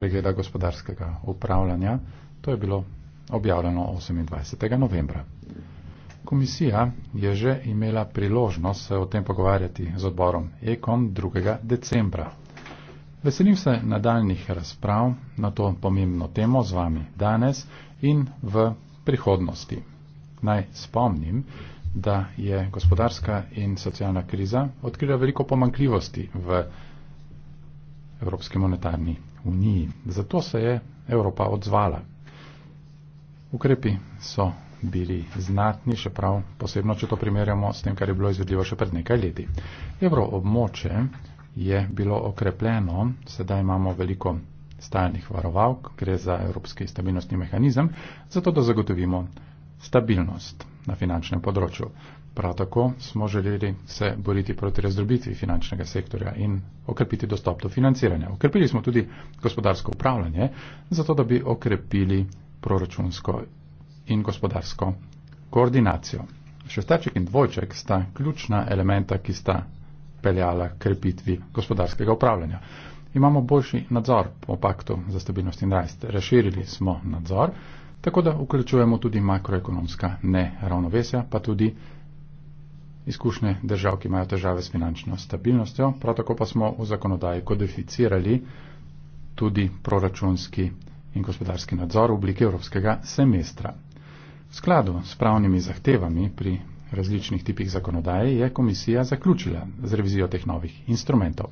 pregleda gospodarskega upravljanja. To je bilo objavljeno 28. novembra. Komisija je že imela priložnost se o tem pogovarjati z odborom EKOM 2. decembra. Veselim se nadaljnih razprav na to pomembno temo z vami danes in v prihodnosti. Naj spomnim, da je gospodarska in socialna kriza odkrila veliko pomankljivosti v evropski monetarni uniji. Zato se je Evropa odzvala. Ukrepi so bili znatni, še prav posebno, če to primerjamo s tem, kar je bilo izvedljivo še pred nekaj leti. Evroobmoče je bilo okrepljeno, sedaj imamo veliko stalnih varovalk, gre za evropski stabilnostni mehanizem, zato da zagotovimo stabilnost na finančnem področju. Prav tako smo želeli se boriti proti razdrobitvi finančnega sektorja in okrepiti dostop do financiranja. Okrepili smo tudi gospodarsko upravljanje, zato da bi okrepili proračunsko in gospodarsko koordinacijo. Šestaček in dvojček sta ključna elementa, ki sta peljala krepitvi gospodarskega upravljanja. Imamo boljši nadzor po paktu za stabilnost in rast. Razširili smo nadzor, tako da vključujemo tudi makroekonomska neravnovesja, pa tudi izkušnje držav, ki imajo težave s finančno stabilnostjo. Prav tako pa smo v zakonodaji kodificirali tudi proračunski in gospodarski nadzor v obliki evropskega semestra. V skladu s pravnimi zahtevami pri različnih tipih zakonodaje je komisija zaključila z revizijo teh novih instrumentov.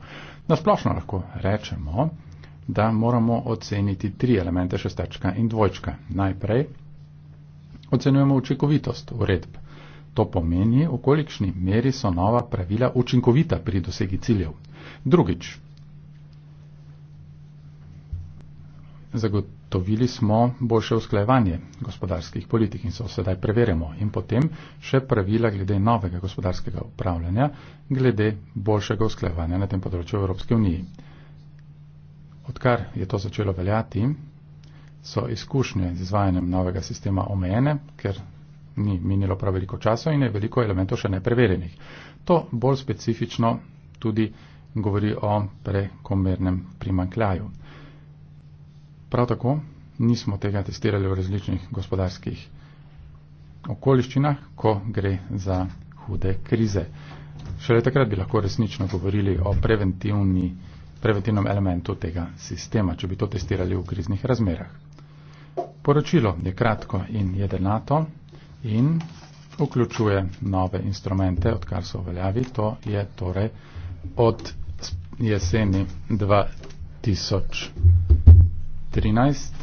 Nasplošno lahko rečemo, da moramo oceniti tri elemente šestačka in dvojčka. Najprej ocenujemo učinkovitost uredb To pomeni, v kolikšni meri so nova pravila učinkovita pri dosegi ciljev. Drugič, zagotovili smo boljše usklajevanje gospodarskih politik in so sedaj preverjamo in potem še pravila glede novega gospodarskega upravljanja, glede boljšega usklajevanja na tem področju Evropske unije. Odkar je to začelo veljati, so izkušnje z izvajanjem novega sistema omejene, ker ni minilo prav veliko časa in je veliko elementov še nepreverjenih. To bolj specifično tudi govori o prekomernem primankljaju. Prav tako nismo tega testirali v različnih gospodarskih okoliščinah, ko gre za hude krize. Šele takrat bi lahko resnično govorili o preventivnem elementu tega sistema, če bi to testirali v kriznih razmerah. Poročilo je kratko in jedenato in vključuje nove instrumente, odkar so veljavi. To je torej od jeseni 2013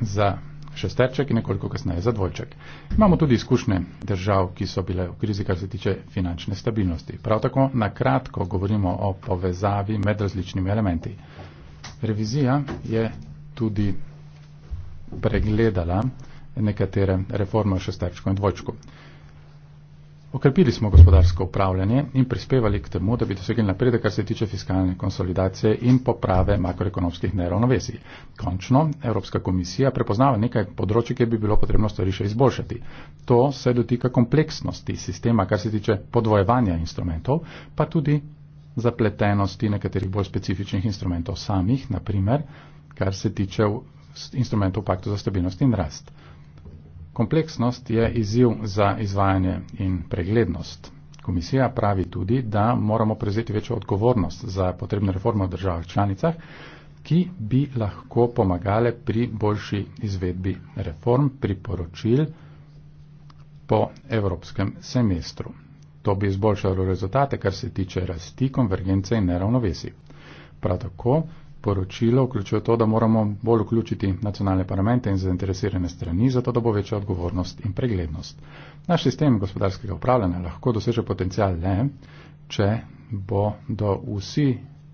za šesterček in nekoliko kasneje za dvojček. Imamo tudi izkušnje držav, ki so bile v krizi, kar se tiče finančne stabilnosti. Prav tako na kratko govorimo o povezavi med različnimi elementi. Revizija je tudi pregledala nekatere reforme v šesterčku in dvojčku. Okrepili smo gospodarsko upravljanje in prispevali k temu, da bi dosegli napredek, kar se tiče fiskalne konsolidacije in poprave makroekonomskih neravnovesij. Končno, Evropska komisija prepoznava nekaj področji, kjer bi bilo potrebno stvari še izboljšati. To se dotika kompleksnosti sistema, kar se tiče podvojevanja instrumentov, pa tudi zapletenosti nekaterih bolj specifičnih instrumentov samih, naprimer, kar se tiče instrumentov Paktu za stabilnost in rast. Kompleksnost je izziv za izvajanje in preglednost. Komisija pravi tudi, da moramo prevzeti večjo odgovornost za potrebne reforme v državah članicah, ki bi lahko pomagale pri boljši izvedbi reform, priporočil po evropskem semestru. To bi izboljšalo rezultate, kar se tiče rasti, konvergence in neravnovesi. Prav tako poročilo vključuje to, da moramo bolj vključiti nacionalne parlamente in zainteresirane strani, zato da bo večja odgovornost in preglednost. Naš sistem gospodarskega upravljanja lahko doseže potencial le, če bodo vsi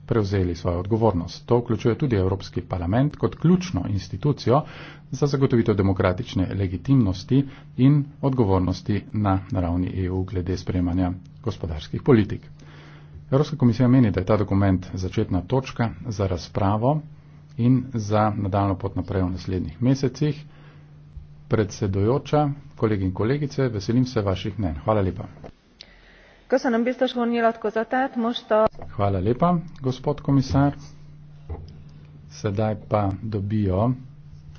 prevzeli svojo odgovornost. To vključuje tudi Evropski parlament kot ključno institucijo za zagotovitev demokratične legitimnosti in odgovornosti na ravni EU glede sprejemanja gospodarskih politik. Evropska komisija meni, da je ta dokument začetna točka za razpravo in za nadaljno pot naprej v naslednjih mesecih. Predsedujoča, kolegi in kolegice, veselim se vaših mnen. Hvala lepa. Hvala lepa, gospod komisar. Sedaj pa dobijo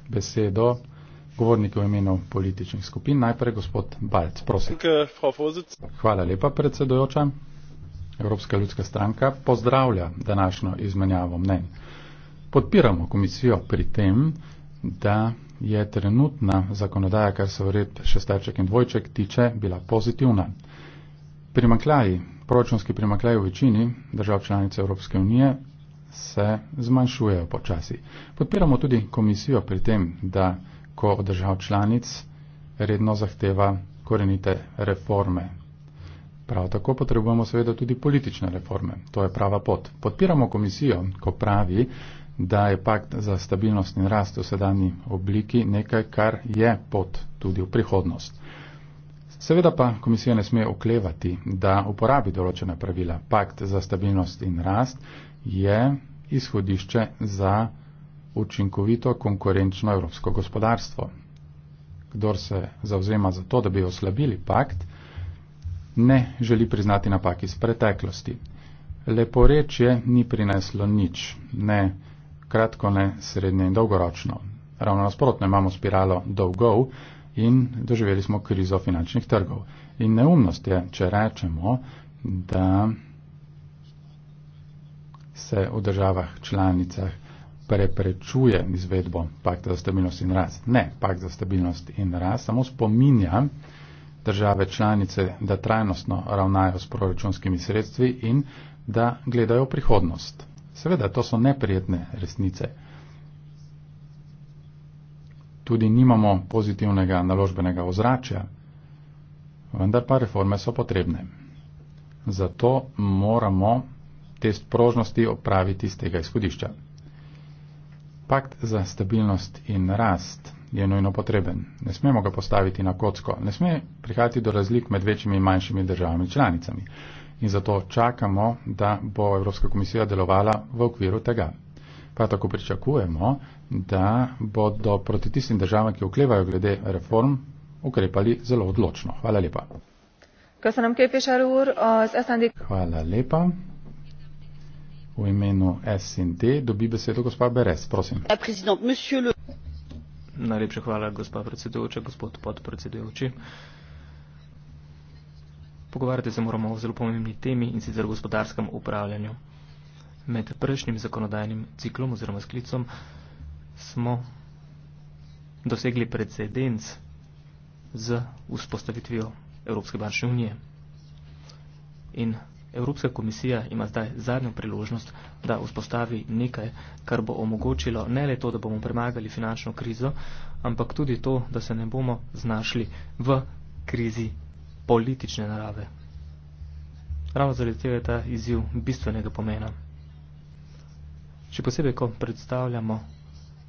besedo govorniki v imenu političnih skupin. Najprej gospod Balc, prosim. Hvala lepa, predsedujoča. Evropska ljudska stranka pozdravlja današnjo izmenjavo mnen. Podpiramo komisijo pri tem, da je trenutna zakonodaja, kar se vred šestarček in dvojček tiče, bila pozitivna. Primaklaji, proračunski primaklaji v večini držav članic Evropske unije se zmanjšujejo počasi. Podpiramo tudi komisijo pri tem, da ko od držav članic redno zahteva korenite reforme Prav tako potrebujemo seveda tudi politične reforme. To je prava pot. Podpiramo komisijo, ko pravi, da je pakt za stabilnost in rast v sedanji obliki nekaj, kar je pot tudi v prihodnost. Seveda pa komisija ne sme oklevati, da uporabi določena pravila. Pakt za stabilnost in rast je izhodišče za učinkovito konkurenčno evropsko gospodarstvo. Kdor se zauzema za to, da bi oslabili pakt, ne želi priznati napak iz preteklosti. Leporečje ni prineslo nič, ne kratko, ne srednje in dolgoročno. Ravno nasprotno imamo spiralo dolgov in doživeli smo krizo finančnih trgov. In neumnost je, če rečemo, da se v državah članicah preprečuje izvedbo pakta za stabilnost in rast. Ne, pakt za stabilnost in rast samo spominja, države članice, da trajnostno ravnajo s proračunskimi sredstvi in da gledajo prihodnost. Seveda, to so neprijetne resnice. Tudi nimamo pozitivnega naložbenega ozračja, vendar pa reforme so potrebne. Zato moramo test prožnosti opraviti z tega izhodišča. Pakt za stabilnost in rast je nujno potreben. Ne smemo ga postaviti na kocko, ne sme prihajati do razlik med večjimi in manjšimi državami članicami. In zato čakamo, da bo Evropska komisija delovala v okviru tega. Prav tako pričakujemo, da bodo proti tistim državam, ki oklevajo glede reform, ukrepali zelo odločno. Hvala lepa. Köszönöm, úr, SND... Hvala lepa. V imenu SND dobi besedo gospod Beres, prosim. Najlepša hvala, gospa predsedujoča, gospod podpredsedujoči. Pogovarjati se moramo o zelo pomembni temi in sicer gospodarskem upravljanju. Med prejšnjim zakonodajnim ciklom oziroma sklicom smo dosegli precedens z vzpostavitvijo Evropske bančne unije. In Evropska komisija ima zdaj zadnjo priložnost, da vzpostavi nekaj, kar bo omogočilo ne le to, da bomo premagali finančno krizo, ampak tudi to, da se ne bomo znašli v krizi politične narave. Ravno zaradi tega je ta izziv bistvenega pomena. Še posebej, ko predstavljamo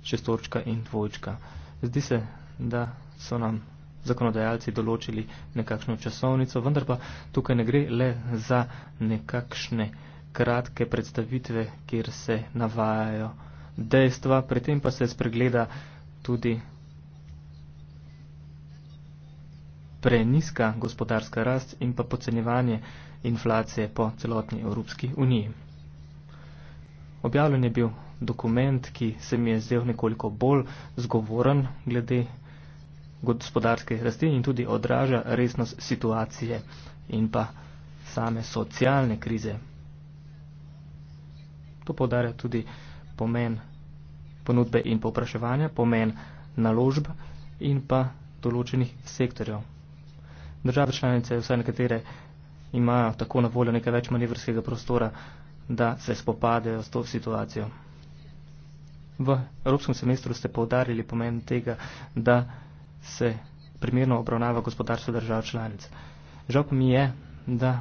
šestorčka in dvojčka. Zdi se, da so nam zakonodajalci določili nekakšno časovnico, vendar pa tukaj ne gre le za nekakšne kratke predstavitve, kjer se navajajo dejstva, pri tem pa se spregleda tudi preniska gospodarska rast in pa pocenjevanje inflacije po celotni Evropski uniji. Objavljen je bil dokument, ki se mi je zdel nekoliko bolj zgovoren glede gospodarske rasti in tudi odraža resnost situacije in pa same socialne krize. To podarja tudi pomen ponudbe in povpraševanja, pomen naložb in pa določenih sektorjev. Države članice, vsaj nekatere, imajo tako na voljo nekaj več manevrskega prostora, da se spopadejo s to situacijo. V evropskem semestru ste povdarili pomen tega, da se primerno obravnava gospodarstvo držav članic. Žal mi je, da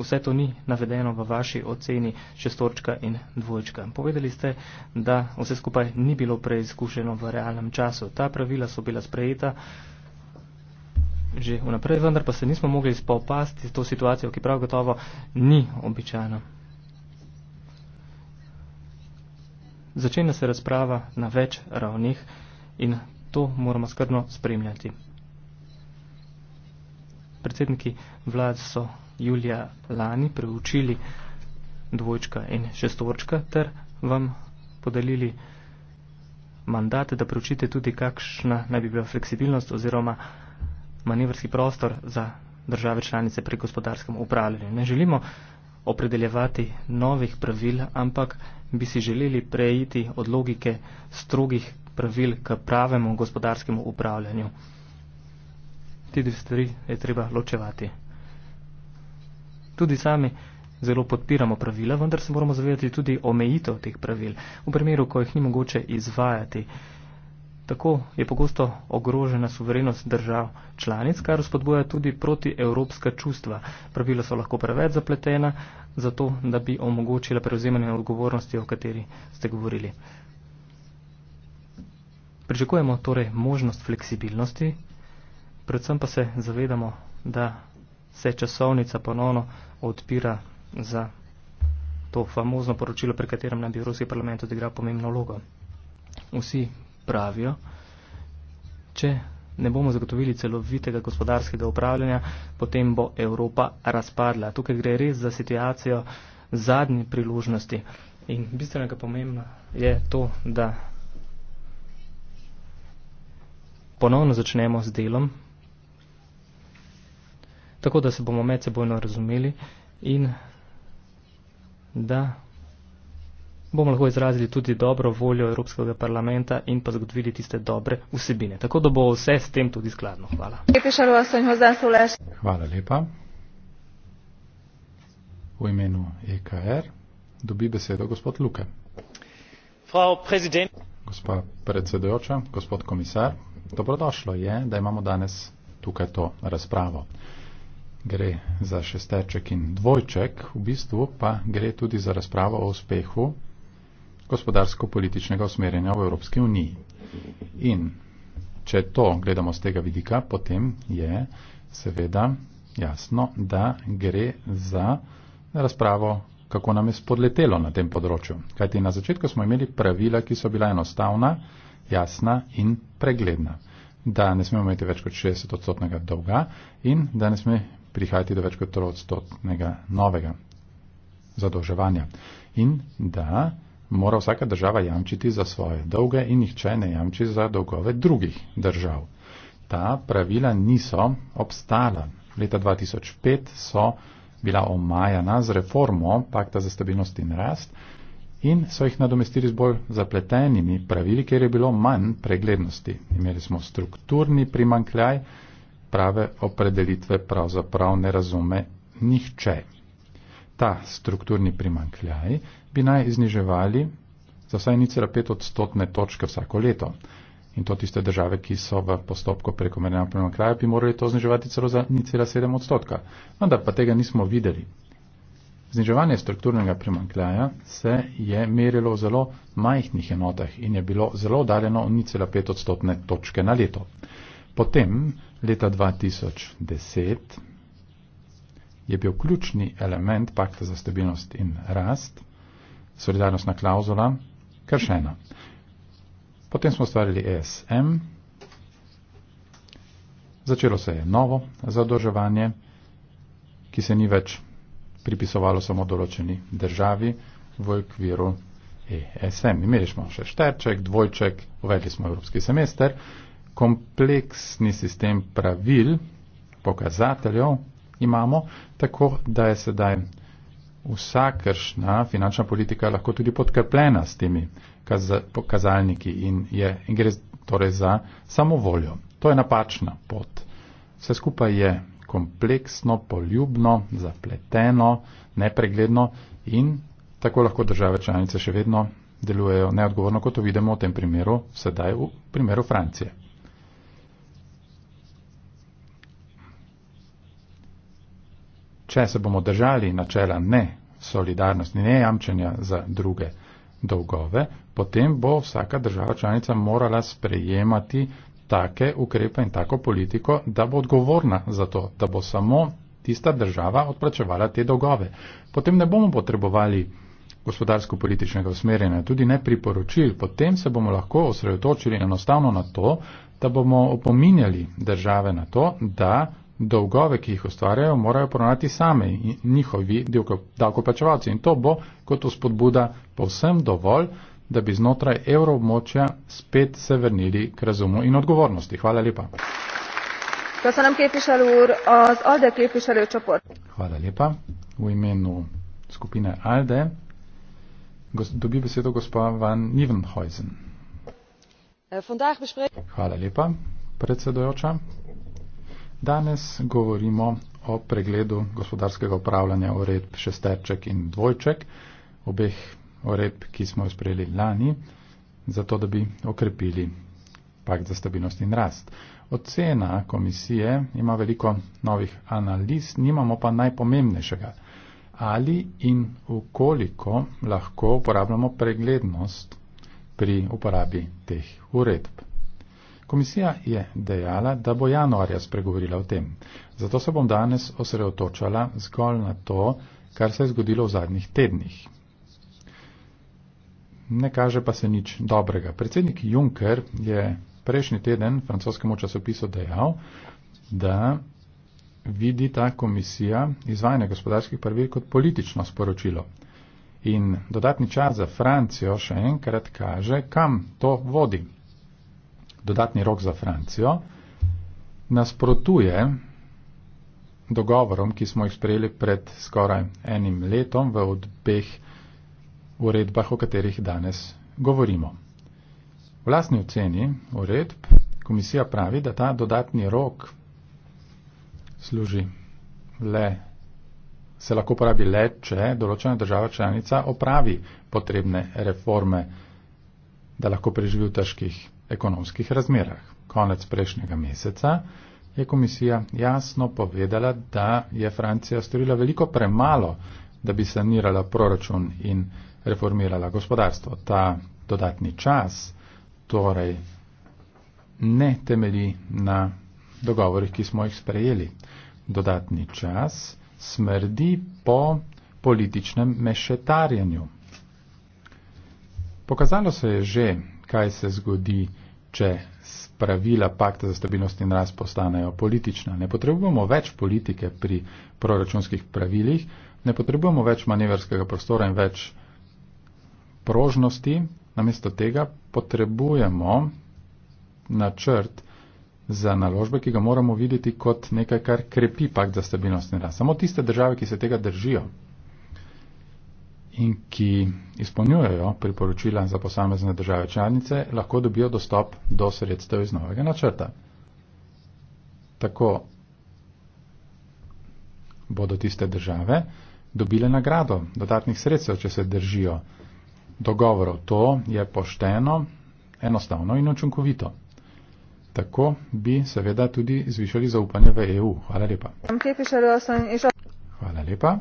vse to ni navedeno v vaši oceni šestorčka in dvojčka. Povedali ste, da vse skupaj ni bilo preizkušeno v realnem času. Ta pravila so bila sprejeta že vnaprej, vendar pa se nismo mogli spopasti s to situacijo, ki prav gotovo ni običajna. Začenja se razprava na več ravnih in to moramo skrbno spremljati. Predsedniki vlad so julija lani preučili dvojčka in šestorčka ter vam podelili mandat, da preučite tudi, kakšna naj bi bila fleksibilnost oziroma manevrski prostor za države članice pri gospodarskem upravljanju. Ne želimo opredeljevati novih pravil, ampak bi si želeli preiti od logike strogih pravil k pravemu gospodarskemu upravljanju. Ti dve stvari je treba ločevati. Tudi sami zelo podpiramo pravila, vendar se moramo zavedati tudi omejitev teh pravil, v primeru, ko jih ni mogoče izvajati. Tako je pogosto ogrožena suverenost držav članic, kar spodbuja tudi protievropska čustva. Pravila so lahko preveč zapletena, zato da bi omogočila prevzemanje odgovornosti, o kateri ste govorili. Pričakujemo torej možnost fleksibilnosti, predvsem pa se zavedamo, da se časovnica ponovno odpira za to famozno poročilo, pri katerem naj bi Evropski parlament odigral pomembno vlogo. Vsi pravijo, če ne bomo zagotovili celovitega gospodarskega upravljanja, potem bo Evropa razpadla. Tukaj gre res za situacijo zadnje priložnosti. In bistvenega pomembna je to, da ponovno začnemo s delom, tako da se bomo med sebojno razumeli in da bomo lahko izrazili tudi dobro voljo Evropskega parlamenta in pa zagotovili tiste dobre vsebine. Tako da bo vse s tem tudi skladno. Hvala. Hvala lepa. V imenu EKR dobi besedo gospod Luke. Gospa predsedujoča, gospod komisar, dobrodošlo je, da imamo danes tukaj to razpravo. Gre za šesterček in dvojček, v bistvu pa gre tudi za razpravo o uspehu gospodarsko-političnega usmerjanja v Evropski uniji. In če to gledamo z tega vidika, potem je seveda jasno, da gre za razpravo, kako nam je spodletelo na tem področju. Kajti na začetku smo imeli pravila, ki so bila enostavna, jasna in pregledna. Da ne smemo imeti več kot 60 odstotnega dolga in da ne sme prihajati do več kot 3 odstotnega novega zadolževanja. In da mora vsaka država jamčiti za svoje dolge in nihče ne jamči za dolgove drugih držav. Ta pravila niso obstala. Leta 2005 so bila omajana z reformo Pakta za stabilnost in rast in so jih nadomestili z bolj zapletenimi pravili, ker je bilo manj preglednosti. Imeli smo strukturni primankljaj, prave opredelitve pravzaprav ne razume nihče. Ta strukturni primankljaj bi naj izniževali za vsaj nicela pet odstotne točke vsako leto. In to tiste države, ki so v postopku prekomernega primankljaja, bi morali to zniževati celo za nicela sedem odstotka. Vendar pa tega nismo videli. Zniževanje strukturnega primankljaja se je merilo v zelo majhnih enotah in je bilo zelo daljeno od nicela pet odstotne točke na leto. Potem, leta 2010, je bil ključni element pakta za stabilnost in rast solidarnostna klauzula kršena. Potem smo ustvarili ESM, začelo se je novo zadrževanje, ki se ni več pripisovalo samo določeni državi v okviru ESM. Imeli smo še šterček, dvojček, uvedli smo evropski semester, kompleksni sistem pravil, pokazateljev imamo, tako da je sedaj vsakršna finančna politika lahko tudi podkrplena s temi pokazalniki in, je, in gre torej za samo voljo. To je napačna pot. Vse skupaj je kompleksno, poljubno, zapleteno, nepregledno in tako lahko države članice še vedno delujejo neodgovorno, kot to vidimo v tem primeru, sedaj v primeru Francije. če se bomo držali načela ne solidarnosti, ne jamčenja za druge dolgove, potem bo vsaka država članica morala sprejemati take ukrepe in tako politiko, da bo odgovorna za to, da bo samo tista država odplačevala te dolgove. Potem ne bomo potrebovali gospodarsko-političnega usmerjanja, tudi ne priporočil, potem se bomo lahko osredotočili enostavno na to, da bomo opominjali države na to, da dolgove, ki jih ustvarjajo, morajo poravnati same in njihovi davkoplačevalci. In to bo kot uspodbuda povsem dovolj, da bi znotraj evroobmočja spet se vrnili k razumu in odgovornosti. Hvala lepa. Köszönöm, képviselő úr, az ALDE képviselőcsoport. Hvala lepa. V imenu skupine ALDE dobi besedo gospa Van Nivenhuizen. Eh, Hvala lepa, predsedojoča. Danes govorimo o pregledu gospodarskega upravljanja uredb šesterček in dvojček, obeh uredb, ki smo jo sprejeli lani, zato da bi okrepili pakt za stabilnost in rast. Ocena komisije ima veliko novih analiz, nimamo pa najpomembnejšega. Ali in ukoliko lahko uporabljamo preglednost pri uporabi teh uredb. Komisija je dejala, da bo januarja spregovorila o tem. Zato se bom danes osredotočala zgolj na to, kar se je zgodilo v zadnjih tednih. Ne kaže pa se nič dobrega. Predsednik Juncker je prejšnji teden francoskemu časopisu dejal, da vidi ta komisija izvajanje gospodarskih pravil kot politično sporočilo. In dodatni čas za Francijo še enkrat kaže, kam to vodi dodatni rok za Francijo, nasprotuje dogovorom, ki smo jih sprejeli pred skoraj enim letom v obeh uredbah, o katerih danes govorimo. V lastni oceni uredb komisija pravi, da ta dodatni rok služi le, se lahko uporabi le, če določena država članica opravi potrebne reforme, da lahko preživi v težkih ekonomskih razmerah. Konec prejšnjega meseca je komisija jasno povedala, da je Francija storila veliko premalo, da bi sanirala proračun in reformirala gospodarstvo. Ta dodatni čas torej ne temelji na dogovorih, ki smo jih sprejeli. Dodatni čas smrdi po političnem mešetarjenju. Pokazalo se je že, kaj se zgodi, če pravila pakta za stabilnost in rast postanejo politična. Ne potrebujemo več politike pri proračunskih pravilih, ne potrebujemo več manevrskega prostora in več prožnosti. Namesto tega potrebujemo načrt za naložbe, ki ga moramo videti kot nekaj, kar krepi pakt za stabilnost in rast. Samo tiste države, ki se tega držijo, in ki izpolnjujejo priporočila za posamezne države članice, lahko dobijo dostop do sredstev iz novega načrta. Tako bodo tiste države dobile nagrado dodatnih sredstev, če se držijo dogovorov. To je pošteno, enostavno in učinkovito. Tako bi seveda tudi zvišali zaupanje v EU. Hvala lepa. Hvala lepa.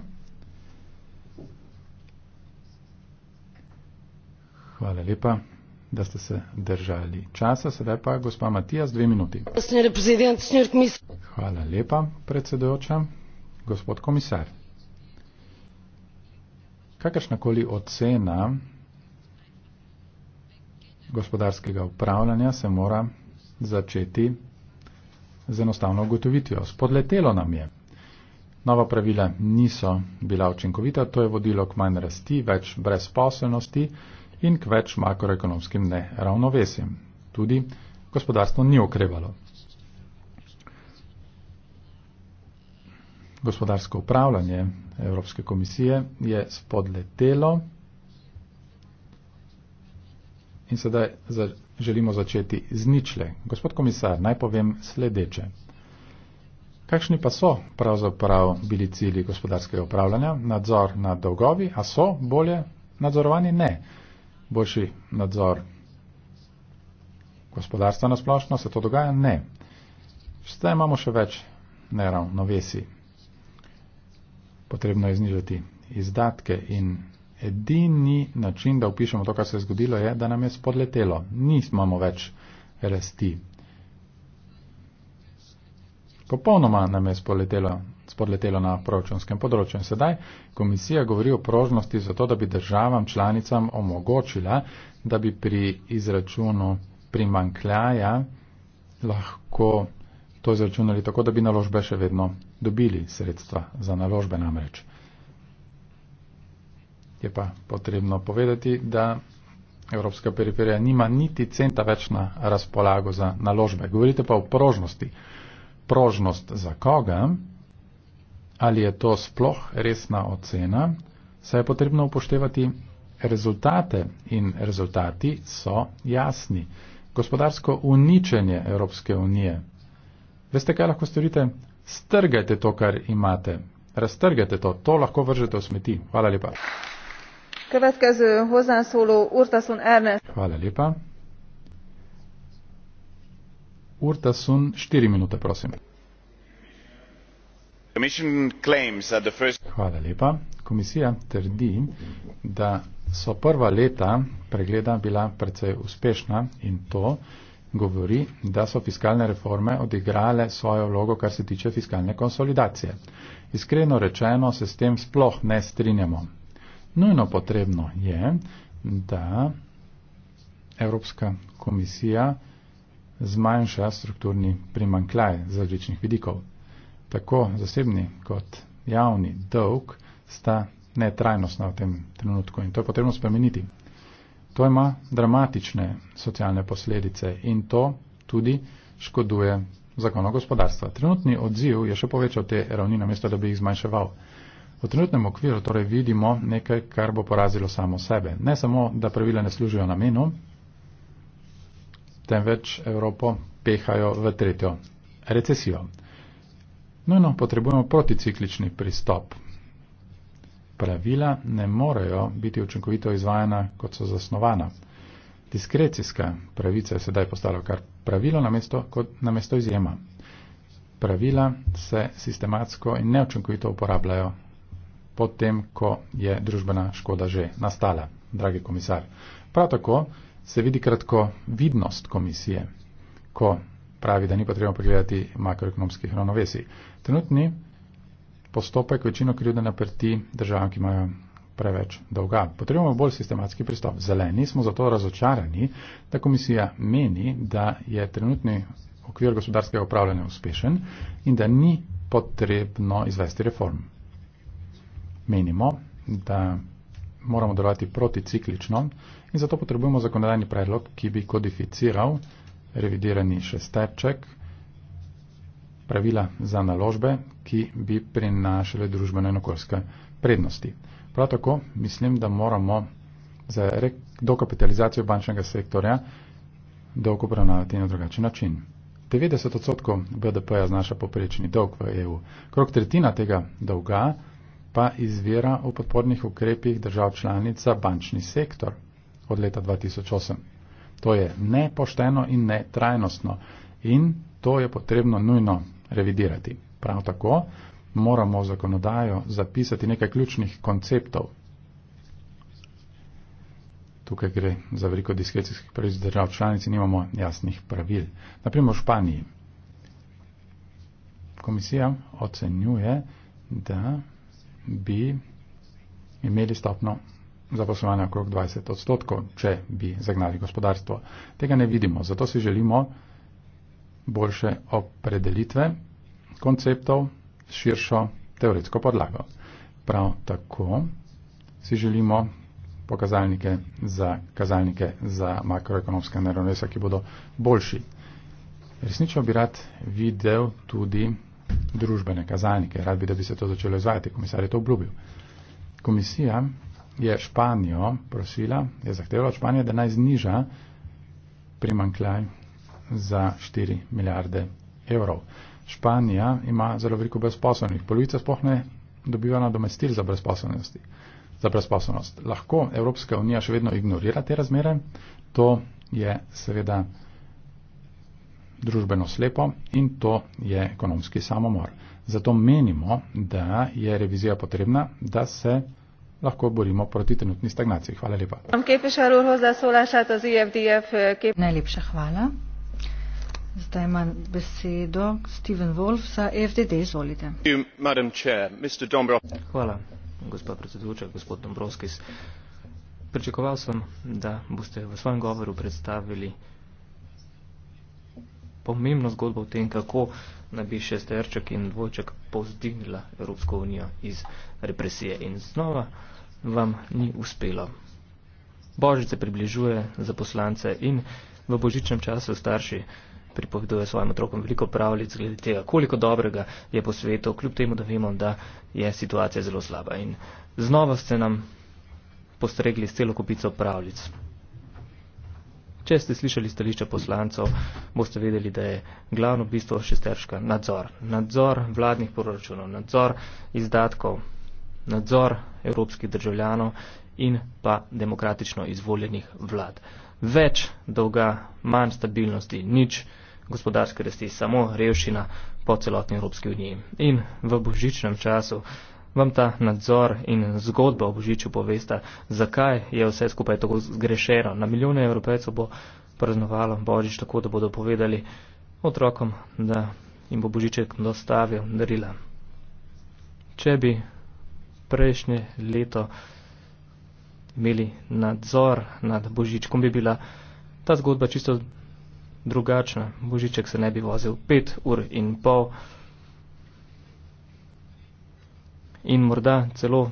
Hvala lepa, da ste se držali časa. Sedaj pa gospa Matija z dve minuti. Hvala lepa, predsedojoča. Gospod komisar. Kakršnakoli ocena gospodarskega upravljanja se mora začeti z enostavno ugotovitvijo. Spodletelo nam je. Nova pravila niso bila učinkovita, to je vodilo k manj rasti, več brezposelnosti in k več makroekonomskim neravnovesjem. Tudi gospodarstvo ni okrevalo. Gospodarsko upravljanje Evropske komisije je spodletelo in sedaj za, želimo začeti z ničle. Gospod komisar, naj povem sledeče. Kakšni pa so pravzaprav bili cilji gospodarskega upravljanja? Nadzor nad dolgovi, a so bolje nadzorovani? Ne boljši nadzor gospodarstva na splošno? Se to dogaja? Ne. Vse imamo še več neravnovesi. Potrebno je znižati izdatke in edini način, da upišemo to, kar se je zgodilo, je, da nam je spodletelo. Nismo več rasti. Popolnoma nam je spoletelo spodletelo na proračunskem področju. In sedaj komisija govori o prožnosti za to, da bi državam članicam omogočila, da bi pri izračunu primankljaja lahko to izračunali tako, da bi naložbe še vedno dobili sredstva za naložbe namreč. Je pa potrebno povedati, da Evropska periferija nima niti centa več na razpolago za naložbe. Govorite pa o prožnosti. Prožnost za koga? ali je to sploh resna ocena, se je potrebno upoštevati rezultate in rezultati so jasni. Gospodarsko uničenje Evropske unije. Veste, kaj lahko storite? Strgajte to, kar imate. Raztrgajte to. To lahko vržete v smeti. Hvala lepa. Hvala lepa. Urtasun, štiri minute, prosim. Hvala lepa. Komisija trdi, da so prva leta pregleda bila precej uspešna in to govori, da so fiskalne reforme odigrale svojo vlogo, kar se tiče fiskalne konsolidacije. Iskreno rečeno se s tem sploh ne strinjamo. Nujno potrebno je, da Evropska komisija zmanjša strukturni primankljaj z različnih vidikov tako zasebni kot javni dolg sta netrajnostna v tem trenutku in to je potrebno spremeniti. To ima dramatične socialne posledice in to tudi škoduje zakonu gospodarstva. Trenutni odziv je še povečal te ravni, namesto da bi jih zmanjševal. V trenutnem okviru torej vidimo nekaj, kar bo porazilo samo sebe. Ne samo, da pravila ne služijo namenu, temveč Evropo pehajo v tretjo recesijo. Nujno no, potrebujemo proticiklični pristop. Pravila ne morejo biti učinkovito izvajana, kot so zasnovana. Diskrecijska pravica je sedaj postala kar pravilo namesto, kot namesto izjema. Pravila se sistematsko in neučinkovito uporabljajo potem, ko je družbena škoda že nastala, dragi komisar. Prav tako se vidi kratko vidnost komisije, ko pravi, da ni potrebno pogledati makroekonomskih ravnovesij. Trenutni postopek večino krivde naprti državam, ki imajo preveč dolga. Potrebujemo bolj sistematski pristop. Zeleni smo zato razočarani, da komisija meni, da je trenutni okvir gospodarskega upravljanja uspešen in da ni potrebno izvesti reform. Menimo, da moramo delovati proticiklično in zato potrebujemo zakonodajni predlog, ki bi kodificiral revidirani šesterček pravila za naložbe, ki bi prinašale družbene in okoljske prednosti. Prav tako mislim, da moramo za dokapitalizacijo bančnega sektorja dolg obravnavati na drugačen način. 90 odstotkov BDP-ja znaša poprečni dolg v EU. Krok tretjina tega dolga pa izvira v podpornih ukrepih držav članica bančni sektor od leta 2008. To je nepošteno in netrajnostno in to je potrebno nujno revidirati. Prav tako moramo v zakonodajo zapisati nekaj ključnih konceptov. Tukaj gre za veliko diskrecijskih pravic držav članic in imamo jasnih pravil. Naprimer v Španiji. Komisija ocenjuje, da bi imeli stopno zaposlovanja okrog 20 odstotkov, če bi zagnali gospodarstvo. Tega ne vidimo, zato si želimo boljše opredelitve konceptov s širšo teoretsko podlago. Prav tako si želimo pokazalnike za kazalnike za makroekonomske neravnovesja, ki bodo boljši. Resnično bi rad videl tudi družbene kazalnike. Rad bi, da bi se to začelo izvajati. Komisar je to obljubil. Komisija je Španijo prosila, je zahtevala od Španije, da naj zniža primankljaj za 4 milijarde evrov. Španija ima zelo veliko brezposobnih. Polovica sploh ne dobiva nadomestil za, za brezposobnost. Lahko Evropska unija še vedno ignorira te razmere. To je seveda družbeno slepo in to je ekonomski samomor. Zato menimo, da je revizija potrebna, da se lahko borimo proti trenutni stagnaciji. Hvala lepa. Eh, Najlepša hvala. Zdaj ima besedo Steven Wolf za e FDD. Izvolite. Hvala, gospod predsedujoča, gospod Dombrovskis. Pričakoval sem, da boste v svojem govoru predstavili pomembno zgodbo o tem, kako naj bi šesterček in dvojček povzdignila Evropsko unijo iz represije in znova vam ni uspelo. Božice približuje za poslance in v božičnem času starši pripoveduje svojim otrokom veliko pravljic glede tega, koliko dobrega je po svetu, kljub temu, da vemo, da je situacija zelo slaba. In znova ste nam postregli s celo kopico pravljic. Če ste slišali stališča poslancov, boste vedeli, da je glavno bistvo šesterška nadzor. Nadzor vladnih proračunov, nadzor izdatkov, nadzor evropskih državljanov in pa demokratično izvoljenih vlad. Več dolga, manj stabilnosti, nič gospodarske rasti, samo revščina po celotni Evropski uniji. In v božičnem času vam ta nadzor in zgodba o Božiču povesta, zakaj je vse skupaj tako zgrešeno. Na milijone evropejcev bo praznovalo Božič tako, da bodo povedali otrokom, da jim bo Božiček dostavil darila. Če bi prejšnje leto imeli nadzor nad Božičkom, bi bila ta zgodba čisto drugačna. Božiček se ne bi vozil pet ur in pol in morda celo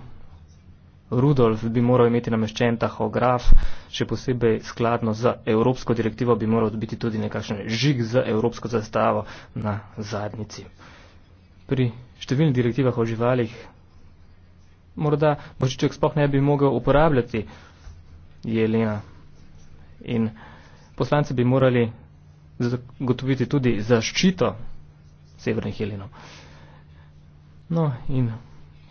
Rudolf bi moral imeti nameščen tahograf, še posebej skladno za evropsko direktivo bi moral biti tudi nekakšen žig za evropsko zastavo na zadnici. Pri številnih direktivah o živalih morda božiček sploh ne bi mogel uporabljati jelena in poslanci bi morali zagotoviti tudi zaščito severnih jelenov. No in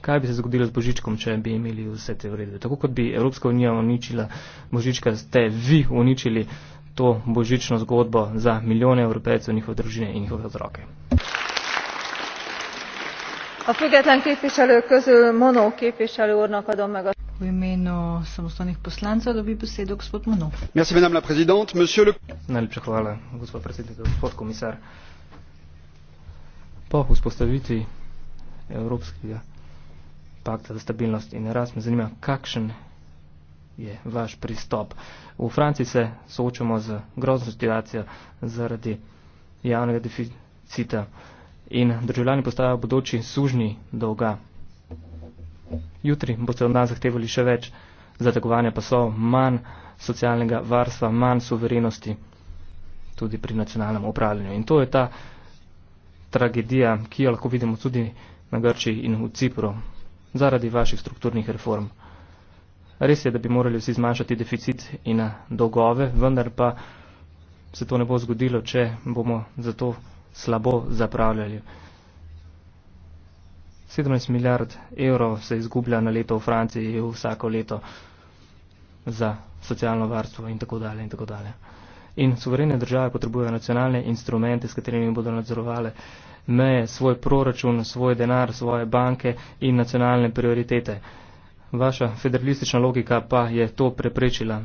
kaj bi se zgodilo z Božičkom, če bi imeli vse te vrede. Tako kot bi Evropska unija uničila Božička, ste vi uničili to Božično zgodbo za milijone evropejcev, njihove družine in njihove otroke. V imenu samostalnih poslancev dobi besedo gospod Mano. Najlepša hvala, gospod predsednik, gospod komisar. Po vzpostavitvi evropskega pakta za stabilnost in rast. Me zanima, kakšen je vaš pristop. V Franciji se soočamo z grozno situacijo zaradi javnega deficita in državljani postajajo bodoči sužni dolga. Jutri boste od nas zahtevali še več zategovanja pasov, manj socialnega varstva, manj suverenosti tudi pri nacionalnem upravljanju. In to je ta tragedija, ki jo lahko vidimo tudi na Grčiji in v Cipru zaradi vaših strukturnih reform. Res je, da bi morali vsi zmanjšati deficit in eh, dolgove, vendar pa se to ne bo zgodilo, če bomo zato slabo zapravljali. 17 milijard evrov se izgublja na leto v Franciji vsako leto za socialno varstvo in tako dalje in tako dalje. In suverene države potrebujejo nacionalne instrumente, s katerimi bodo nadzorovali meje, svoj proračun, svoj denar, svoje banke in nacionalne prioritete. Vaša federalistična logika pa je to preprečila.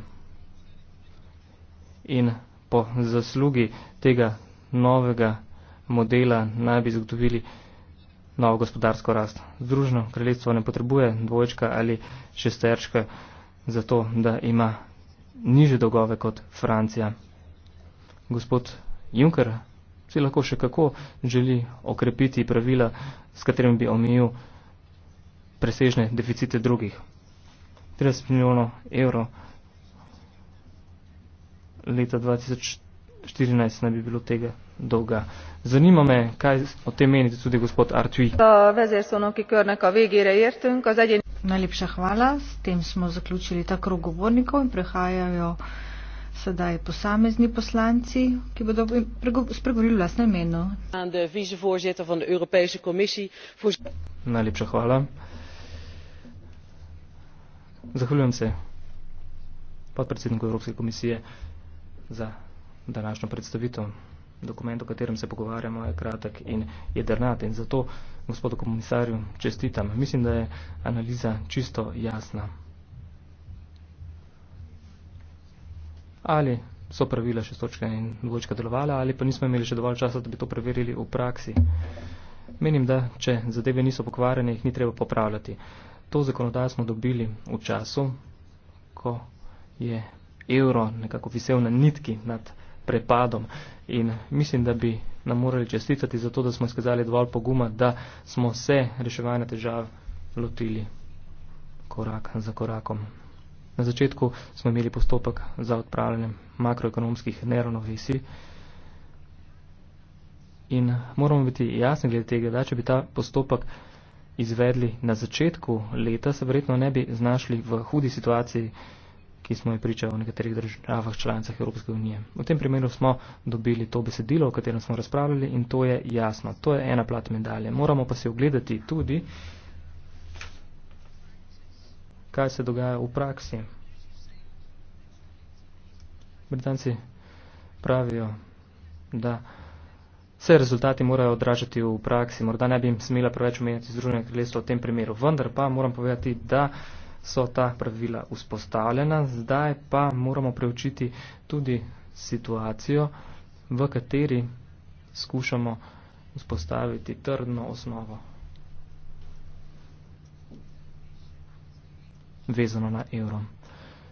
In po zaslugi tega novega modela naj bi zagotovili novo gospodarsko rast. Združno kraljestvo ne potrebuje dvojčka ali šesterčka za to, da ima niže dolgove kot Francija. Gospod Juncker, si lahko še kako želi okrepiti pravila, s katerimi bi omejil presežne deficite drugih. 30 milijonov evrov leta 2014 naj bi bilo tega dolga. Zanima me, kaj o tem menite tudi gospod Artui. Najlepša hvala. S tem smo zaključili ta krog govornikov in prehajajo sedaj posamezni poslanci, ki bodo spregovorili v lasnem imenu. Najlepša hvala. Zahvaljujem se podpredsedniku Evropske komisije za današnjo predstavitev. Dokument, o katerem se pogovarjamo, je kratek in jedrnat in zato gospodu komisarju čestitam. Mislim, da je analiza čisto jasna. ali so pravila še točka in dvojčka delovala, ali pa nismo imeli še dovolj časa, da bi to preverili v praksi. Menim, da če zadeve niso pokvarjene, jih ni treba popravljati. To zakonodajo smo dobili v času, ko je evro nekako visel na nitki nad prepadom in mislim, da bi nam morali čestitati za to, da smo izkazali dovolj poguma, da smo se reševanja težav lotili korak za korakom. Na začetku smo imeli postopek za odpravljanje makroekonomskih neravnovesij in moramo biti jasni glede tega, da če bi ta postopek izvedli na začetku leta, se verjetno ne bi znašli v hudi situaciji, ki smo jo pričali v nekaterih državah članicah Evropske unije. V tem primeru smo dobili to besedilo, o katerem smo razpravljali in to je jasno. To je ena plat medalje. Moramo pa se ogledati tudi, kaj se dogaja v praksi. Britanci pravijo, da se rezultati morajo odražati v praksi. Morda ne bi jim smela preveč omenjati Združenje kraljestvo v tem primeru. Vendar pa moram povedati, da so ta pravila vzpostavljena. Zdaj pa moramo preučiti tudi situacijo, v kateri skušamo vzpostaviti trdno osnovo vezano na evro.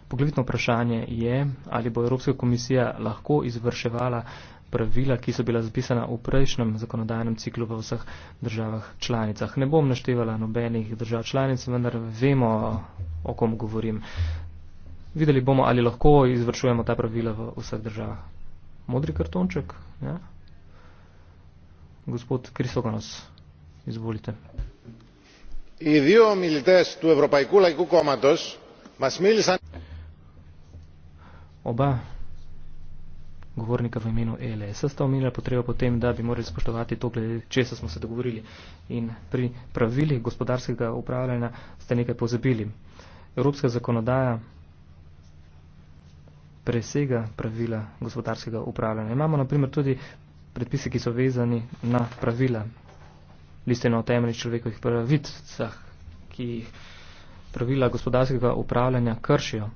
Poglavitno vprašanje je, ali bo Evropska komisija lahko izvrševala pravila, ki so bila zapisana v prejšnjem zakonodajnem ciklu v vseh državah članicah. Ne bom naštevala nobenih držav članic, vendar vemo, o kom govorim. Videli bomo, ali lahko izvršujemo ta pravila v vseh državah. Modri kartonček, ja? Gospod Krisoganos, izvolite οι δύο ομιλητέ του Ευρωπαϊκού Λαϊκού Κόμματο μα μίλησαν. Oba govornika v imenu e LS sta omenila potrebo potem, da bi morali spoštovati to, glede česa smo se dogovorili. In pri pravilih gospodarskega upravljanja ste nekaj pozabili. Evropska zakonodaja presega pravila gospodarskega upravljanja. Imamo naprimer tudi predpise, ki so vezani na pravila listeno o temeljih človekovih pravicah, ki jih pravila gospodarskega upravljanja kršijo.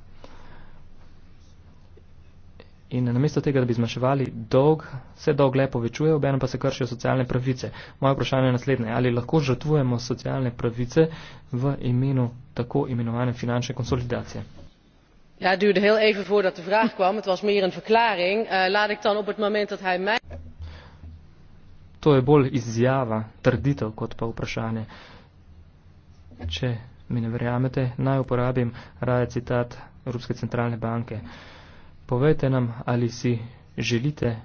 In namesto tega, da bi zmaševali dolg, se dolg le povečuje, obenem pa se kršijo socialne pravice. Moje vprašanje je naslednje. Ali lahko žrtvujemo socialne pravice v imenu tako imenovane finančne konsolidacije? Ja, duurde heel even voordat de vraag kwam. Het was meer een verklaring. Uh, laat ik dan op het moment dat hij mij... To je bolj izjava, trditev, kot pa vprašanje. Če mi ne verjamete, naj uporabim raje citat Ruske centralne banke. Povejte nam, ali si želite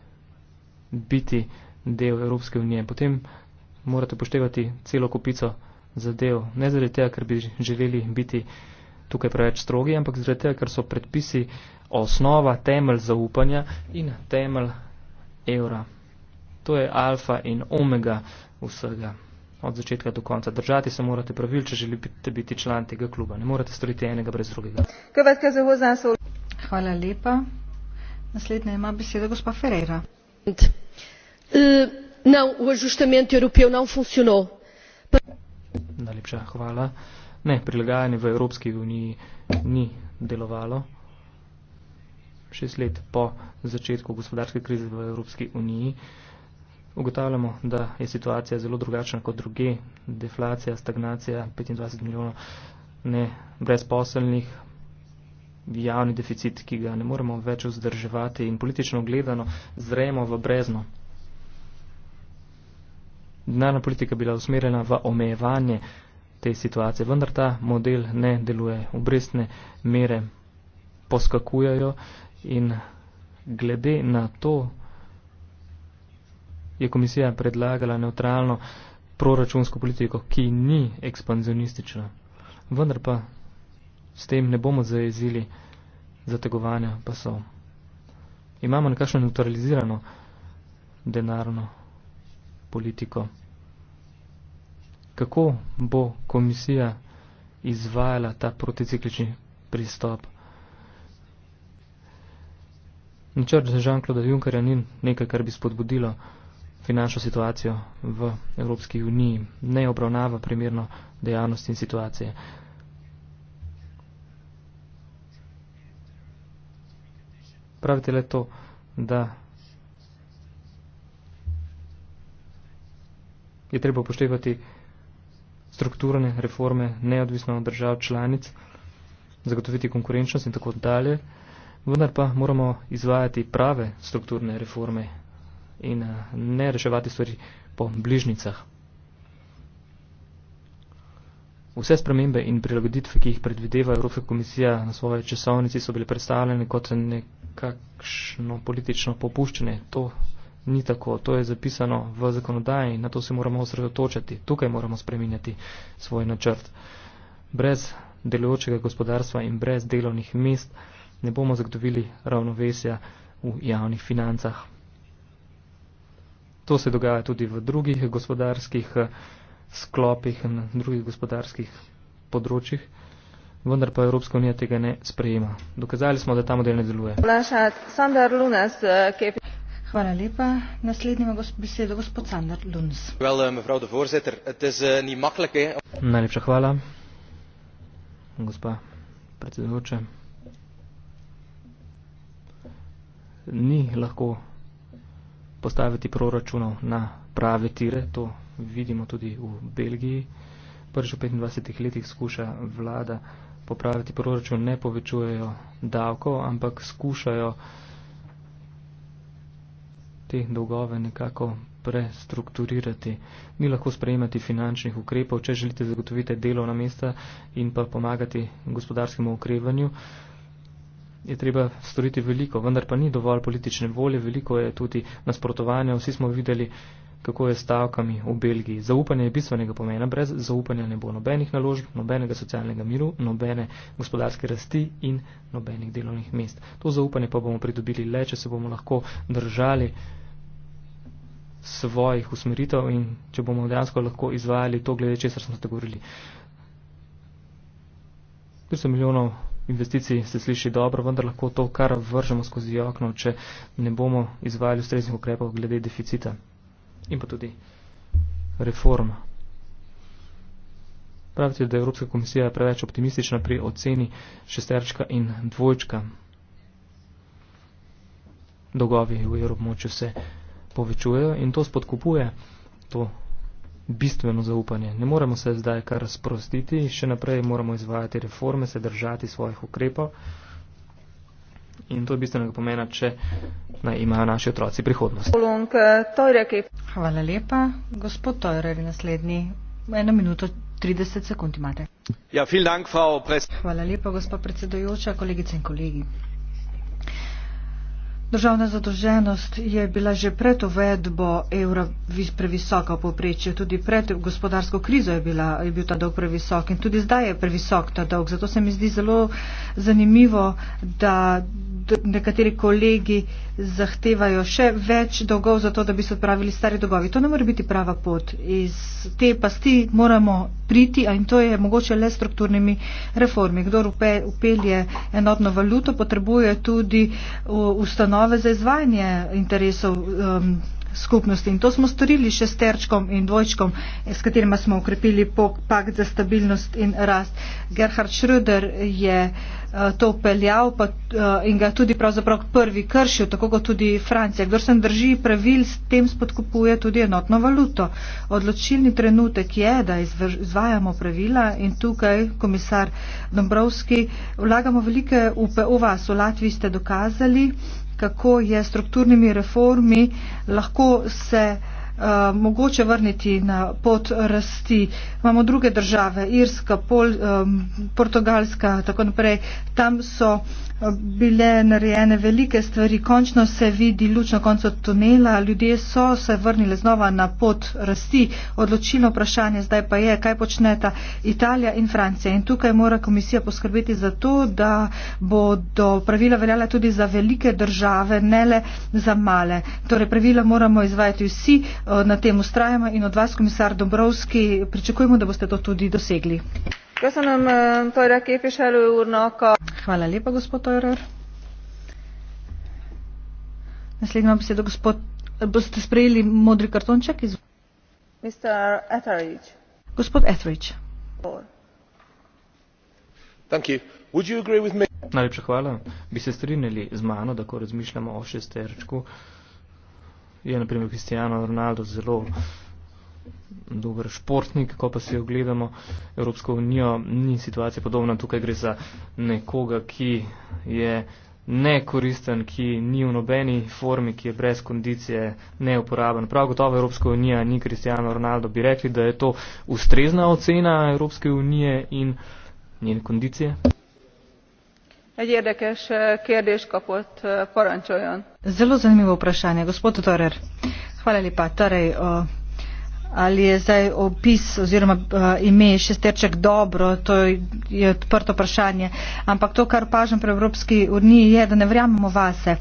biti del Evropske unije. Potem morate poštevati celo kupico zadev. Ne zaradi tega, ker bi želeli biti tukaj preveč strogi, ampak zaradi tega, ker so predpisi osnova, temelj zaupanja in temelj evra. To je alfa in omega vsega. Od začetka do konca. Držati se morate pravil, če želite biti član tega kluba. Ne morate storiti enega brez drugega. Hvala lepa. Naslednja ima beseda gospa Ferreira. Eh, Najlepša hvala. Ne, prilagajanje v Evropski uniji ni delovalo. Šest let po začetku gospodarske krize v Evropski uniji. Uh, ugotavljamo, da je situacija zelo drugačna kot druge. Deflacija, stagnacija, 25 milijonov ne, brezposelnih, javni deficit, ki ga ne moremo več vzdrževati in politično gledano zremo v brezno. Denarna politika bila usmerjena v omejevanje te situacije, vendar ta model ne deluje. Obrestne mere poskakujajo in glede na to, je komisija predlagala neutralno proračunsko politiko, ki ni ekspanzionistična. Vendar pa s tem ne bomo zajezili zategovanja pasov. Imamo nekakšno neutralizirano denarno politiko. Kako bo komisija izvajala ta proticiklični pristop? Načrt za Jean-Claude Junckerja ni nekaj, kar bi spodbudilo finančno situacijo v Evropski uniji, ne obravnava primerno dejavnosti in situacije. Pravite le to, da je treba upoštevati strukturne reforme neodvisno od držav članic, zagotoviti konkurenčnost in tako dalje, vendar pa moramo izvajati prave strukturne reforme in eh, ne reševati stvari po bližnicah. Vse spremembe in prilagoditve, ki jih predvideva Evropska komisija na svoje časovnici, so bile predstavljene kot nekakšno politično popuščanje. To ni tako, to je zapisano v zakonodaji in na to se moramo osredotočati. Tukaj moramo spreminjati svoj načrt. Brez delujočega gospodarstva in brez delovnih mest ne bomo zagotovili ravnovesja v javnih financah. To se dogaja tudi v drugih gospodarskih eh, sklopih in drugih gospodarskih področjih, vendar pa Evropska unija tega ne sprejema. Dokazali smo, da ta model ne deluje. Eh, hvala lepa. Naslednji ima besedo gospod Sander Luns. Eh, Najlepša hvala, gospa predsedujoča. Ni lahko postaviti proračunov na prave tire. To vidimo tudi v Belgiji. Prvič v 25 letih skuša vlada popraviti proračun, ne povečujejo davkov, ampak skušajo te dolgove nekako prestrukturirati. Ni lahko sprejemati finančnih ukrepov, če želite zagotoviti delovna mesta in pa pomagati gospodarskemu okrevanju. Uh, je treba storiti veliko, vendar pa ni dovolj politične volje, veliko je tudi nasprotovanja. Vsi smo videli, kako je s stavkami v Belgiji. Zaupanje je bistvenega pomena, brez zaupanja ne bo nobenih naložb, nobenega socialnega miru, nobene gospodarske rasti in nobenih delovnih mest. To zaupanje pa bomo pridobili le, če se bomo lahko držali svojih usmeritev in če bomo dejansko lahko izvajali to, glede česar smo te govorili. 300 milijonov investicij se sliši dobro, vendar lahko to kar vržemo skozi okno, če ne bomo izvajali ustreznih ukrepov glede deficita in pa tudi reforma. Pravite, da je Evropska komisija preveč optimistična pri oceni šesterčka in dvojčka. Dolgovi v Evropmoču se povečujejo in to spodkupuje to bistveno zaupanje. Ne moremo se zdaj kar razprostiti, še naprej moramo izvajati reforme, se držati svojih ukrepov. In to je bistvenega pomena, če naj imajo naši otroci prihodnost. Hvala lepa. Gospod Tojrer, naslednji. Eno minuto, 30 sekund imate. Ja, dank, Hvala lepa, gospod predsedujoča, kolegice in kolegi. Državna zadolženost je bila že pred uvedbo evra previsoka v poprečju, tudi pred gospodarsko krizo je, bila, je bil ta dolg previsok in tudi zdaj je previsok ta dolg. Zato se mi zdi zelo zanimivo, da nekateri kolegi zahtevajo še več dolgov za to, da bi se odpravili stari dolgovi. To ne more biti prava pot. Iz te pasti moramo priti in to je mogoče le strukturnimi reformi. Kdor upelje enotno valuto, potrebuje tudi ustanovitev osnove za izvajanje interesov um, skupnosti. In to smo storili še s terčkom in dvojčkom, s katerima smo ukrepili pakt za stabilnost in rast. Gerhard Schröder je uh, to peljal pa, uh, in ga tudi pravzaprav prvi kršil, tako kot tudi Francija. Kdor se drži pravil, s tem spodkupuje tudi enotno valuto. Odločilni trenutek je, da izvajamo pravila in tukaj, komisar Dombrovski, vlagamo velike upe v vas. V Latviji ste dokazali, kako je strukturnimi reformi lahko se eh, mogoče vrniti na pot rasti. Imamo druge države, Irska, Pol, eh, Portugalska, tako naprej. Tam so bile narejene velike stvari, končno se vidi luč na koncu tunela, ljudje so se vrnili znova na pot rasti. Odločilno vprašanje zdaj pa je, kaj počneta Italija in Francija. In tukaj mora komisija poskrbeti za to, da bodo pravila veljala tudi za velike države, ne le za male. Torej, pravila moramo izvajati vsi, eh, na tem ustrajamo in od vas, komisar Dobrovski, pričakujemo, da boste to tudi dosegli. Hvala lepa, gospod Teurer. Naslednji ima besedo gospod. Boste sprejeli modri kartonček? Iz... Mr. Etheridge. Gospod Etheridge. Thank you. Would you agree with me? Najlepša hvala. Bi se strinjali z mano, da ko razmišljamo o šesterčku, je na primer Cristiano Ronaldo zelo. Uh, dober športnik, ko pa si ogledamo Evropsko unijo, ni situacija podobna. Tukaj gre za nekoga, ki je nekoristen, ki ni v nobeni formi, ki je brez kondicije, neuporaben. Prav gotovo Evropska unija ni Kristijan Ronaldo. Bi rekli, da je to ustrezna ocena Evropske unije in njene kondicije? Egy érdekes eh, kérdés kapott, eh, parancsoljon. Zelo zanimivo vprašanje, gospod Torer. Hvala lepa. Torej, uh ali je zdaj opis oziroma eh, ime šesterček dobro, to je odprto vprašanje. Ampak to, kar pažem pri Evropski uniji, je, da ne verjamemo vase.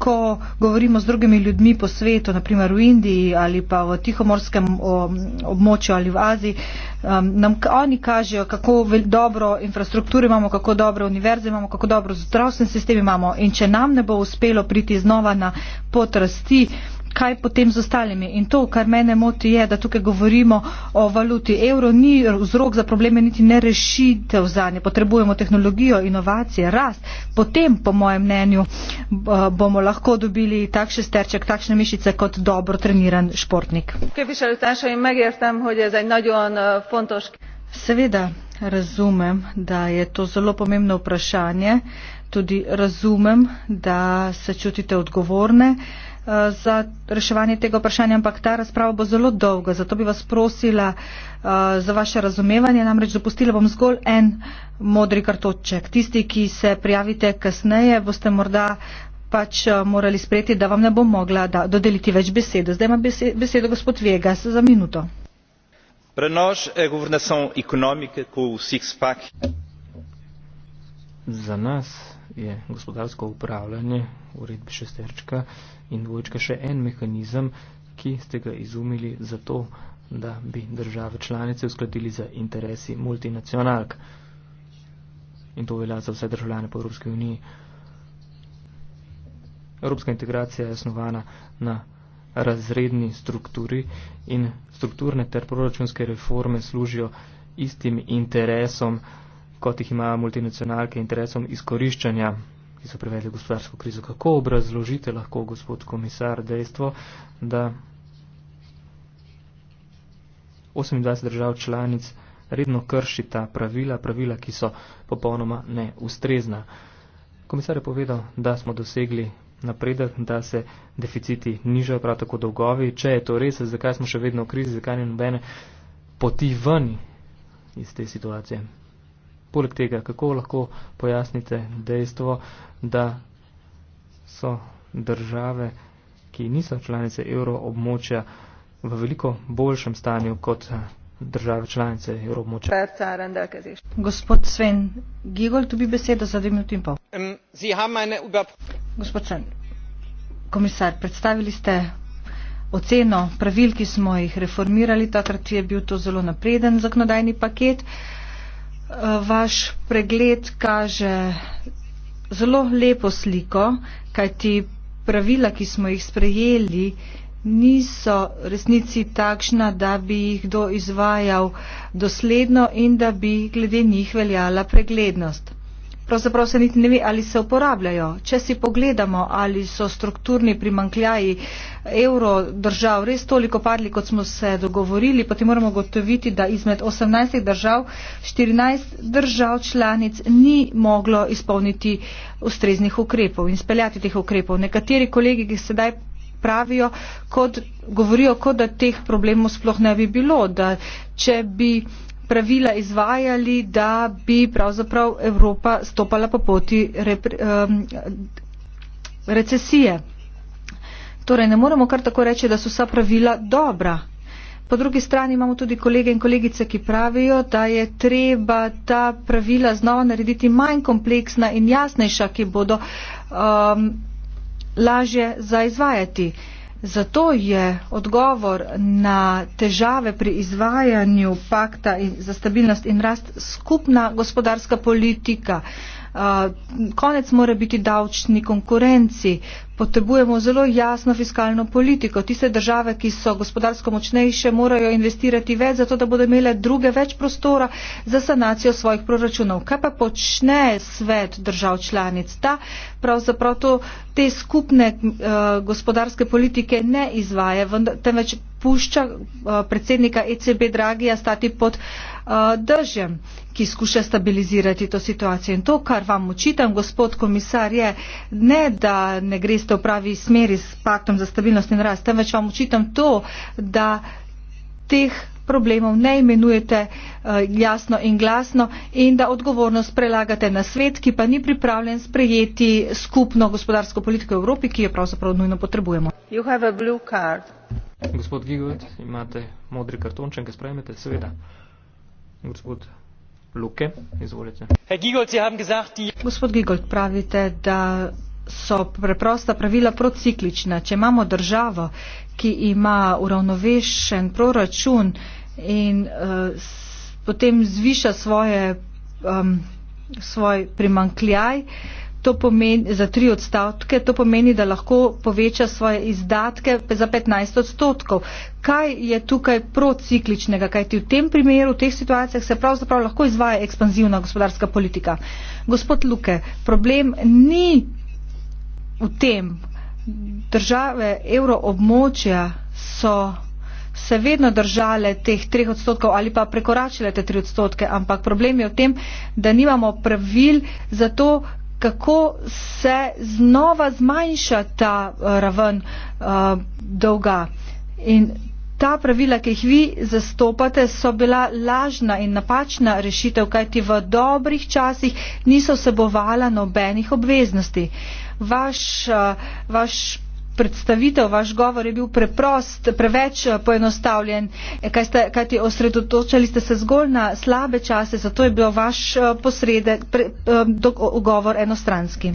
Ko govorimo z drugimi ljudmi po svetu, naprimer v Indiji ali pa v Tihomorskem območju ali v Aziji, ehm, nam oni kažejo, kako dobro infrastrukturo imamo, kako dobro univerze imamo, kako dobro zdravstven sistem imamo. In če nam ne bo uspelo priti znova na potrasti, kaj potem z ostalimi. In to, kar mene moti, je, da tukaj govorimo o valuti. Evro ni vzrok za probleme, niti ne rešitev za nje. Potrebujemo tehnologijo, inovacije, rast. Potem, po mojem mnenju, bomo lahko dobili takšne sterček, takšne mišice kot dobro treniran športnik. Seveda razumem, da je to zelo pomembno vprašanje. Tudi razumem, da se čutite odgovorne. Eh, za reševanje tega vprašanja, ampak ta razprava bo zelo dolga, zato bi vas prosila eh, za vaše razumevanje. Namreč dopustila bom zgolj en modri kartoček. Tisti, ki se prijavite kasneje, boste morda pač eh, morali sprejeti, da vam ne bom mogla da, dodeliti več besede. Zdaj ima besedo gospod Vegas za minuto. Za nas je gospodarsko upravljanje, ured šesterčka in dvojčka še en mehanizem, ki ste ga izumili zato, da bi države članice uskladili za interesi multinacionalk. In to velja za vse državljane po Evropski uniji. Evropska integracija je osnovana na razredni strukturi in strukturne ter proračunske reforme služijo istim interesom kot jih imajo multinacionalke interesom izkoriščanja, ki so prevedli gospodarsko krizo. Kako obrazložite lahko, gospod komisar, dejstvo, da 28 držav članic redno krši ta pravila, pravila, ki so popolnoma neustrezna. Komisar je povedal, da smo dosegli napredek, da se deficiti nižajo, prav tako dolgovi. Če je to res, zakaj smo še vedno v krizi, zakaj ni nobene poti ven iz te situacije? poleg tega, kako lahko pojasnite dejstvo, da so države, ki niso članice evroobmočja, v veliko boljšem stanju kot države članice evroobmočja. Gospod Sven Gigol, tu bi besedo za dve minuti in pol. Gospod Sven, komisar, predstavili ste oceno pravil, ki smo jih reformirali, takrat je bil to zelo napreden zakonodajni paket. Vaš pregled kaže zelo lepo sliko, kajti pravila, ki smo jih sprejeli, niso resnici takšna, da bi jih kdo izvajal dosledno in da bi glede njih veljala preglednost pravzaprav se niti ne ve, ali se uporabljajo. Če si pogledamo, ali so strukturni primankljaji evro držav res toliko padli, kot smo se dogovorili, potem moramo gotoviti, da izmed 18 držav 14 držav članic ni moglo izpolniti ustreznih ukrepov in speljati teh ukrepov. Nekateri kolegi, ki sedaj pravijo, kot, govorijo, kot da teh problemov sploh ne bi bilo, da če bi pravila izvajali, da bi pravzaprav Evropa stopala po poti recesije. Torej, ne moremo kar tako reči, da so vsa pravila dobra. Po drugi strani imamo tudi kolege in kolegice, ki pravijo, da je treba ta pravila znova narediti manj kompleksna in jasnejša, ki bodo um, lažje za izvajati. Uh, Zato je odgovor na težave pri izvajanju pakta za stabilnost in rast skupna gospodarska politika konec mora biti davčni konkurenci, potrebujemo zelo jasno fiskalno politiko. Tiste države, ki so gospodarsko močnejše, morajo investirati več, zato da bodo imele druge več prostora za sanacijo svojih proračunov. Kaj pa počne svet držav članic? Ta pravzaprav to, te skupne uh, gospodarske politike ne izvaja, temveč pušča uh, predsednika ECB Dragija stati pod uh, e, držem. Uh, ki skuša stabilizirati to situacijo. In to, kar vam očitam, gospod komisar, je ne, da ne greste v pravi smeri s paktom za stabilnost in rast, temveč vam očitam to, da teh problemov ne imenujete eh, jasno in glasno in da odgovornost prelagate na svet, ki pa ni pripravljen sprejeti skupno gospodarsko politiko v Evropi, ki jo pravzaprav nujno potrebujemo. Gospod Gigot, imate modri kartonček, ga sprejmete? Seveda. Gospod Luke, izvolite. Hey, Gigold, gesagt, die... Gospod Gigold, pravite, da so preprosta pravila prociklična. Če imamo državo, ki ima uravnovešen proračun in uh, potem zviša svoje, um, svoj primankljaj, to pomeni, za tri odstavke, to pomeni, da lahko poveča svoje izdatke za 15 odstotkov. Kaj je tukaj procikličnega, kajti v tem primeru, v teh situacijah se pravzaprav lahko izvaja ekspanzivna gospodarska politika. Gospod Luke, problem ni v tem. Države euroobmočja so se vedno držale teh treh odstotkov ali pa prekoračile te tri odstotke, ampak problem je v tem, da nimamo pravil za to, kako se znova zmanjša ta eh, raven uh, dolga. In ta pravila, ki jih vi zastopate, so bila lažna in napačna rešitev, kajti v dobrih časih niso sebovala nobenih obveznosti. Vaš, uh, vaš predstavitev, vaš govor je bil preprost, preveč eh, poenostavljen, kaj, ste, kaj ti osredotočali ste se zgolj na slabe čase, zato je bil vaš eh, posrede, pre, eh, do, govor enostranski.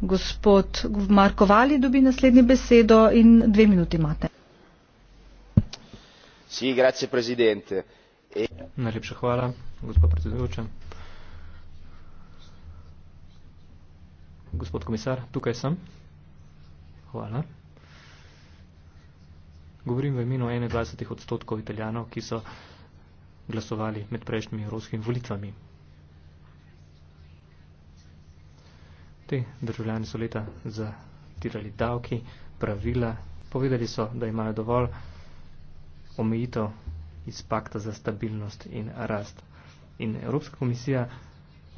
Gospod Marko Vali dobi naslednji besedo in dve minuti imate. Si, grazie, prezidente. E... Najlepša hvala, gospod predsedujoča. Gospod komisar, tukaj sem. Hvala. Govorim v imenu 21 odstotkov italijanov, ki so glasovali med prejšnjimi evropskimi volitvami. Te državljani so leta zatirali davki, pravila, povedali so, da imajo dovolj omejitev iz pakta za stabilnost in rast. In Evropska komisija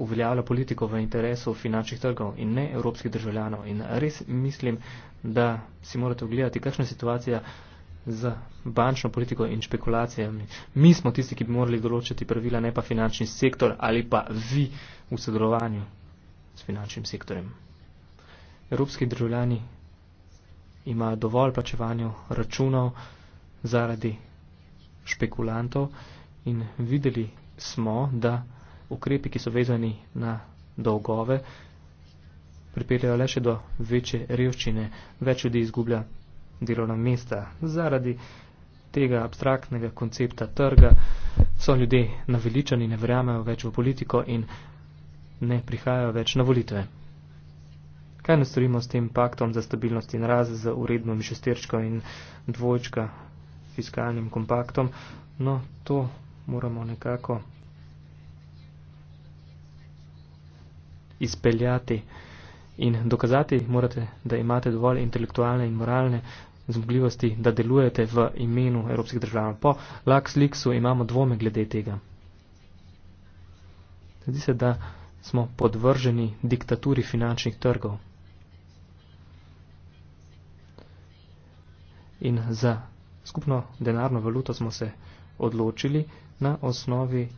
uveljavlja politiko v interesu finančnih trgov in ne evropskih državljanov. In res mislim, da si morate ogledati, kakšna je situacija z bančno politiko in špekulacijami. Mi smo tisti, ki bi morali določiti pravila, ne pa finančni sektor ali pa vi v sodelovanju s finančnim sektorjem. Evropski državljani imajo dovolj plačevanja računov zaradi špekulantov in videli smo, da ukrepi, ki so vezani na dolgove, pripeljejo le še do večje revščine. Več ljudi izgublja delovna mesta. Zaradi tega abstraktnega koncepta trga so ljudje naveličani, ne verjamejo več v politiko in ne prihajajo več na volitve. Kaj ne storimo s tem paktom za stabilnost in raz z urednom šesterčko in dvojčka fiskalnim kompaktom? No, to moramo nekako izpeljati. In dokazati morate, da imate dovolj intelektualne in moralne zmogljivosti, da delujete v imenu evropskih držav. Po LuxLeaksu imamo dvome glede tega. Zdi se, da smo podvrženi diktaturi finančnih trgov. In za skupno denarno valuto smo se odločili na osnovi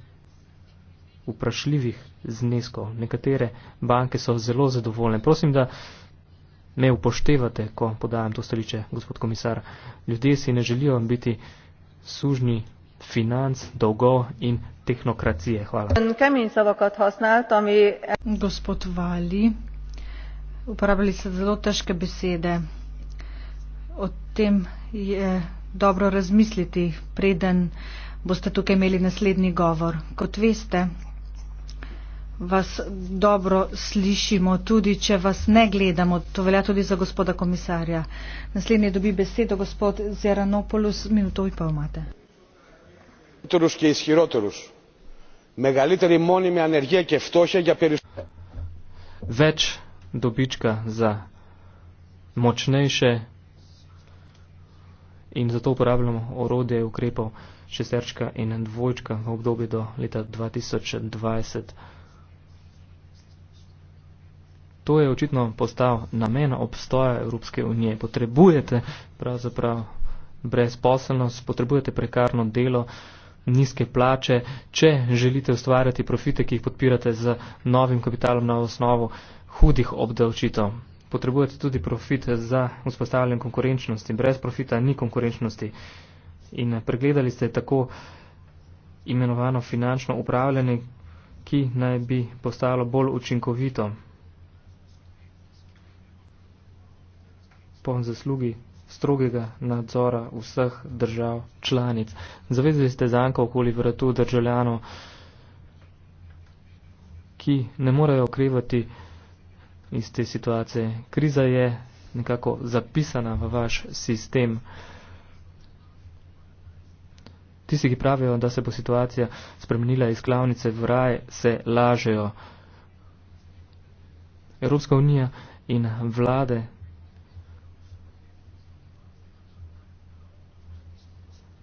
vprašljivih zneskov. Nekatere banke so zelo zadovoljne. Prosim, da me upoštevate, ko podajam to stoliče, gospod komisar. Ljudje si ne želijo biti sužni financ, dolgov in tehnokracije. Hvala. Gospod Vali, uporabljali ste zelo težke besede. O tem je dobro razmisliti, preden boste tukaj imeli naslednji govor. Kot veste, vas dobro slišimo, tudi če vas ne gledamo. To velja tudi za gospoda komisarja. Naslednji dobi besedo gospod Zeranopoulos, minuto in pol imate. Več dobička za močnejše in zato uporabljamo orodje ukrepov šesterčka in dvojčka v obdobju do leta 2020 to je očitno postal namen obstoja Evropske unije. Potrebujete pravzaprav brezposelnost, potrebujete prekarno delo, nizke plače, če želite ustvarjati profite, ki jih podpirate z novim kapitalom na osnovo hudih obdavčitev. Potrebujete tudi profit za vzpostavljanje konkurenčnosti. Brez profita ni konkurenčnosti. In pregledali ste tako imenovano finančno upravljanje, ki naj bi postalo bolj učinkovito. po zaslugi strogega nadzora vseh držav članic. Zavezali ste zanko okoli vratu državljanov, ki ne morejo okrevati iz te situacije. Kriza je nekako zapisana v vaš sistem. Tisti, ki pravijo, da se bo situacija spremenila iz klavnice v raj, se lažejo. Evropska unija in vlade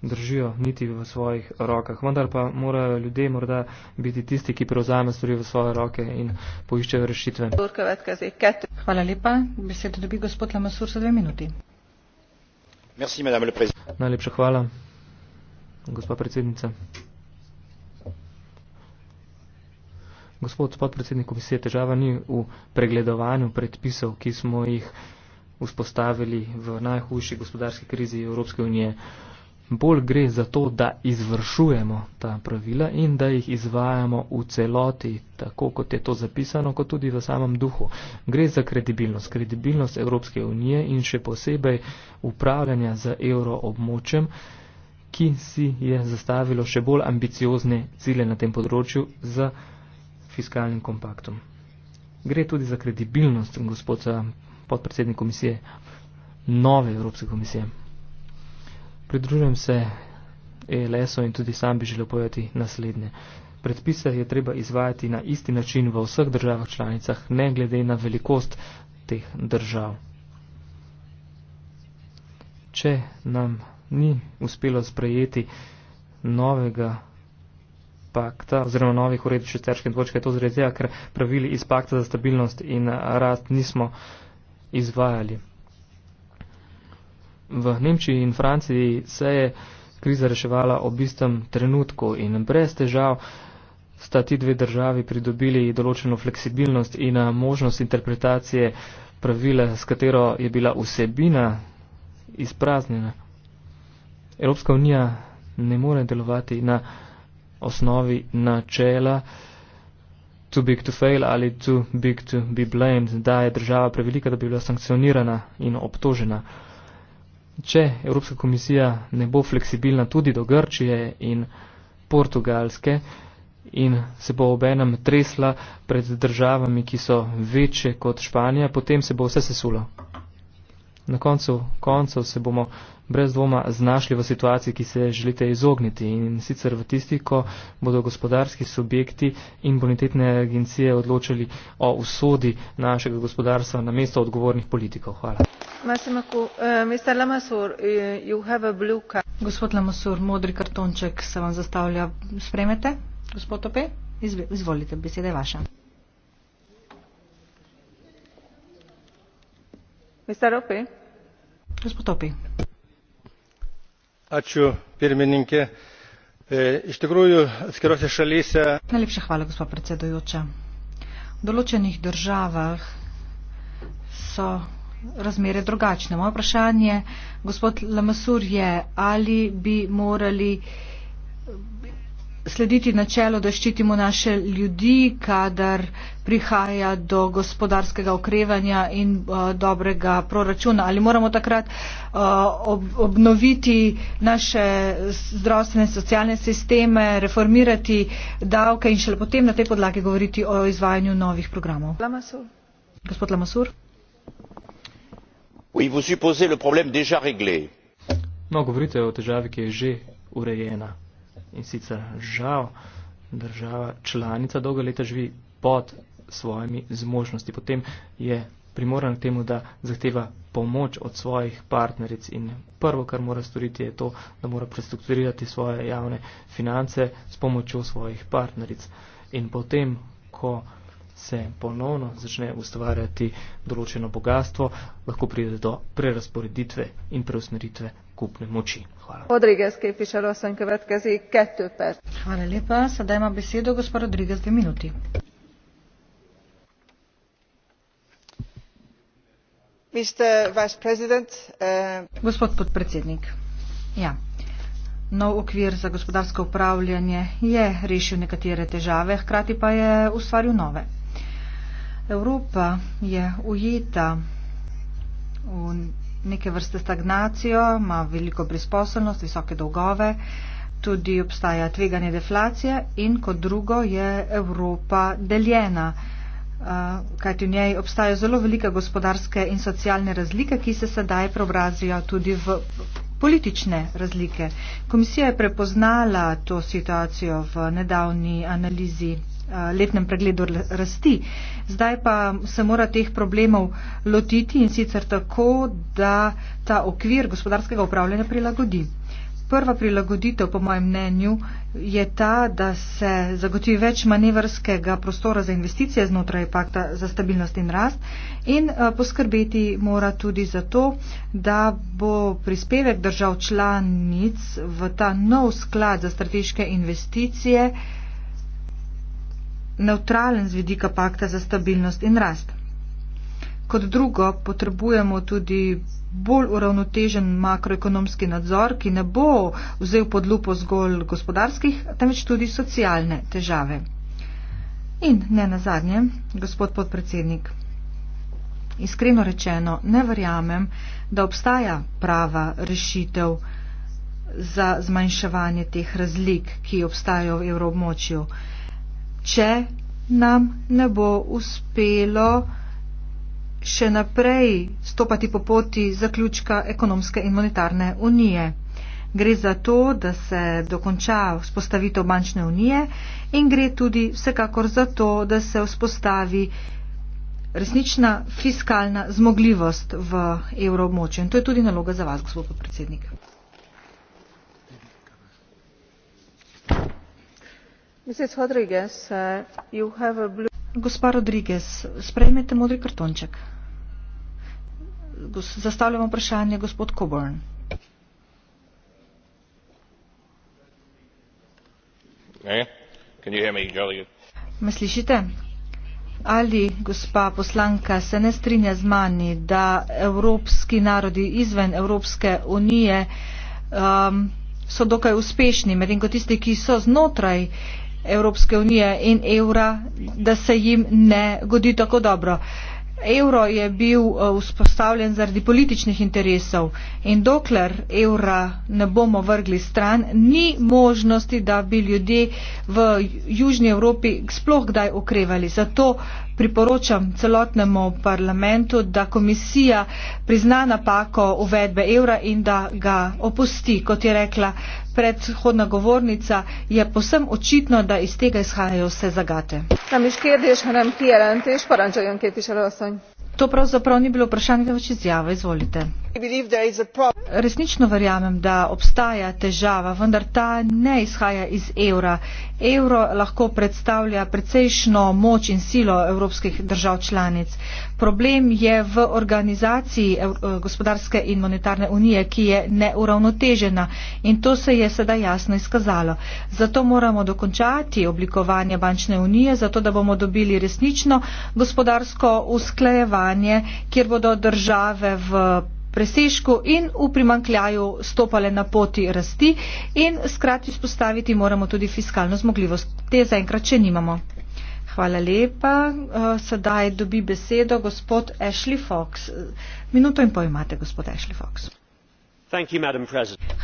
držijo niti v svojih rokah. Vendar pa morajo ljudje morda biti tisti, ki prevzame stvari v svoje roke in poiščejo rešitve. Hvala lepa. Besedo dobi gospod Lamasur za dve minuti. Merci, Najlepša hvala, gospod predsednica. Gospod podpredsednik komisije, težava ni v pregledovanju predpisov, ki smo jih vzpostavili v najhujši gospodarski krizi Evropske unije. Uh, bolj gre za to, da izvršujemo ta pravila in da jih izvajamo v celoti, tako kot je to zapisano, kot tudi v samem duhu. Gre za kredibilnost, kredibilnost Evropske unije in še posebej upravljanja z evroobmočjem, ki si je zastavilo še bolj ambiciozne cilje na tem področju z fiskalnim kompaktom. Gre tudi za kredibilnost, gospod eh, podpredsednik komisije, nove Evropske komisije. Pridružujem se ELS-u in tudi sam bi želel povedati naslednje. Predpise je treba izvajati na isti način v vseh državah članicah, ne glede na velikost teh držav. Če nam ni uspelo sprejeti novega pakta oziroma novih uredb šesterške dvočke, to zredzeja, ker pravili iz pakta za stabilnost in rast nismo izvajali v Nemčiji in Franciji se je kriza reševala ob istem trenutku in brez težav sta ti dve državi pridobili določeno fleksibilnost in eh, možnost interpretacije pravila, eh, s katero je bila vsebina izpraznjena. Evropska unija ne more delovati na osnovi načela too big to fail ali too big to be blamed, da je država prevelika, da bi bila sankcionirana in obtožena če Evropska komisija ne bo fleksibilna tudi do Grčije in Portugalske in se bo obenem tresla pred državami, ki so večje kot Španija, potem se bo vse sesulo. Na koncu konca se bomo brez dvoma znašli v situaciji, ki se želite izogniti in sicer v tisti, ko bodo gospodarski subjekti in bonitetne agencije odločili o usodi našega gospodarstva na mesto odgovornih politikov. Hvala. Euh, euh, Gospod Lamasur, modri kartonček se vam zastavlja. Spremete? Gospod Ope, izvolite, beseda je vaša. E, iš tikrųjų atskirose šalyse. najlepša hvala gospod predsedujoča v določenih državah so razmere drugačne moje vprašanje gospod lamassoure je ali bi morali slediti načelo, da ščitimo naše ljudi, kadar prihaja do gospodarskega okrevanja in uh, dobrega proračuna. Ali moramo takrat uh, ob, obnoviti naše zdravstvene in socialne sisteme, reformirati davke in šele potem na tej podlagi govoriti o izvajanju novih programov? Lamasur. Gospod Lamasur. Oui, no, govorite o težavi, ki je že urejena in sicer žal država članica dolga leta živi pod svojimi zmožnosti. Potem je primoran k temu, da zahteva pomoč od svojih partneric in prvo, kar mora storiti, je to, da mora prestrukturirati svoje javne finance s pomočjo svojih partneric. In potem, ko se ponovno začne ustvarjati določeno bogatstvo, lahko pride do prerasporeditve in preusmeritve skupne moči. Hvala. Eh, gospod podpredsednik, ja. nov okvir za gospodarsko upravljanje je rešil nekatere težave, hkrati pa je ustvaril nove. Evropa je ujeta v neke vrste stagnacijo, ima veliko brisposobnost, visoke dolgove, tudi obstaja tveganje deflacije in kot drugo je Evropa deljena, eh, kajti v njej obstajajo zelo velike gospodarske in socialne razlike, ki se sedaj preobrazijo tudi v politične razlike. Komisija je prepoznala to situacijo v nedavni analizi Eh, letnem pregledu rasti. Zdaj pa se mora teh problemov lotiti in sicer tako, da ta okvir gospodarskega upravljanja prilagodi. Prva prilagoditev, po mojem mnenju, je ta, da se zagotovi več manevrskega prostora za investicije znotraj pakta za stabilnost in rast in eh, poskrbeti mora tudi za to, da bo prispevek držav članic v ta nov sklad za strateške investicije nevtralen z vidika pakta za stabilnost in rast. Kot drugo, potrebujemo tudi bolj uravnotežen makroekonomski nadzor, ki ne bo vzel pod lupo zgolj gospodarskih, temveč tudi socialne težave. In ne na zadnje, gospod podpredsednik, iskreno rečeno, ne verjamem, da obstaja prava rešitev za zmanjševanje teh razlik, ki obstajajo v evroobmočju če nam ne bo uspelo še naprej stopati po poti zaključka ekonomske in monetarne unije. Gre za to, da se dokonča vzpostavitev bančne unije in gre tudi vsekakor za to, da se vzpostavi resnična fiskalna zmogljivost v evroobmočju. In to je tudi naloga za vas, gospod predsednik. Uh, gospa rodrigues sprejmite modri kartonček zastavljam vprašanje gospod coburn me slišite ali gospa poslanka se ne strinja z mani da evropski narodi izven evropske unije um, so dokaj uspešni medtem ko tisti ki so znotraj evropske unije Evropske unije in evra, da se jim ne godi tako dobro. Evro je bil uh, vzpostavljen zaradi političnih interesov in dokler evra ne bomo vrgli stran, ni možnosti, da bi ljudje v Južni Evropi sploh kdaj okrevali. Zato priporočam celotnemu parlamentu, da komisija prizna napako uvedbe evra in da ga opusti, kot je rekla predhodna govornica, je posem očitno, da iz tega izhajajo vse zagate. To pravzaprav ni bilo vprašanje, več izjava, izvolite. Resnično verjamem, da obstaja težava, vendar ta ne izhaja iz evra. Evro lahko predstavlja precejšno moč in silo evropskih držav članic problem je v organizaciji eh, gospodarske in monetarne unije, ki je neuravnotežena in to se je sedaj jasno izkazalo. Zato moramo dokončati oblikovanje bančne unije, zato da bomo dobili resnično gospodarsko usklajevanje, kjer bodo države v presežku in v primankljaju stopale na poti rasti in skrati spostaviti moramo tudi fiskalno zmogljivost. Te zaenkrat še nimamo. Hvala lepa. Eh, sedaj dobi besedo gospod Ashley Fox. Minuto in pol imate, gospod Ashley Fox.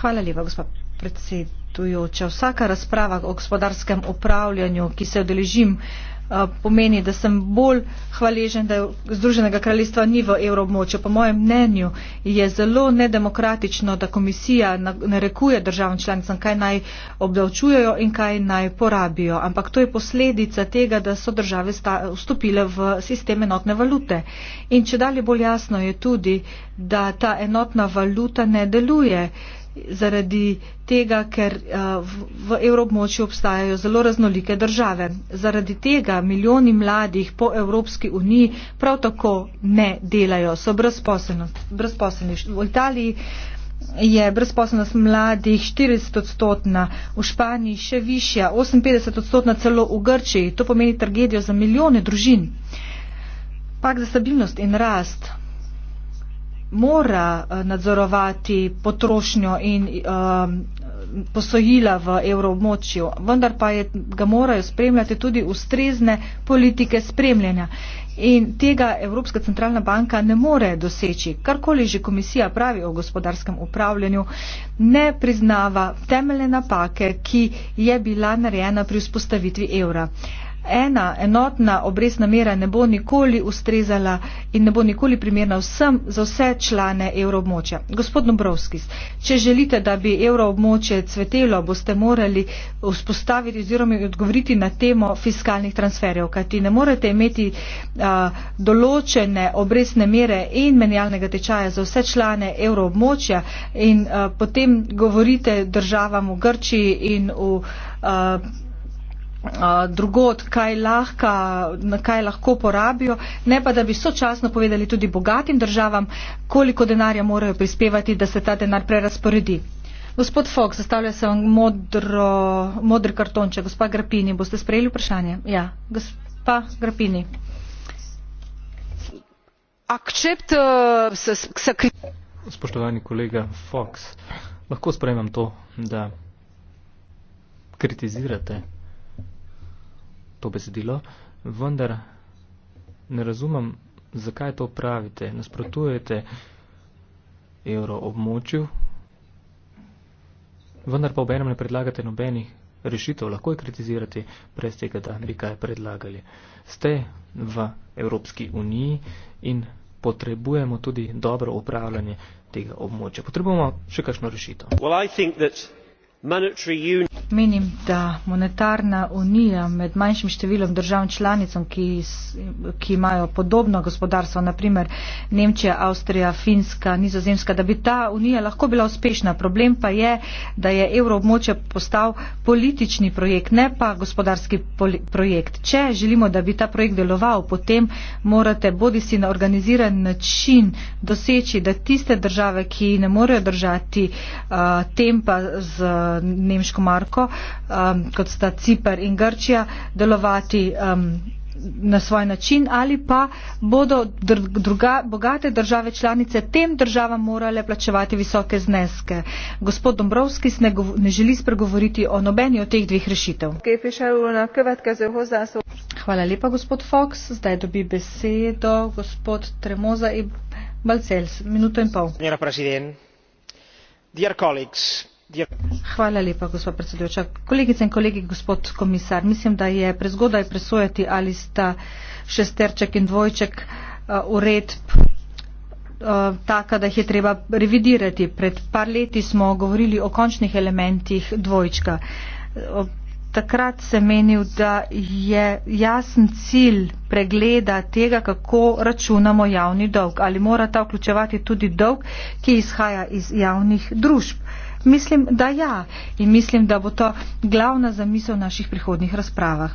Hvala lepa, gospod predsedujoča. Vsaka razprava o gospodarskem upravljanju, ki se jo deležim, Eh, pomeni, da sem bolj hvaležen, da Združenega kraljestva ni v evroobmočju. Po mojem mnenju je zelo nedemokratično, da komisija narekuje državam članicam, kaj naj obdavčujejo in kaj naj porabijo. Ampak to je posledica tega, da so države vstopile v sistem enotne valute. In če dalje bolj jasno je tudi, da ta enotna valuta ne deluje zaradi tega, ker eh, v evrobmočju obstajajo zelo raznolike države. Zaradi tega milijoni mladih po Evropski uniji prav tako ne delajo, so brezposelni. V Italiji je brezposelnost mladih 40 odstotna, v Španiji še višja, 58 odstotna celo v Grčiji. To pomeni tragedijo za milijone družin. Pak za stabilnost in rast mora eh, nadzorovati potrošnjo in um, posojila v evroobmočju, vendar pa je, ga morajo spremljati tudi ustrezne politike spremljanja. In tega Evropska centralna banka ne more doseči. Karkoli že komisija pravi o gospodarskem upravljanju, ne priznava temeljne napake, ki je bila narejena pri vzpostavitvi evra. Uh, ena enotna obrestna mera ne bo nikoli ustrezala in ne bo nikoli primerna vsem za vse člane evroobmočja. Gospod Dombrovskis, če želite, da bi evroobmočje cvetelo, boste morali vzpostaviti oziroma odgovoriti na temo fiskalnih transferjev, kajti ne morete imeti a, določene obrestne mere in menjalnega tečaja za vse člane evroobmočja in a, potem govorite državam v Grčiji in v a, drugot, kaj lahka, na kaj lahko porabijo, ne pa da bi sočasno povedali tudi bogatim državam, koliko denarja morajo prispevati, da se ta denar prerasporedi. Gospod Fox, zastavlja se vam modro, modri kartonček. Gospa Grapini, boste sprejeli vprašanje? Ja, gospa Grapini. Accept, uh, s, s, Spoštovani kolega Fox, lahko sprejemam to, da kritizirate to besedilo, vendar ne razumem, zakaj to pravite. Nasprotujete evro območju, vendar pa obenem ne predlagate nobenih rešitev. Lahko je kritizirati brez tega, da bi kaj predlagali. Ste v Evropski uniji in potrebujemo tudi dobro upravljanje tega območja. Potrebujemo še kakšno rešitev. Well, Menim, da monetarna unija med manjšim številom držav članicom, ki, ki imajo podobno gospodarstvo, naprimer Nemčija, Avstrija, Finska, Nizozemska, da bi ta unija lahko bila uspešna. Problem pa je, da je evroobmoče postal politični projekt, ne pa gospodarski projekt. Če želimo, da bi ta projekt deloval, potem morate bodi si na organiziran način doseči, da tiste države, ki ne morejo držati uh, tempa z. Uh, nemško marko, um, kot sta Cipr in Grčija, delovati um, na svoj način ali pa bodo dr druga, bogate države članice tem državam morale plačevati visoke zneske. Gospod Dombrovskis ne, ne želi spregovoriti o nobeni od teh dveh rešitev. Hvala lepa, gospod Fox. Zdaj dobi besedo gospod Tremoza in Balcels. Minuto in pol. Dear colleagues, Hvala lepa, gospod predsedujoča. Kolegice in kolegi, gospod komisar, mislim, da je prezgodaj presojati, ali sta šesterček in dvojček uh, uredb uh, taka, da jih je treba revidirati. Pred par leti smo govorili o končnih elementih dvojčka. Uh, takrat se menil, da je jasen cilj pregleda tega, kako računamo javni dolg. Ali mora ta vključevati tudi dolg, ki izhaja iz javnih družb. Mislim, da ja in mislim, da bo to glavna zamisel naših prihodnih razpravah.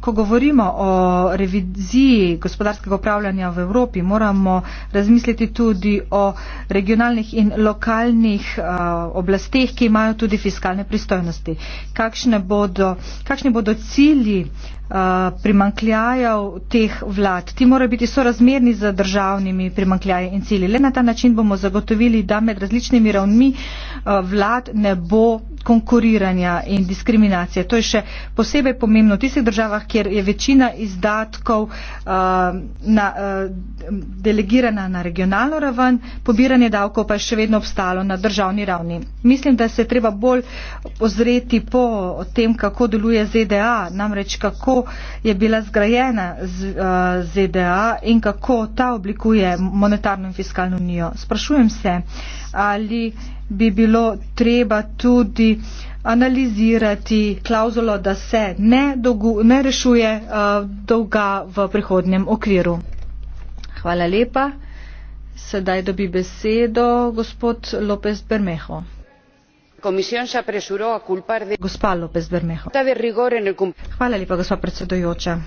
Ko govorimo o reviziji gospodarskega upravljanja v Evropi, moramo razmisliti tudi o regionalnih in lokalnih uh, oblasteh, ki imajo tudi fiskalne pristojnosti. Kakšne bodo, kakšne bodo cilji uh, Eh, primankljajev teh vlad. Ti morajo biti sorazmerni z državnimi primankljaji in cilji. Le na ta način bomo zagotovili, da med različnimi ravnmi eh, vlad ne bo konkuriranja in diskriminacije. To je še posebej pomembno v tistih državah, kjer je večina izdatkov eh, na, delegirana na regionalno raven, pobiranje davkov pa je še vedno obstalo na državni ravni. Mislim, da se treba bolj ozreti po tem, kako deluje ZDA, namreč kako je bila zgrajena z, uh, eh, ZDA in kako ta oblikuje monetarno in fiskalno unijo. Sprašujem se, ali bi bilo treba tudi analizirati klauzulo, da se ne, dolgu, ne rešuje uh, dolga v prihodnjem okviru. Hvala lepa. Sedaj dobi besedo gospod Lopez Bermeho komisijon se apresuró a culpar de falta de rigor en el cumplimiento.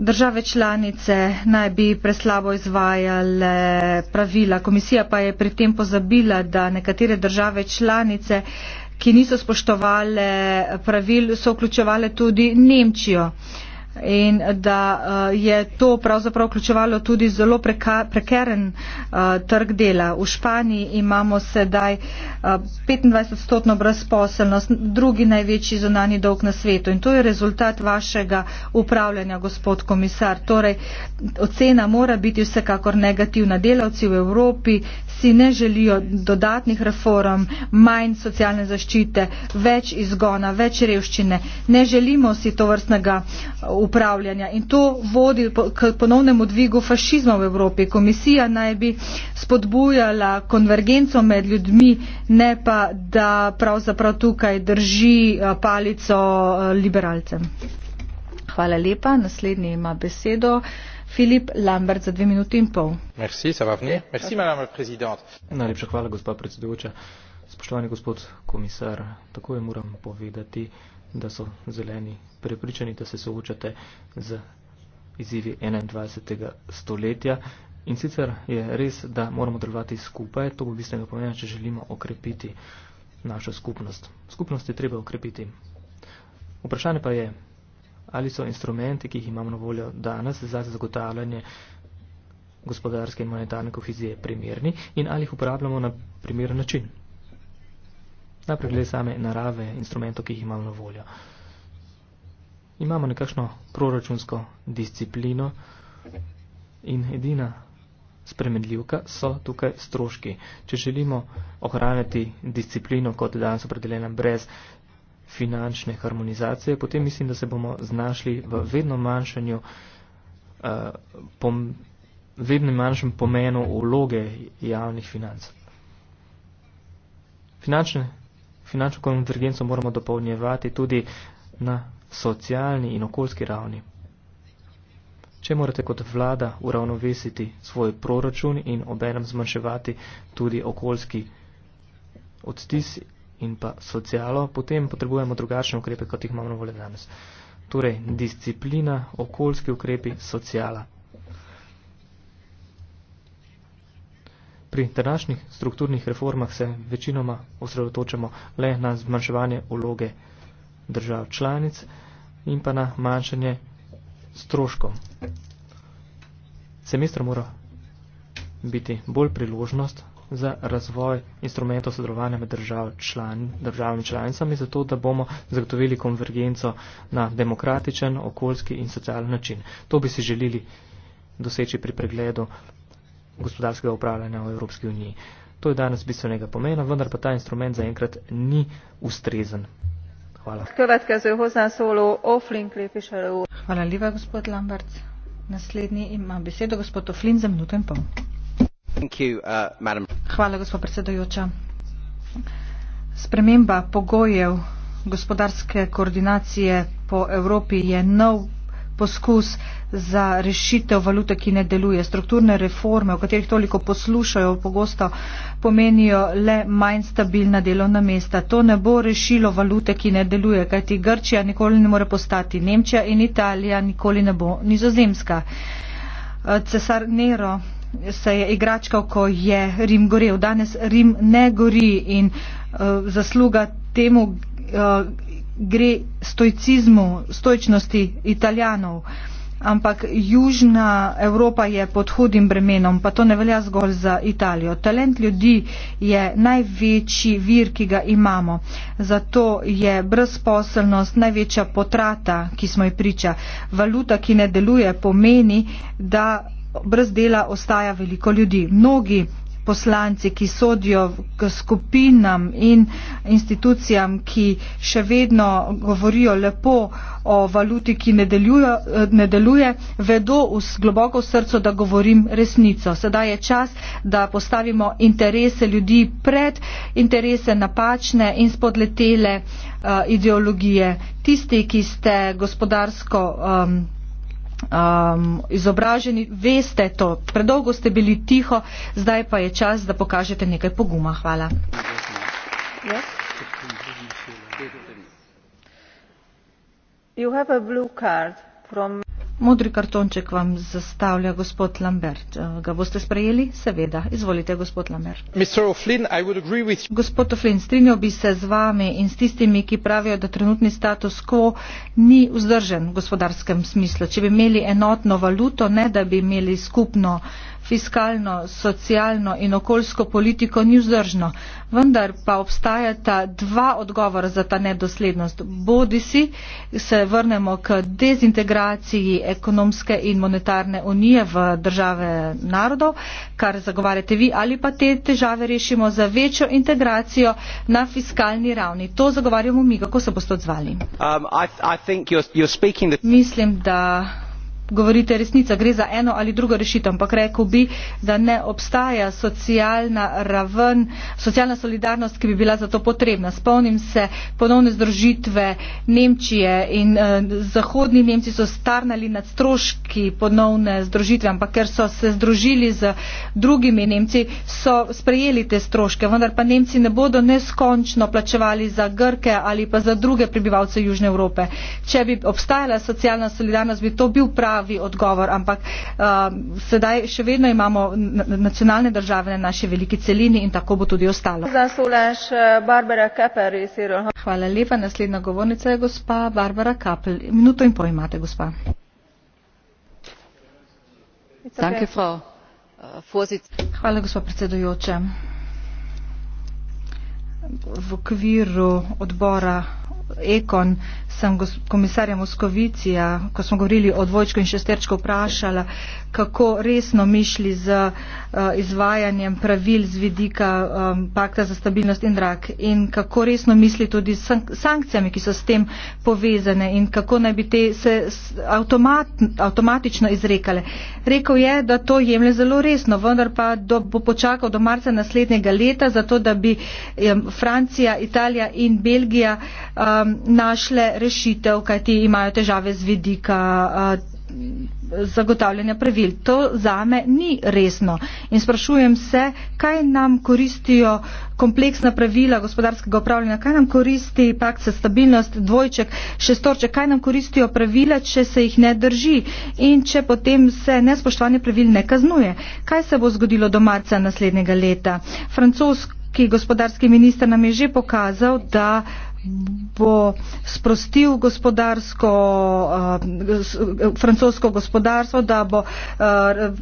države članice naj bi preslabo izvajale pravila komisija pa je pri tem pozabila da nekatere države članice ki niso spoštovale pravil so vključevale tudi nemčijo in da eh, je to pravzaprav vključevalo tudi zelo preka, prekeren eh, trg dela. V Španiji imamo sedaj 25-stotno eh, brezposelnost, drugi največji zunani dolg na svetu in to je rezultat vašega upravljanja, gospod komisar. Torej, ocena mora biti vsekakor negativna. Delavci v Evropi si ne želijo dodatnih reform, manj socialne zaščite, več izgona, več revščine. Ne želimo si to vrstnega uh, upravljanja in to vodi k ponovnemu dvigu fašizma v Evropi. Komisija naj bi spodbujala konvergenco med ljudmi, ne pa da pravzaprav tukaj drži uh, palico uh, liberalcem. Hvala lepa. Naslednji ima besedo. Najlepša hvala, gospa predsedujoča. Spoštovani gospod komisar, takoj moram povedati, da so zeleni prepričani, da se soočate z izzivi 21. stoletja. In sicer je res, da moramo delovati skupaj, to bo bistvenega pomena, če želimo okrepiti našo skupnost. Skupnost je treba okrepiti. Vprašanje pa je, ali so instrumenti, ki jih imamo na voljo danes za zagotavljanje gospodarske in monetarne kohezije primerni in ali jih uporabljamo na primeren način. Najprej glede same narave instrumentov, ki jih imamo na voljo. Imamo nekakšno proračunsko disciplino in edina spremenljivka so tukaj stroški. Če želimo ohranjati disciplino, kot je danes opredeljena, brez finančne harmonizacije, potem mislim, da se bomo znašli v vedno manjšanju uh, pom vedno manjšem pomenu vloge javnih financ. Finančne, finančno konvergenco moramo dopolnjevati tudi na socialni in okoljski ravni. Če morate kot vlada uravnovesiti svoj proračun in obenem zmanjševati tudi okoljski odtis in pa socialo, potem potrebujemo drugačne ukrepe, kot jih imamo na voljo danes. Torej, disciplina, okoljski ukrepi, sociala. Pri današnjih strukturnih reformah se večinoma osredotočamo le na zmanjševanje uloge držav članic in pa na manjšanje stroškov. Semestr mora biti bolj priložnost, za razvoj instrumentov sodelovanja med državami član, držav članicami, zato da bomo zagotovili konvergenco na demokratičen, okoljski in socialni način. To bi si želeli doseči pri pregledu gospodarskega upravljanja v Evropski uniji. To je danes bistvenega pomena, vendar pa ta instrument zaenkrat ni ustrezen. Hvala. Hvala lepa, gospod Lambert. Naslednji ima besedo gospod Oflin za minuto in pol. Uh, sprememba pogojev gospodarske koordinacije po Evropi je nov poskus za rešitev valute, ki ne deluje. Strukturne reforme, o katerih toliko poslušajo, pogosto pomenijo le manj stabilna delovna mesta. To ne bo rešilo valute, ki ne deluje, kajti Grčija nikoli ne more postati Nemčija in Italija nikoli ne bo Nizozemska. Cesar Nero se je igračkal, ko je Rim gorel. Danes Rim ne gori in uh, zasluga temu uh, gre stoicizmu, stoičnosti italijanov. Ampak Južna Evropa je pod hudim bremenom, pa to ne velja zgolj za Italijo. Talent ljudi je največji vir, ki ga imamo. Zato je brezposelnost največja potrata, ki smo ji priča. Valuta, ki ne deluje, pomeni, da brez dela ostaja veliko ljudi. Mnogi poslanci, ki sodijo k skupinam in institucijam, ki še vedno govorijo lepo o valuti, ki ne, delujo, ne deluje, vedo vz globoko srco, da govorim resnico. Sedaj je čas, da postavimo interese ljudi pred interese napačne in spodletele uh, ideologije. Tisti, ki ste gospodarsko um, um, izobraženi, veste to, predolgo ste bili tiho, zdaj pa je čas, da pokažete nekaj poguma. Hvala. Yes. Modri kartonček vam zastavlja gospod Lambert. Eh, ga boste sprejeli? Seveda. Izvolite, gospod Lambert. Oflin, with... Gospod Oflin, strinjal bi se z vami in s tistimi, ki pravijo, da trenutni status quo ni vzdržen v gospodarskem smislu. Če bi imeli enotno valuto, ne da bi imeli skupno uh, fiskalno, socialno in okoljsko politiko ni vzdržno. Vendar pa obstajata dva odgovora za ta nedoslednost. Bodi si se vrnemo k dezintegraciji ekonomske in monetarne unije v države narodov, kar zagovarjate vi, ali pa te težave rešimo za večjo integracijo na fiskalni ravni. To zagovarjamo mi. Kako se boste odzvali? Um, I, I you're, you're the... Mislim, da govorite resnica, gre za eno ali drugo rešitev, ampak rekel bi, da ne obstaja socialna raven, socialna solidarnost, ki bi bila za to potrebna. Spomnim se ponovne združitve Nemčije in eh, zahodni Nemci so starnali nad stroški ponovne združitve, ampak ker so se združili z drugimi Nemci, so sprejeli te stroške, vendar pa Nemci ne bodo neskončno plačevali za Grke ali pa za druge prebivalce Južne Evrope. Če bi obstajala socialna solidarnost, bi to bil prav pravi odgovor, ampak uh, sedaj še vedno imamo nacionalne države na naši veliki celini in tako bo tudi ostalo. Eh, Hvala lepa. Naslednja govornica je gospa Barbara Kapel. Minuto in pol imate, gospa. Eh, Hvala, gospod predsedujoče. V okviru odbora Ekon sem komisarja Moskovicija, ko smo govorili o dvojčku in šesterčku, vprašala, kako resno mišli z eh, izvajanjem pravil z vidika eh, pakta za stabilnost in rak in kako resno misli tudi s sankcijami, ki so s tem povezane in kako naj bi te se automat, avtomatično izrekale. Rekl je, da to jemlje zelo resno, vendar pa do, bo počakal do marca naslednjega leta, zato da bi eh, Francija, Italija in Belgija um, našle rešitev rešitev, kajti imajo težave z vidika zagotavljanja pravil. To zame ni resno. In sprašujem se, kaj nam koristijo kompleksna pravila gospodarskega upravljanja, kaj nam koristi pakt za stabilnost, dvojček, šestorček, kaj nam koristijo pravila, če se jih ne drži in če potem se nespoštovanje pravil ne kaznuje. Kaj se bo zgodilo do marca naslednjega leta? Francoski gospodarski minister nam je že pokazal, da bo sprostil gospodarsko, uh, francosko gospodarstvo, da bo uh,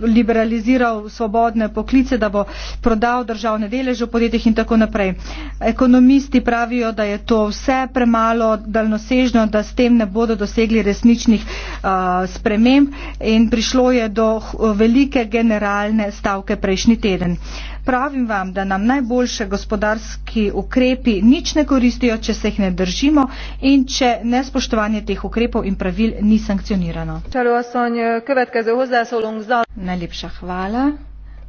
liberaliziral svobodne poklice, da bo prodal državne deleže v podjetjih in tako naprej. Ekonomisti pravijo, da je to vse premalo daljnosežno, da s tem ne bodo dosegli resničnih uh, sprememb in prišlo je do velike generalne stavke prejšnji teden. Uh, pravim vam, da nam najboljše gospodarski ukrepi nič ne koristijo, če se jih ne držimo in če nespoštovanje teh ukrepov in pravil ni sankcionirano. Najlepša hvala.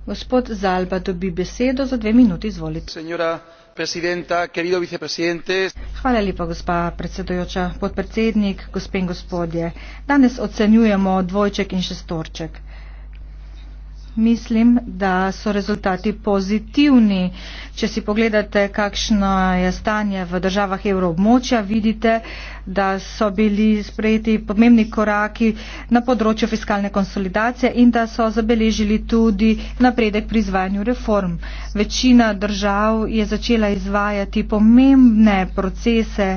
Gospod Zalba dobi besedo za dve minuti, izvolite. Hvala lepa, gospa predsedujoča, podpredsednik, gospe in gospodje. Danes ocenjujemo dvojček in šestorček mislim, da so rezultati pozitivni. Če si pogledate, kakšno je stanje v državah evroobmočja, vidite, da so bili sprejeti pomembni koraki na področju fiskalne konsolidacije in da so zabeležili tudi napredek pri izvajanju reform. Večina držav je začela izvajati pomembne procese,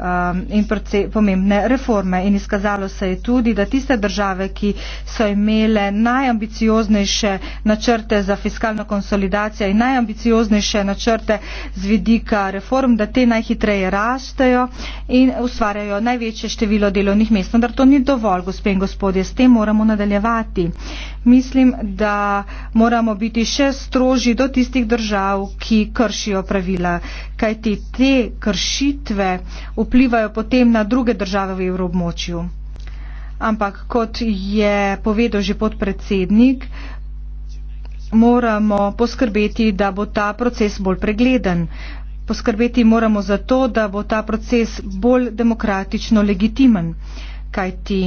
um, in predvsej pomembne reforme. In izkazalo se je tudi, da tiste države, ki so imele najambicioznejše načrte za fiskalno konsolidacijo in najambicioznejše načrte z vidika reform, da te najhitreje rastejo in ustvarjajo največje število delovnih mest. Vendar to ni dovolj, gospe in gospodje, s tem moramo nadaljevati mislim, da moramo biti še stroži do tistih držav, ki kršijo pravila, kajti te kršitve vplivajo potem na druge države v evroobmočju. Ampak, kot je povedal že podpredsednik, moramo poskrbeti, da bo ta proces bolj pregleden. Poskrbeti moramo za to, da bo ta proces bolj demokratično legitimen. Kajti,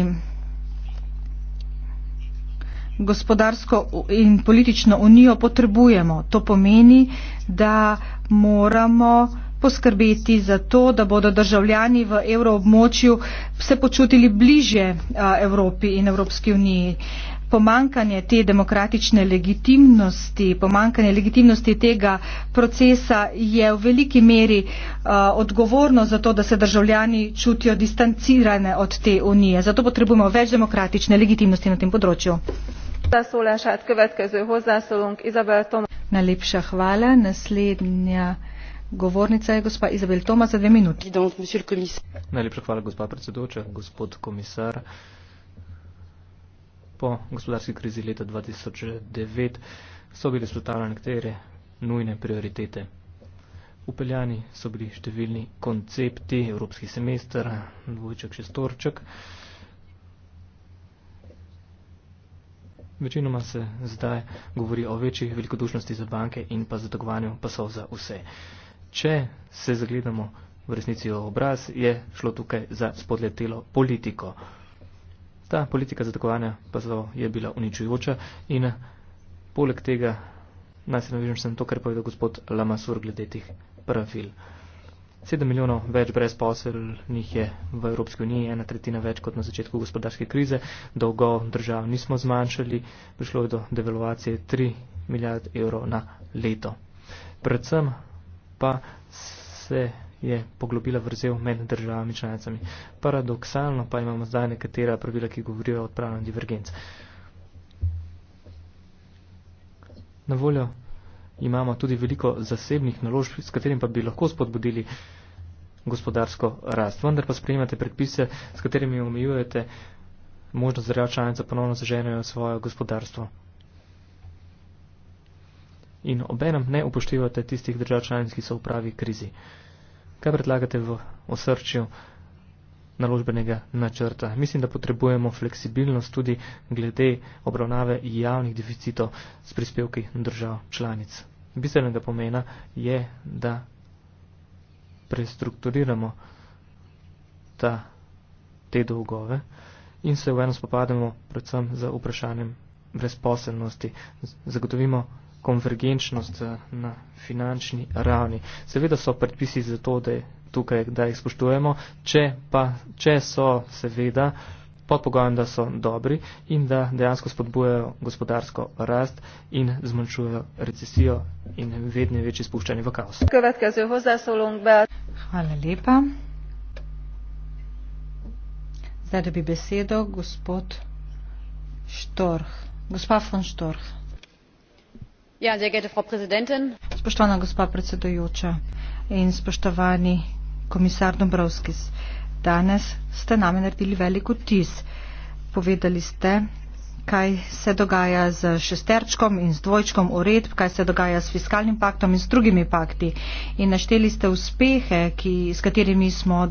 gospodarsko in politično unijo potrebujemo. To pomeni, da moramo poskrbeti za to, da bodo državljani v evroobmočju se počutili bliže Evropi in Evropski uniji pomankanje te demokratične legitimnosti, pomankanje legitimnosti tega procesa je v veliki meri uh, odgovorno za to, da se državljani čutijo distancirane od te unije. Zato potrebujemo več demokratične legitimnosti na tem področju. Najlepša hvala. Naslednja govornica je gospa Izabel Toma za dve minuti. Najlepša hvala, gospa predsedoča, gospod komisar po gospodarski krizi leta 2009 so bile spletavljene nekatere nujne prioritete. Upeljani so bili številni koncepti, evropski semester, dvojček, šestorček. Večinoma se zdaj govori o večji velikodušnosti za banke in pa zategovanju pasov za vse. Če se zagledamo v resnici v obraz, je šlo tukaj za spodletelo politiko. Ta politika zatakovanja pazlo je bila uničujoča in poleg tega naj se navižem sem to, kar povedal gospod Lamasur glede tih pravil. 7 milijonov več brezposelnih je v Evropski uniji, ena tretjina več kot na začetku gospodarske krize, dolgov držav nismo zmanjšali, prišlo je do devalvacije 3 milijard evrov na leto. Predvsem pa se je poglobila vrzel med državami članicami. Paradoksalno pa imamo zdaj nekatera pravila, ki govorijo o odpravljanju divergenc. Na voljo imamo tudi veliko zasebnih naložb, s katerim pa bi lahko spodbudili gospodarsko rast. Vendar pa sprejemate predpise, s katerimi omejujete možnost zdrav članica ponovno zaženejo svoje gospodarstvo. In obenem ne upoštevate tistih držav članic, ki so v pravi krizi kaj predlagate v osrčju naložbenega načrta. Mislim, da potrebujemo fleksibilnost tudi glede obravnave javnih deficitov s prispevki držav članic. Bistvenega pomena je, da prestrukturiramo ta, te dolgove in se v eno spopademo predvsem za vprašanjem brezposelnosti. Zagotovimo konvergenčnost eh, na finančni ravni. Seveda so predpisi za to, da tukaj da jih spoštujemo, če, pa, če so seveda pod pogojem, da so dobri in da dejansko spodbujajo gospodarsko rast in zmanjšujejo recesijo in vedne večje spuščanje v kaos. Hvala lepa. Zdaj, da bi besedo gospod Štorh. Gospa von Štorh. Ja, frau präsidentin spoštovana gospa predsedujoča in spoštovani komisar dombrovskis! danes ste name naredili velik vtis povedali ste kaj se dogaja s šesterčkom in z dvojčkom uredb kaj se dogaja s fiskalnim paktom in z drugimi pakti in našteli ste uspehe ki, s katerimi smo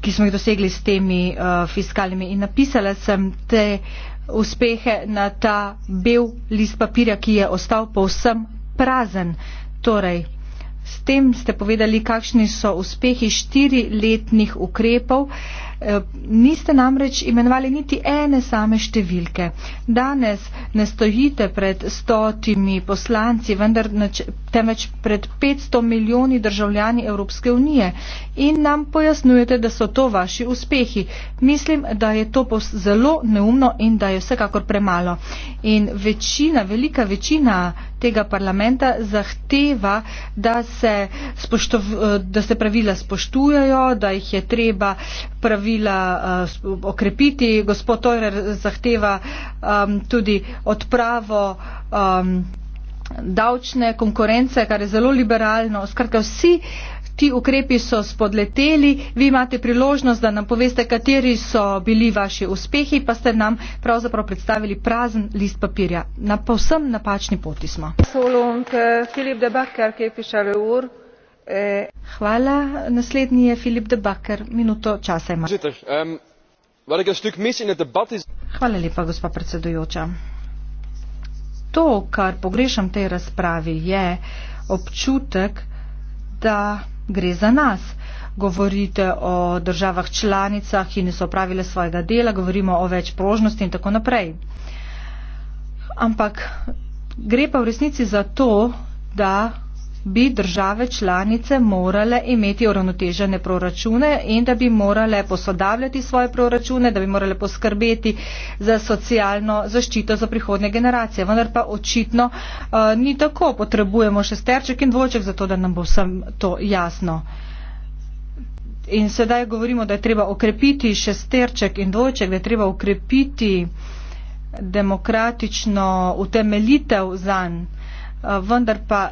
ki smo jih dosegli s temi uh, fiskalnimi in napisala sem te uh, uspehe na ta bel list papirja, ki je ostal povsem prazen. Torej, s tem ste povedali, kakšni so uspehi štiriletnih ukrepov. Uh, Eh, niste namreč imenovali niti ene same številke. Danes ne stojite pred stotimi poslanci, vendar temveč pred 500 milijoni državljani Evropske unije in nam pojasnjujete, da so to vaši uspehi. Mislim, da je to zelo neumno in da je vsekakor premalo. In večina, velika večina tega parlamenta zahteva, da se, spoštov, eh, da se pravila spoštujajo, da jih je treba pravila uh, okrepiti. Gospod Torer zahteva um, tudi odpravo um, davčne konkurence, kar je zelo liberalno. Skratka, vsi ti ukrepi so spodleteli. Vi imate priložnost, da nam poveste, kateri so bili vaši uspehi, pa ste nam pravzaprav predstavili prazen list papirja. Na povsem napačni poti smo. Solunk, uh, eh, Hvala. Naslednji je Filip de Bakker. Minuto časa ima. Hvala lepa, gospa predsedujoča. To, kar pogrešam v tej razpravi, je občutek, da gre za nas. Govorite o državah članicah, ki niso opravile svojega dela, govorimo o več prožnosti in tako naprej. Ampak gre pa v resnici za to, da bi države članice morale imeti uravnotežene proračune in da bi morale posodavljati svoje proračune, da bi morale poskrbeti za socialno zaščito za prihodne generacije. Vendar pa očitno uh, ni tako. Potrebujemo šesterček in dvoček, zato da nam bo vsem to jasno. In sedaj govorimo, da je treba okrepiti šesterček in dvoček, da je treba okrepiti demokratično utemeljitev zanj. Eh, vendar pa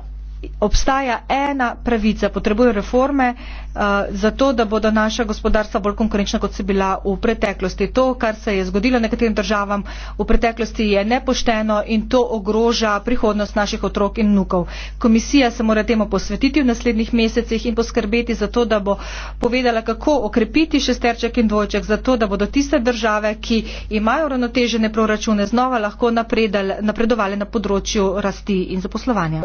obstaja ena pravica potrebujejo reforme. Eh, zato, da bodo naša gospodarstva bolj konkurenčna, kot so bila v preteklosti. To, kar se je zgodilo nekaterim državam v preteklosti, je nepošteno in to ogroža prihodnost naših otrok in nukov. Komisija se mora temu posvetiti v naslednjih mesecih in poskrbeti za to, da bo povedala, kako okrepiti šesterček in dvojček, zato, da bodo tiste države, ki imajo ravnotežene proračune, znova lahko napredovali na področju rasti in zaposlovanja.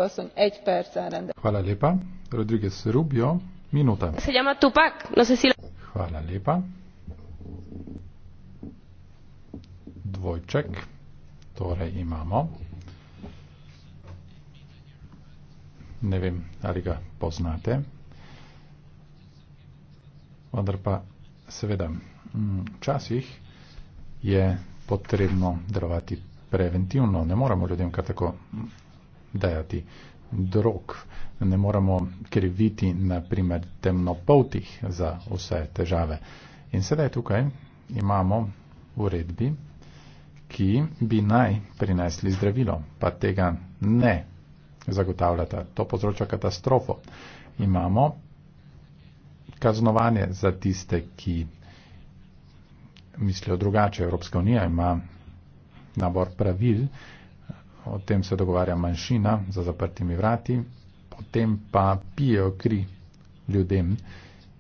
Hvala lepa. Rodriguez Rubio. Minuta. Se llama Tupac. No sé si lo... Hvala lepa. Dvojček. Torej imamo. Ne vem, ali ga poznate. Vendar pa, seveda, mm, včasih je potrebno delovati preventivno. Ne moramo ljudem kar tako mm, dajati drog ne moremo kriviti naprimer temnopoltih za vse težave. In sedaj tukaj imamo uredbi, ki bi naj prinesli zdravilo, pa tega ne zagotavljata. To povzroča katastrofo. Imamo kaznovanje za tiste, ki mislijo drugače. Evropska unija ima nabor pravil, o tem se dogovarja manjšina za zaprtimi vrati, potem pa pijejo kri ljudem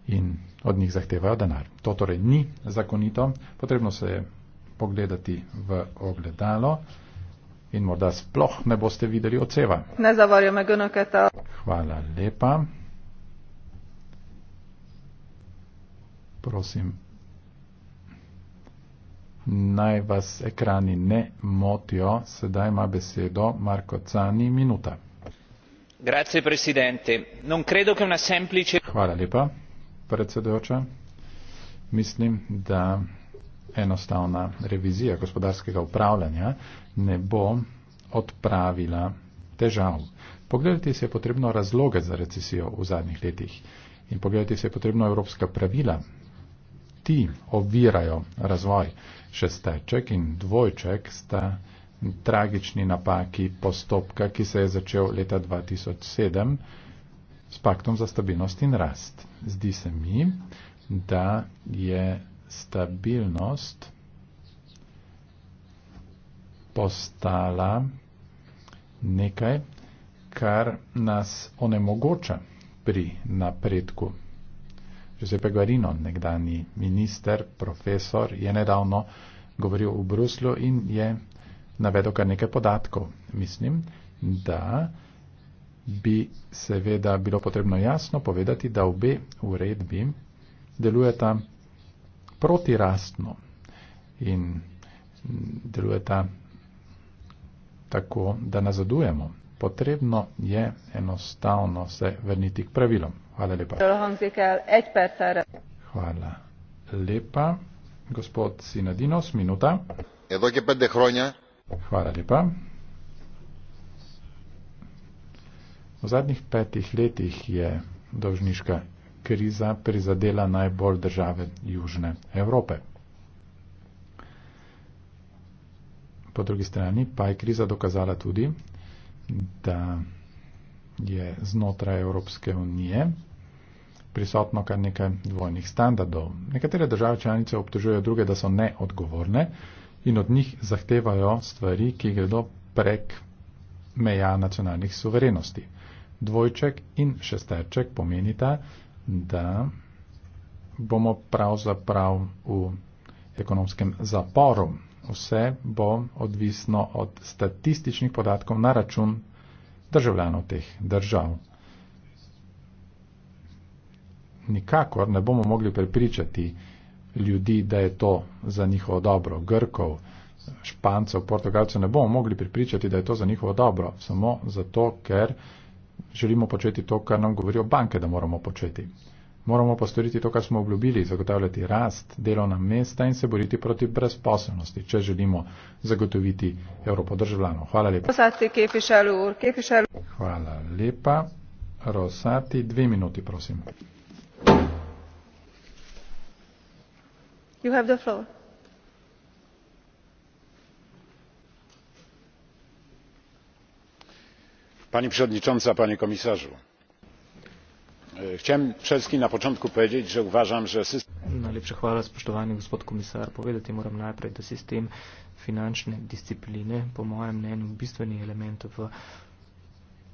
in od njih zahtevajo denar. To torej ni zakonito, potrebno se je pogledati v ogledalo in morda sploh ne boste videli oceva. Ne zavarjam me, Gunoketa. Hvala lepa. Prosim, naj vas ekrani ne motijo, sedaj ima besedo Marko Cani, minuta signor presidente non credo che una semplice. hvala lepa predsedujoča mislim da enostavna revizija gospodarskega upravljanja ne bo odpravila težav pogledati si je potrebno razloge za recesijo v zadnjih letih in pogledati si je potrebno evropska pravila ti ovirajo razvoj šesteček in dvojček sta tragični napaki postopka, ki se je začel leta 2007 s paktom za stabilnost in rast. Zdi se mi, da je stabilnost postala nekaj, kar nas onemogoča pri napredku. Giuseppe Guarino, nekdani minister, profesor, je nedavno govoril v Bruslju in je navedel kar nekaj podatkov. Mislim, da bi seveda bilo potrebno jasno povedati, da obe uredbi delujeta protirastno in delujeta tako, da nazadujemo. Potrebno je enostavno se vrniti k pravilom. Hvala lepa. Hvala lepa. Gospod Sinadinos, minuta. Edo je pet dehronja. Hvala lepa. V zadnjih petih letih je dolžniška kriza prizadela najbolj države Južne Evrope. Po drugi strani pa je kriza dokazala tudi, da je znotraj Evropske unije prisotno kar nekaj dvojnih standardov. Nekatere države članice obtožujejo druge, da so neodgovorne, in od njih zahtevajo stvari, ki gredo prek meja nacionalnih suverenosti. Dvojček in šesterček pomenita, da bomo pravzaprav v ekonomskem zaporu. Vse bo odvisno od statističnih podatkov na račun državljanov teh držav. Nikakor ne bomo mogli prepričati, ljudi, da je to za njihovo dobro. Grkov, Špancev, Portugalcev ne bomo mogli pripričati, da je to za njihovo dobro, samo zato, ker želimo početi to, kar nam govorijo banke, da moramo početi. Moramo pa storiti to, kar smo obljubili, zagotavljati rast, delovna mesta in se boriti proti brezposobnosti, če želimo zagotoviti Evropo državljanov. Hvala lepa. Hvala lepa. Rosati, dve minuti, prosim pani przewodnicząca! panie komisarzu! E, chciałem przede wszystkim na początku powiedzieć że uważam że system. najlepsze chwała spoštovani gospod komisar povedati moram najprej da sistem finančne discipline po mojem mnenju bistveni element v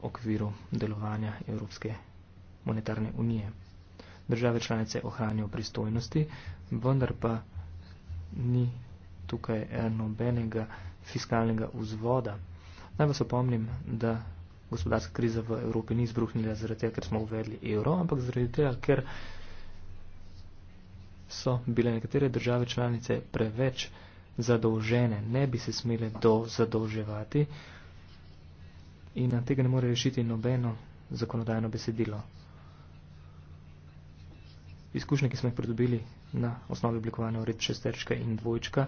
okviru delovanja evropske monetarne unije. države članice ohranijo pristojnosti vendar pa ni tukaj eh, nobenega fiskalnega vzvoda. Naj vas opomnim, da gospodarska kriza v Evropi ni izbruhnila zaradi tega, ker smo uvedli evro, ampak zaradi tega, ker so bile nekatere države članice preveč zadolžene, ne bi se smele do zadolževati in tega ne more rešiti nobeno zakonodajno besedilo. Izkušnje, ki smo jih pridobili na osnovi oblikovanja ured šesterčka in dvojčka,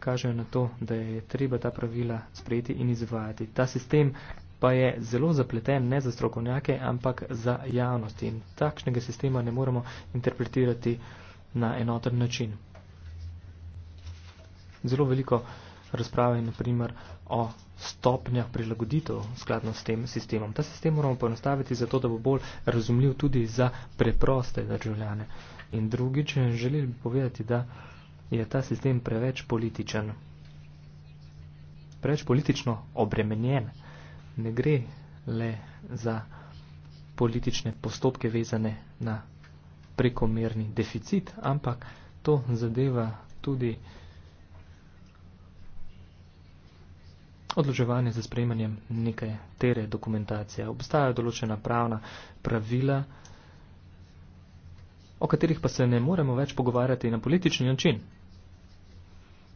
kažejo na to, da je treba ta pravila sprejeti in izvajati. Ta sistem pa je zelo zapleten ne za strokovnjake, ampak za javnost in takšnega sistema ne moremo interpretirati na enoten način. Zelo veliko razprave naprimer o stopnjah prilagoditev skladno s tem sistemom. Ta sistem moramo poenostaviti zato, da bo bolj razumljiv tudi za preproste državljane. In drugič, želim povedati, da je ta sistem preveč političen, preveč politično obremenjen. Ne gre le za politične postopke vezane na prekomerni deficit, ampak to zadeva tudi odloževanje za sprejemanjem neke tere dokumentacije. Obstajajo določena pravna pravila, o katerih pa se ne moremo več pogovarjati na politični način.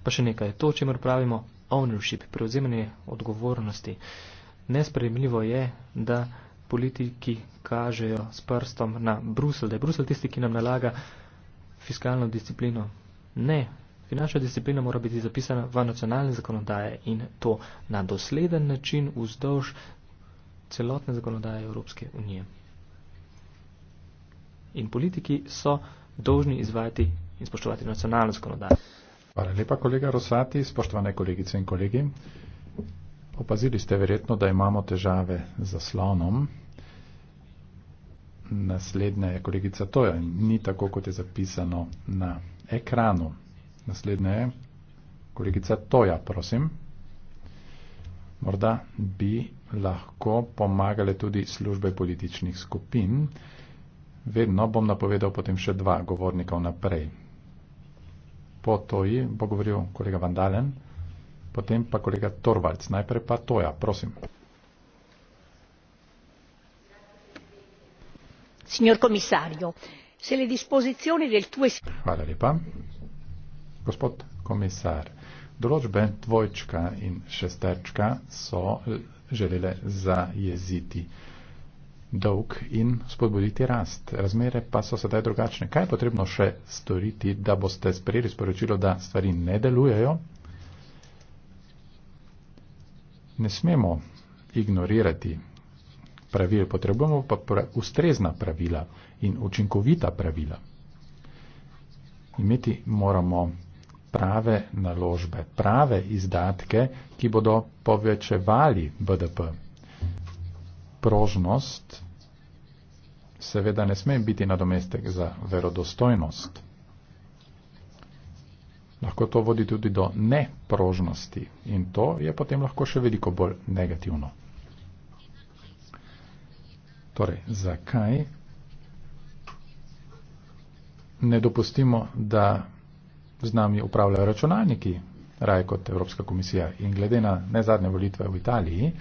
Pa še nekaj, to, čemer pravimo ownership, prevzemanje odgovornosti. Nespremljivo je, da politiki kažejo s prstom na Brusel, da je Brusel tisti, ki nam nalaga fiskalno disciplino. Ne, Finančna disciplina mora biti zapisana v nacionalne zakonodaje in to na dosleden način vzdolž celotne zakonodaje Evropske unije. In politiki so dolžni izvajati in spoštovati nacionalno zakonodajo. Hvala lepa, kolega Rosati, spoštovane kolegice in kolegi. Opazili ste verjetno, da imamo težave z zaslonom. Naslednja je kolegica Toja, ni tako, kot je zapisano na ekranu. Naslednje je kolegica Toja, prosim. Morda bi lahko pomagale tudi službe političnih skupin. Vedno bom napovedal potem še dva govornika naprej. Po Toji bo govoril kolega Vandalen, potem pa kolega Torvalc. Najprej pa Toja, prosim. Signor komisarjo, se le dispozicioni del tue... Hvala lepa. Gospod komisar, določbe dvojčka in šesterčka so eh, želele zajeziti dolg in spodbuditi rast. Razmere pa so sedaj drugačne. Kaj je potrebno še storiti, da boste sprejeli sporočilo, da stvari ne delujejo? Ne smemo ignorirati pravil, potrebujemo pa ustrezna pravila in učinkovita pravila. Imeti moramo prave naložbe, prave izdatke, ki bodo povečevali BDP. Prožnost seveda ne sme biti nadomestek za verodostojnost. Lahko to vodi tudi do neprožnosti in to je potem lahko še veliko bolj negativno. Torej, zakaj ne dopustimo, da z nami upravljajo računalniki, raje kot Evropska komisija. In glede na ne zadnje volitve v Italiji,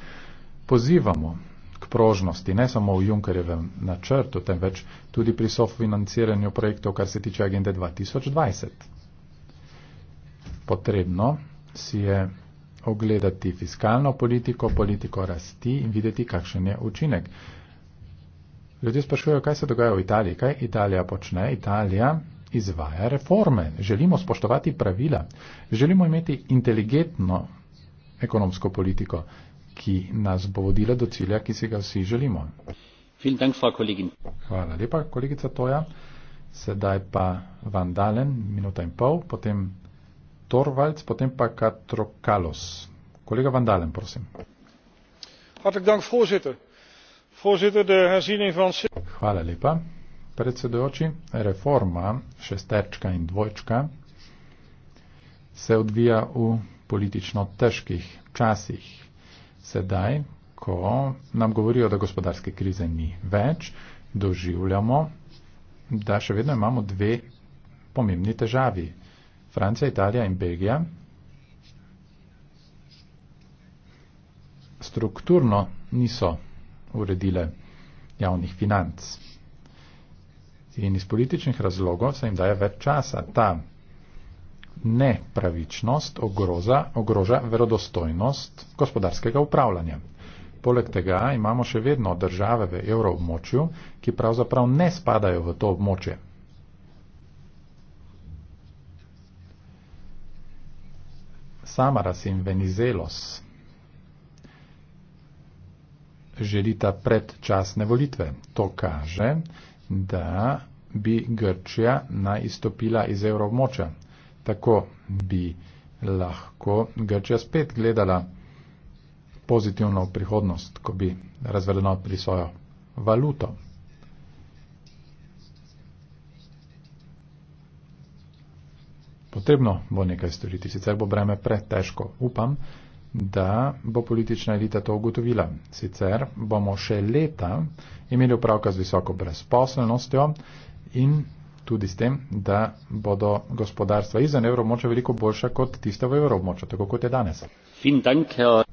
pozivamo k prožnosti ne samo v Junkerjevem načrtu, temveč tudi pri sofinanciranju projektov, kar se tiče agende 2020. Potrebno si je ogledati fiskalno politiko, politiko rasti in videti, kakšen je učinek. Ljudje sprašujejo, kaj se dogaja v Italiji, kaj Italija počne. Italija izvaja reforme, želimo spoštovati pravila, želimo imeti inteligentno ekonomsko politiko, ki nas bo vodila do cilja, ki si ga vsi želimo. Hvala lepa, kolegica Toja. Sedaj pa Van Dalen, minuta in pol, potem Torvalc, potem pa Katro Kalos. Kolega Van Dalen, prosim. Hvala lepa predsedujoči. Reforma šesterčka in dvojčka se odvija v politično težkih časih. Sedaj, ko nam govorijo, da gospodarske krize ni več, doživljamo, da še vedno imamo dve pomembni težavi. Francija, Italija in Belgija. Strukturno niso uredile javnih financ. In iz političnih razlogov se jim daje več časa. Ta nepravičnost ogroza, ogroža verodostojnost gospodarskega upravljanja. Poleg tega imamo še vedno države v evroobmočju, ki pravzaprav ne spadajo v to območje. Samaras in Venizelos želita predčasne volitve. To kaže, da bi Grčija naj izstopila iz evroobmoča. Tako bi lahko Grčija spet gledala pozitivno v prihodnost, ko bi razvedeno pri svojo valuto. Potrebno bo nekaj storiti, sicer bo breme pretežko, upam da bo politična elita to ugotovila. Sicer bomo še leta imeli upravka z visoko brezposelnostjo in tudi s tem, da bodo gospodarstva izven evromoča veliko boljša kot tista v evromoča, tako kot je danes.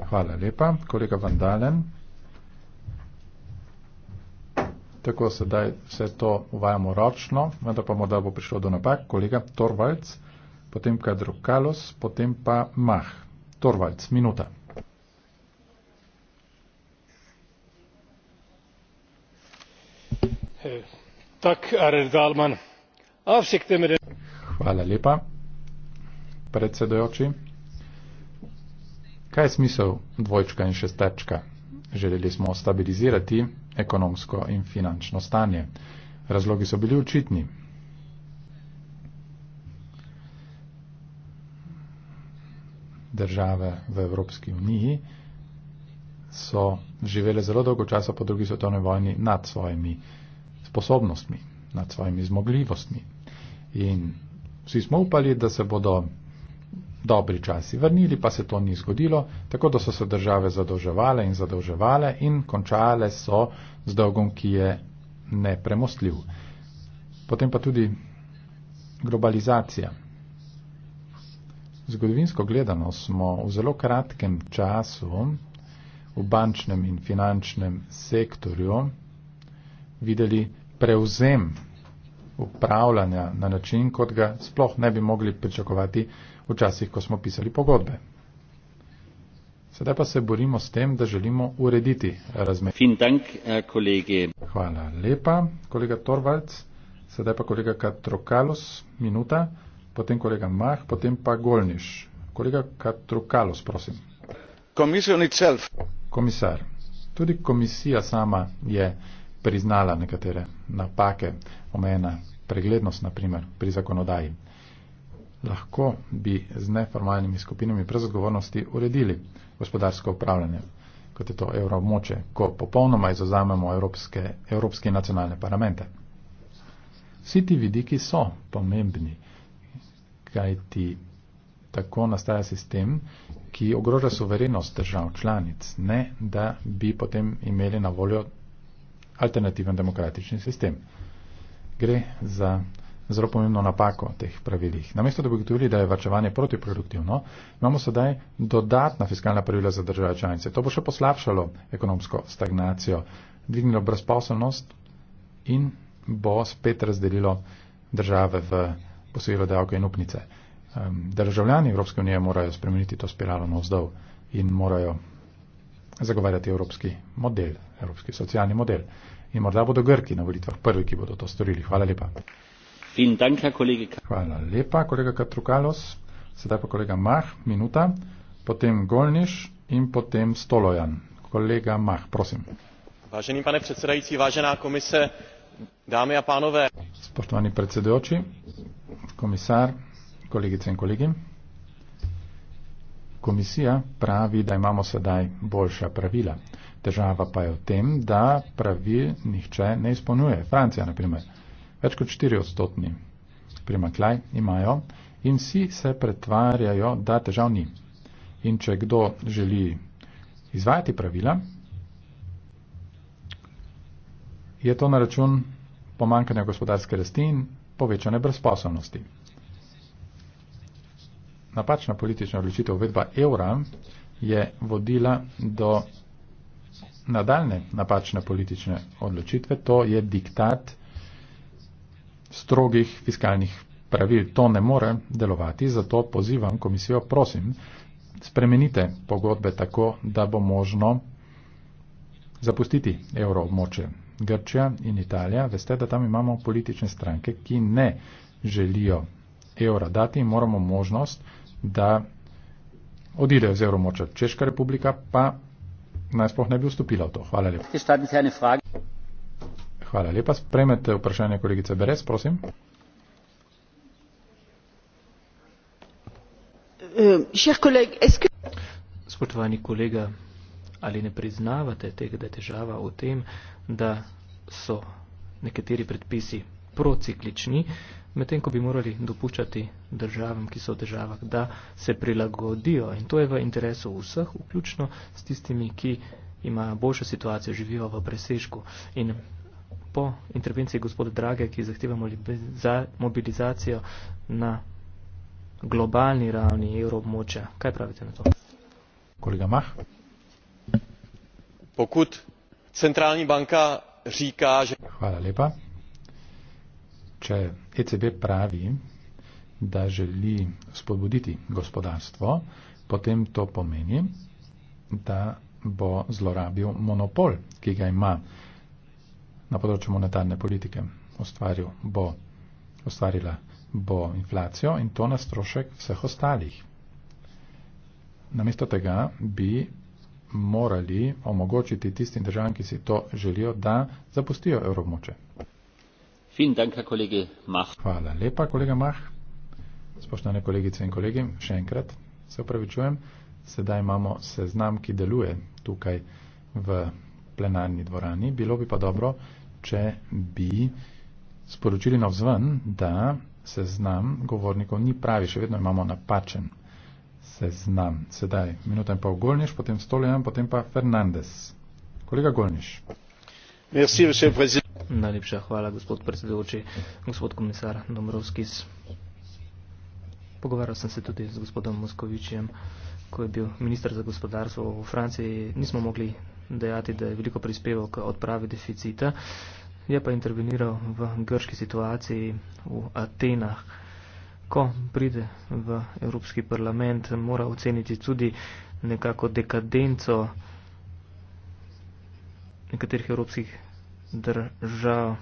Hvala lepa, kolega Vandalen. Tako sedaj vse to uvajamo ročno, vendar pa morda bo prišlo do napak. Kolega Torvalc, potem Kadro Kalos, potem pa Mah. Torvalds, minuta. Tak, temere... Hvala lepa, predsedojoči. Kaj je smisel dvojčka in šestečka? Želeli smo stabilizirati ekonomsko in finančno stanje. Razlogi so bili očitni. države v Evropski uniji so živele zelo dolgo časa po drugi svetovni vojni nad svojimi sposobnostmi, nad svojimi zmogljivostmi. In vsi smo upali, da se bodo dobri časi vrnili, pa se to ni zgodilo, tako da so se države zadolževale in zadolževale in končale so z dolgom, ki je nepremostljiv. Potem pa tudi globalizacija. Zgodovinsko gledano smo v zelo kratkem času v bančnem in finančnem sektorju videli prevzem upravljanja na način, kot ga sploh ne bi mogli pričakovati v časih, ko smo pisali pogodbe. Sedaj pa se borimo s tem, da želimo urediti razmerje. Hvala lepa, kolega Torvalc. Sedaj pa kolega Katrokalos, minuta potem kolega Mah, potem pa Golniš. Kolega Katrukalos, prosim. Komisar, tudi komisija sama je priznala nekatere napake, omejena preglednost, naprimer, pri zakonodaji. Lahko bi z neformalnimi skupinami brez odgovornosti uredili gospodarsko upravljanje, kot je to evroobmoče, ko popolnoma izozamemo evropske, evropske nacionalne parlamente. Vsi ti vidiki so pomembni kajti tako nastaja sistem, ki ogroža suverenost držav članic, ne da bi potem imeli na voljo alternativen demokratični sistem. Gre za zelo pomembno napako teh pravilih. Namesto, da bi gotovili, da je varčevanje protiproduktivno, imamo sedaj dodatna fiskalna pravila za države članice. To bo še poslabšalo ekonomsko stagnacijo, dvignilo brezposobnost in bo spet razdelilo države v posojilo davke in upnice. Državljani Evropske unije morajo spremeniti to spiralo navzdol in morajo zagovarjati evropski model, evropski socialni model. In morda bodo Grki na volitvah prvi, ki bodo to storili. Hvala lepa. Hvala lepa, kolega Katrukalos. Sedaj pa kolega Mah, minuta, potem Golniš in potem Stolojan. Kolega Mah, prosim. Vážený pane predsedajúci, vážená komise, dámy a pánové. Spoštovaní predsedajúci, komisar, kolegice in kolegi. Komisija pravi, da imamo sedaj boljša pravila. Težava pa je v tem, da pravil nihče ne izpolnjuje. Francija, na primer, več kot 4 odstotni primaklaj imajo in vsi se pretvarjajo, da težav ni. In če kdo želi izvajati pravila, je to na račun pomankanja gospodarske rasti in povečane brezposobnosti. Napačna politična odločitev uvedba evra je vodila do nadaljne napačne politične odločitve, to je diktat strogih fiskalnih pravil. To ne more delovati, zato pozivam komisijo, prosim, spremenite pogodbe tako, da bo možno zapustiti evro območje. Grčija in Italija, veste, da tam imamo politične stranke, ki ne želijo evra dati in moramo možnost, da odidejo z evromoča. Češka republika pa najsploh ne bi vstopila v to. Hvala lepa. Hvala lepa. Spremete vprašanje kolegice Beres, prosim. Euh, Spoštovani kolega, ali ne priznavate tega, da je težava v tem, da so nekateri predpisi prociklični, medtem ko bi morali dopuščati državam, ki so v državah, da se prilagodijo. In to je v interesu vseh, vključno s tistimi, ki imajo boljšo situacijo, živijo v presežku. In po intervenciji gospoda Drage, ki zahteva mobilizacijo na globalni ravni evroobmočja, kaj pravite na to? Kolega Mah. Pokud centrální banka říká, že... Hvala lepa. Če ECB pravi, da želi spodbuditi gospodarstvo, potem to pomeni, da bo zlorabil monopol, ki ga ima na področju monetarne politike. Ostvaril bo, ostvarila bo inflacijo in to na strošek vseh ostalih. Namesto tega bi morali omogočiti tistim državam, ki si to želijo, da zapustijo evromoče. Hvala lepa, kolega Mah. Spoštovane kolegice in kolegi, še enkrat se upravičujem. Sedaj imamo seznam, ki deluje tukaj v plenarni dvorani. Bilo bi pa dobro, če bi sporočili navzven, da seznam govornikov ni pravi, še vedno imamo napačen seznam. Sedaj minuta in pol Golniš, potem Stolian, potem pa Fernandez. Kolega Golniš. Merci, Najlepša hvala, gospod predsedujoči, gospod komisar Dombrovskis. Pogovarjal sem se tudi z gospodom Moskovičem, ko je bil minister za gospodarstvo v Franciji. Nismo mogli dejati, da je veliko prispeval k odpravi deficita. Je pa interveniral v grški situaciji v Atenah ko pride v Evropski parlament, mora oceniti tudi nekako dekadenco nekaterih evropskih držav.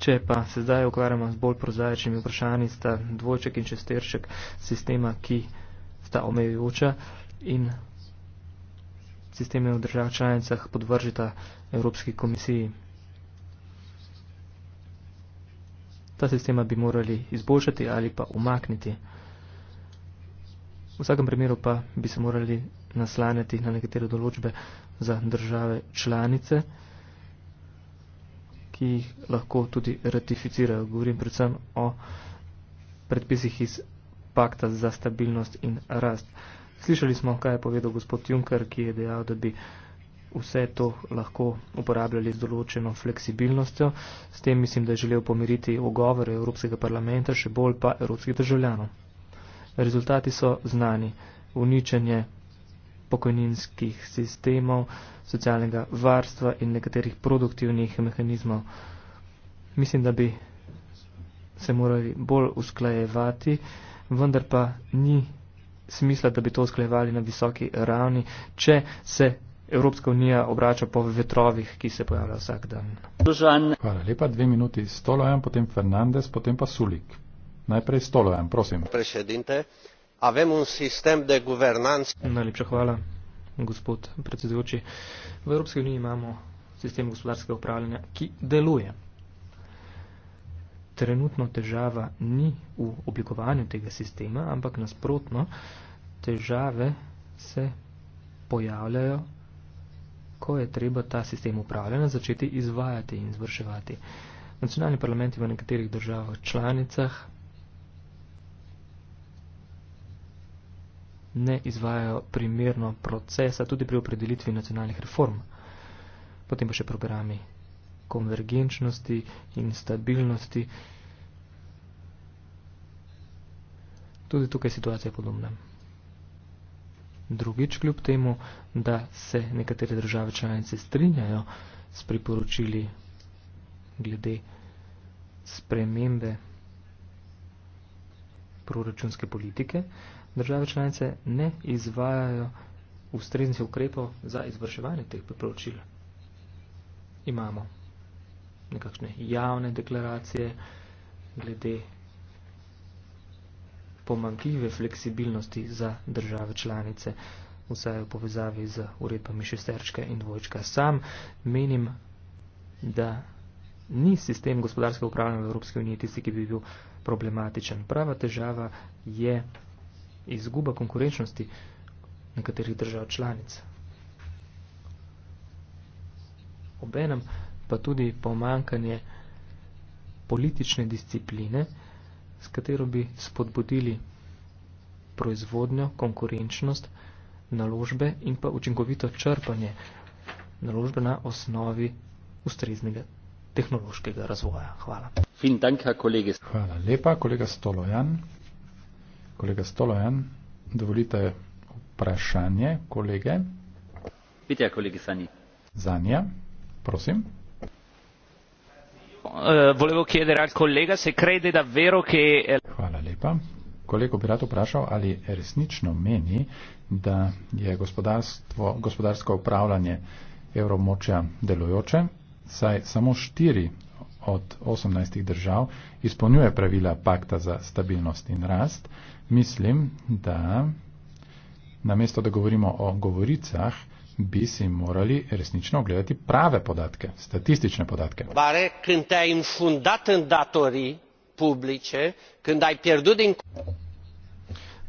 Če pa se zdaj ukvarjamo z bolj prozaječnimi vprašanji, sta dvojček in šesterček sistema, ki sta omejujoča in sisteme v državah članicah podvržita Evropski komisiji. Ta sistema bi morali izboljšati ali pa umakniti. V vsakem primeru pa bi se morali naslanjati na nekatere določbe za države članice, ki jih lahko tudi ratificirajo. Govorim predvsem o predpisih iz pakta za stabilnost in rast. Slišali smo, kaj je povedal gospod Juncker, ki je dejal, da bi vse to lahko uporabljali z določeno fleksibilnostjo. S tem mislim, da je želel pomiriti ogovore Evropskega parlamenta, še bolj pa evropskih državljanov. Rezultati so znani. Uničenje pokojninskih sistemov, socialnega varstva in nekaterih produktivnih mehanizmov. Mislim, da bi se morali bolj usklajevati, vendar pa ni smisla, da bi to usklajevali na visoki ravni, če se Evropska unija obrača po vetrovih, ki se pojavljajo vsak dan. Dožan. Hvala lepa, dve minuti Stolojan, potem Fernandez, potem pa Sulik. Najprej Stolojan, prosim. Presedinte, avem un sistem de guvernanc. Najlepša hvala, gospod predsedujoči. V Evropski uniji imamo sistem gospodarskega upravljanja, ki deluje. Trenutno težava ni v oblikovanju tega sistema, ampak nasprotno, težave se pojavljajo ko je treba ta sistem upravljanja začeti izvajati in izvrševati. Nacionalni parlamenti v nekaterih državah članicah ne izvajajo primerno procesa tudi pri opredelitvi nacionalnih reform. Potem pa še programi konvergenčnosti in stabilnosti. Tudi tukaj situacija je situacija podobna. Drugič, kljub temu, da se nekatere države članice strinjajo s priporočili glede spremembe proračunske politike, države članice ne izvajajo ustreznih ukrepov za izvrševanje teh priporočil. Imamo nekakšne javne deklaracije glede pomankljive fleksibilnosti za države članice, vsaj v povezavi z uredbami šesterčka in dvojčka. Sam menim, da ni sistem gospodarske upravljanja v Evropske unije tisti, ki bi bil problematičen. Prava težava je izguba konkurenčnosti nekaterih držav članic. Obenem pa tudi pomankanje politične discipline, s katero bi spodbudili proizvodnjo, konkurenčnost, naložbe in pa učinkovito črpanje naložbe na osnovi ustreznega tehnološkega razvoja. Hvala. Hvala lepa, kolega Stolojan. Kolega Stolojan, dovolite vprašanje, kolege. Vidite, kolegi Sanji. Zanja, prosim. Eh, volevo chiedere al collega se crede davvero che. Eh, Hvala lepa. Kolego bi rad vprašal, ali resnično meni, da je gospodarsko upravljanje evromočja delujoče, saj samo štiri od 18 držav izpolnjuje pravila pakta za stabilnost in rast. Mislim, da namesto, da govorimo o govoricah, bi si morali resnično ogledati prave podatke statistične podatke.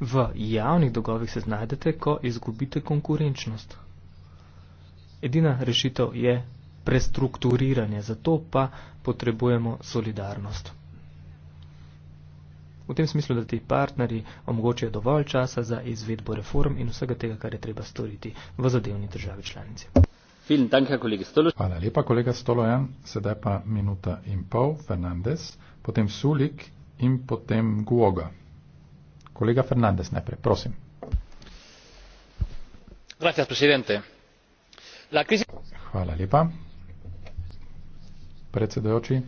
v javnih dolgovih se znajdete ko izgubite konkurenčnost edina rešitev je prestrukturiranje zato pa potrebujemo solidarnost v tem smislu, da ti partnerji omogočajo dovolj časa za izvedbo reform in vsega tega, kar je treba storiti v zadevni državi članici. Hvala lepa, kolega Stolojan. Sedaj pa minuta in pol, Fernandez, potem Sulik in potem Guoga. Kolega Fernandez, najprej, prosim. Gracias, presidente. La crisis... Hvala lepa. Predsedujoči,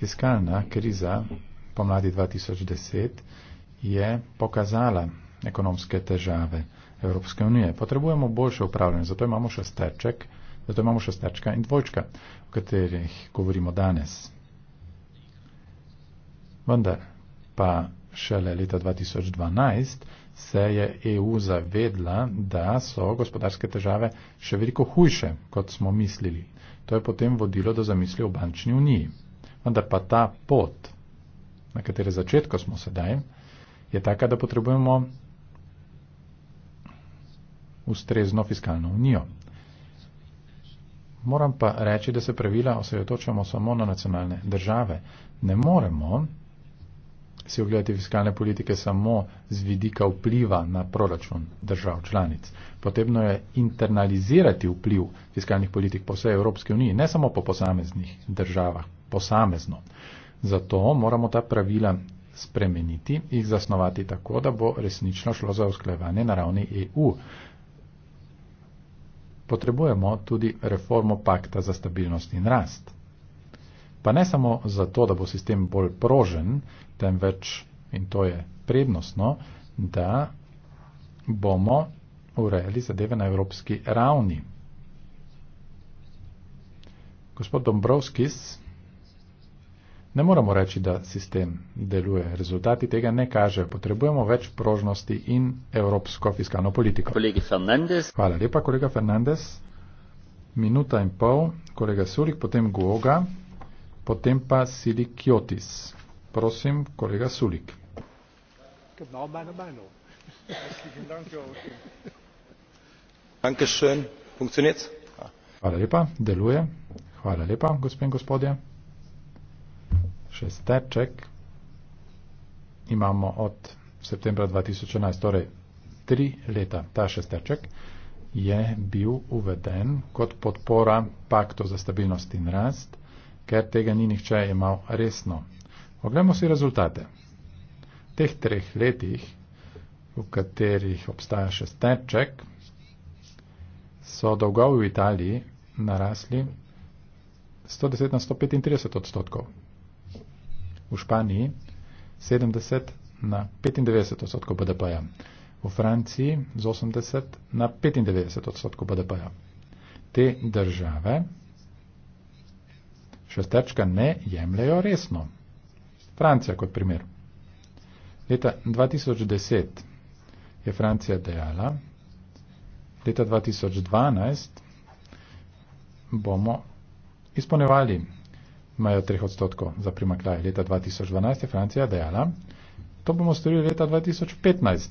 fiskalna kriza pomladi 2010 je pokazala ekonomske težave Evropske unije. Potrebujemo boljše upravljanje, zato imamo šesterček, zato imamo šesterčka in dvojčka, o katerih govorimo danes. Vendar pa šele leta 2012 se je EU zavedla, da so gospodarske težave še veliko hujše, kot smo mislili. To je potem vodilo do zamisli o bančni uniji. Vendar pa ta pot na katere začetku smo sedaj, je taka, da potrebujemo ustrezno fiskalno unijo. Moram pa reči, da se pravila osredotočamo samo na nacionalne države. Ne moremo si ogledati fiskalne politike samo z vidika vpliva na proračun držav članic. Potrebno je internalizirati vpliv fiskalnih politik po vsej Evropski uniji, ne samo po posameznih državah, posamezno. Zato moramo ta pravila spremeniti, jih zasnovati tako, da bo resnično šlo za usklajevanje na ravni EU. Potrebujemo tudi reformo pakta za stabilnost in rast. Pa ne samo zato, da bo sistem bolj prožen, temveč, in to je prednostno, da bomo urejali zadeve na evropski ravni. Gospod Dombrovskis Ne moramo reči, da sistem deluje. Rezultati tega ne kaže. Potrebujemo več prožnosti in evropsko fiskalno politiko. Hvala lepa, kolega Fernandez. Minuta in pol, kolega Sulik, potem Guoga, potem pa Silikiotis. Prosim, kolega Sulik. Hvala lepa, deluje. Hvala lepa, gospod in gospodje šesteček imamo od septembra 2011, torej tri leta. Ta šesteček je bil uveden kot podpora paktu za stabilnost in rast, ker tega ni nihče imel resno. Oglejmo si rezultate. V teh treh letih, v katerih obstaja šesteček, so dolgovi v Italiji narasli 110 na 135 odstotkov v Španiji 70 na 95 odstotkov BDP-ja, v Franciji z 80 na 95 odstotkov BDP-ja. Te države šesterčka ne jemljajo resno. Francija kot primer. Leta 2010 je Francija dejala, leta 2012 bomo izpolnjevali imajo 3 odstotkov za primakljaj. Leta 2012 je Francija dejala, to bomo storili leta 2015.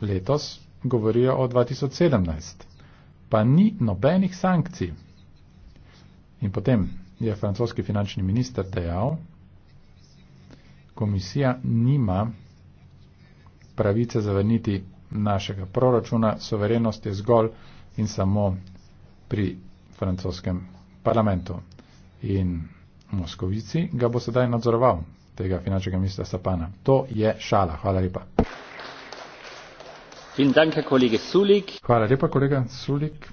Letos govorijo o 2017. Pa ni nobenih sankcij. In potem je francoski finančni minister dejal, komisija nima pravice zavrniti našega proračuna, soverenost je zgolj in samo pri francoskem parlamentu in Moskovici, ga bo sedaj nadzoroval, tega finančnega ministra Sapana. To je šala. Hvala lepa. Hvala lepa, kolega Sulik.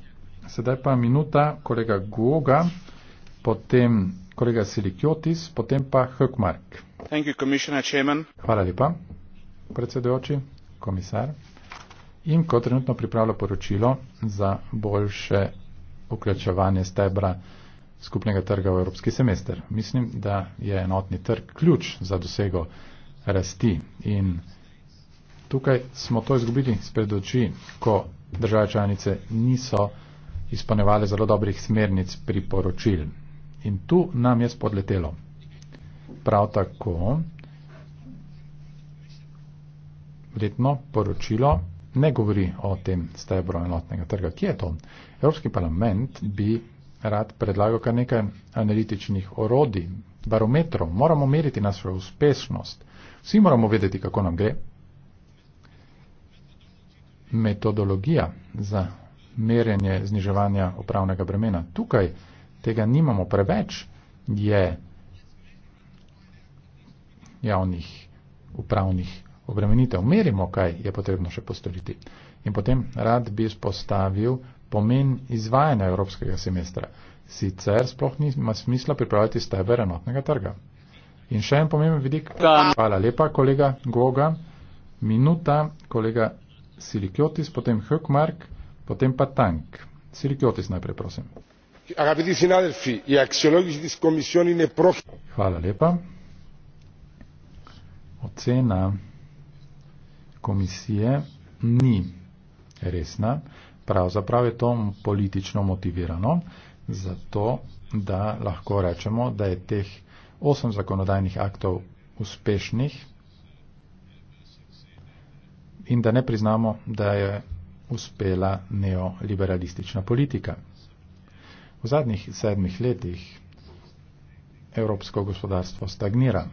Sedaj pa minuta kolega Goga, potem kolega Silikjotis, potem pa Hökmark. Hvala lepa, predsedujoči, komisar. In kot trenutno pripravlja poročilo za boljše vključevanje stebra skupnega trga v evropski semester. Mislim, da je enotni trg ključ za dosego rasti in tukaj smo to izgubili spred oči, ko države članice niso izpolnevale zelo dobrih smernic priporočil. In tu nam je spodletelo. Prav tako letno poročilo ne govori o tem stebro enotnega trga. Kje je to? Evropski parlament bi rad predlagal kar nekaj analitičnih orodij, barometrov. Moramo meriti na svojo uspešnost. Vsi moramo vedeti, kako nam gre. Metodologija za merjenje zniževanja upravnega bremena. Tukaj tega nimamo preveč, je javnih upravnih obremenitev. Merimo, kaj je potrebno še postoriti. In potem rad bi izpostavil pomen izvajanja evropskega semestra. Sicer sploh nima smisla pripravljati steber enotnega trga. In še en pomemben vidik. Da. Hvala lepa, kolega Goga. Minuta, kolega Sirikjotis, potem Hökmark, potem pa Tank. Sirikjotis najprej, prosim. Hvala lepa. Ocena komisije ni resna. Pravzaprav je to politično motivirano, zato da lahko rečemo, da je teh osem zakonodajnih aktov uspešnih in da ne priznamo, da je uspela neoliberalistična politika. V zadnjih sedmih letih evropsko gospodarstvo stagnira.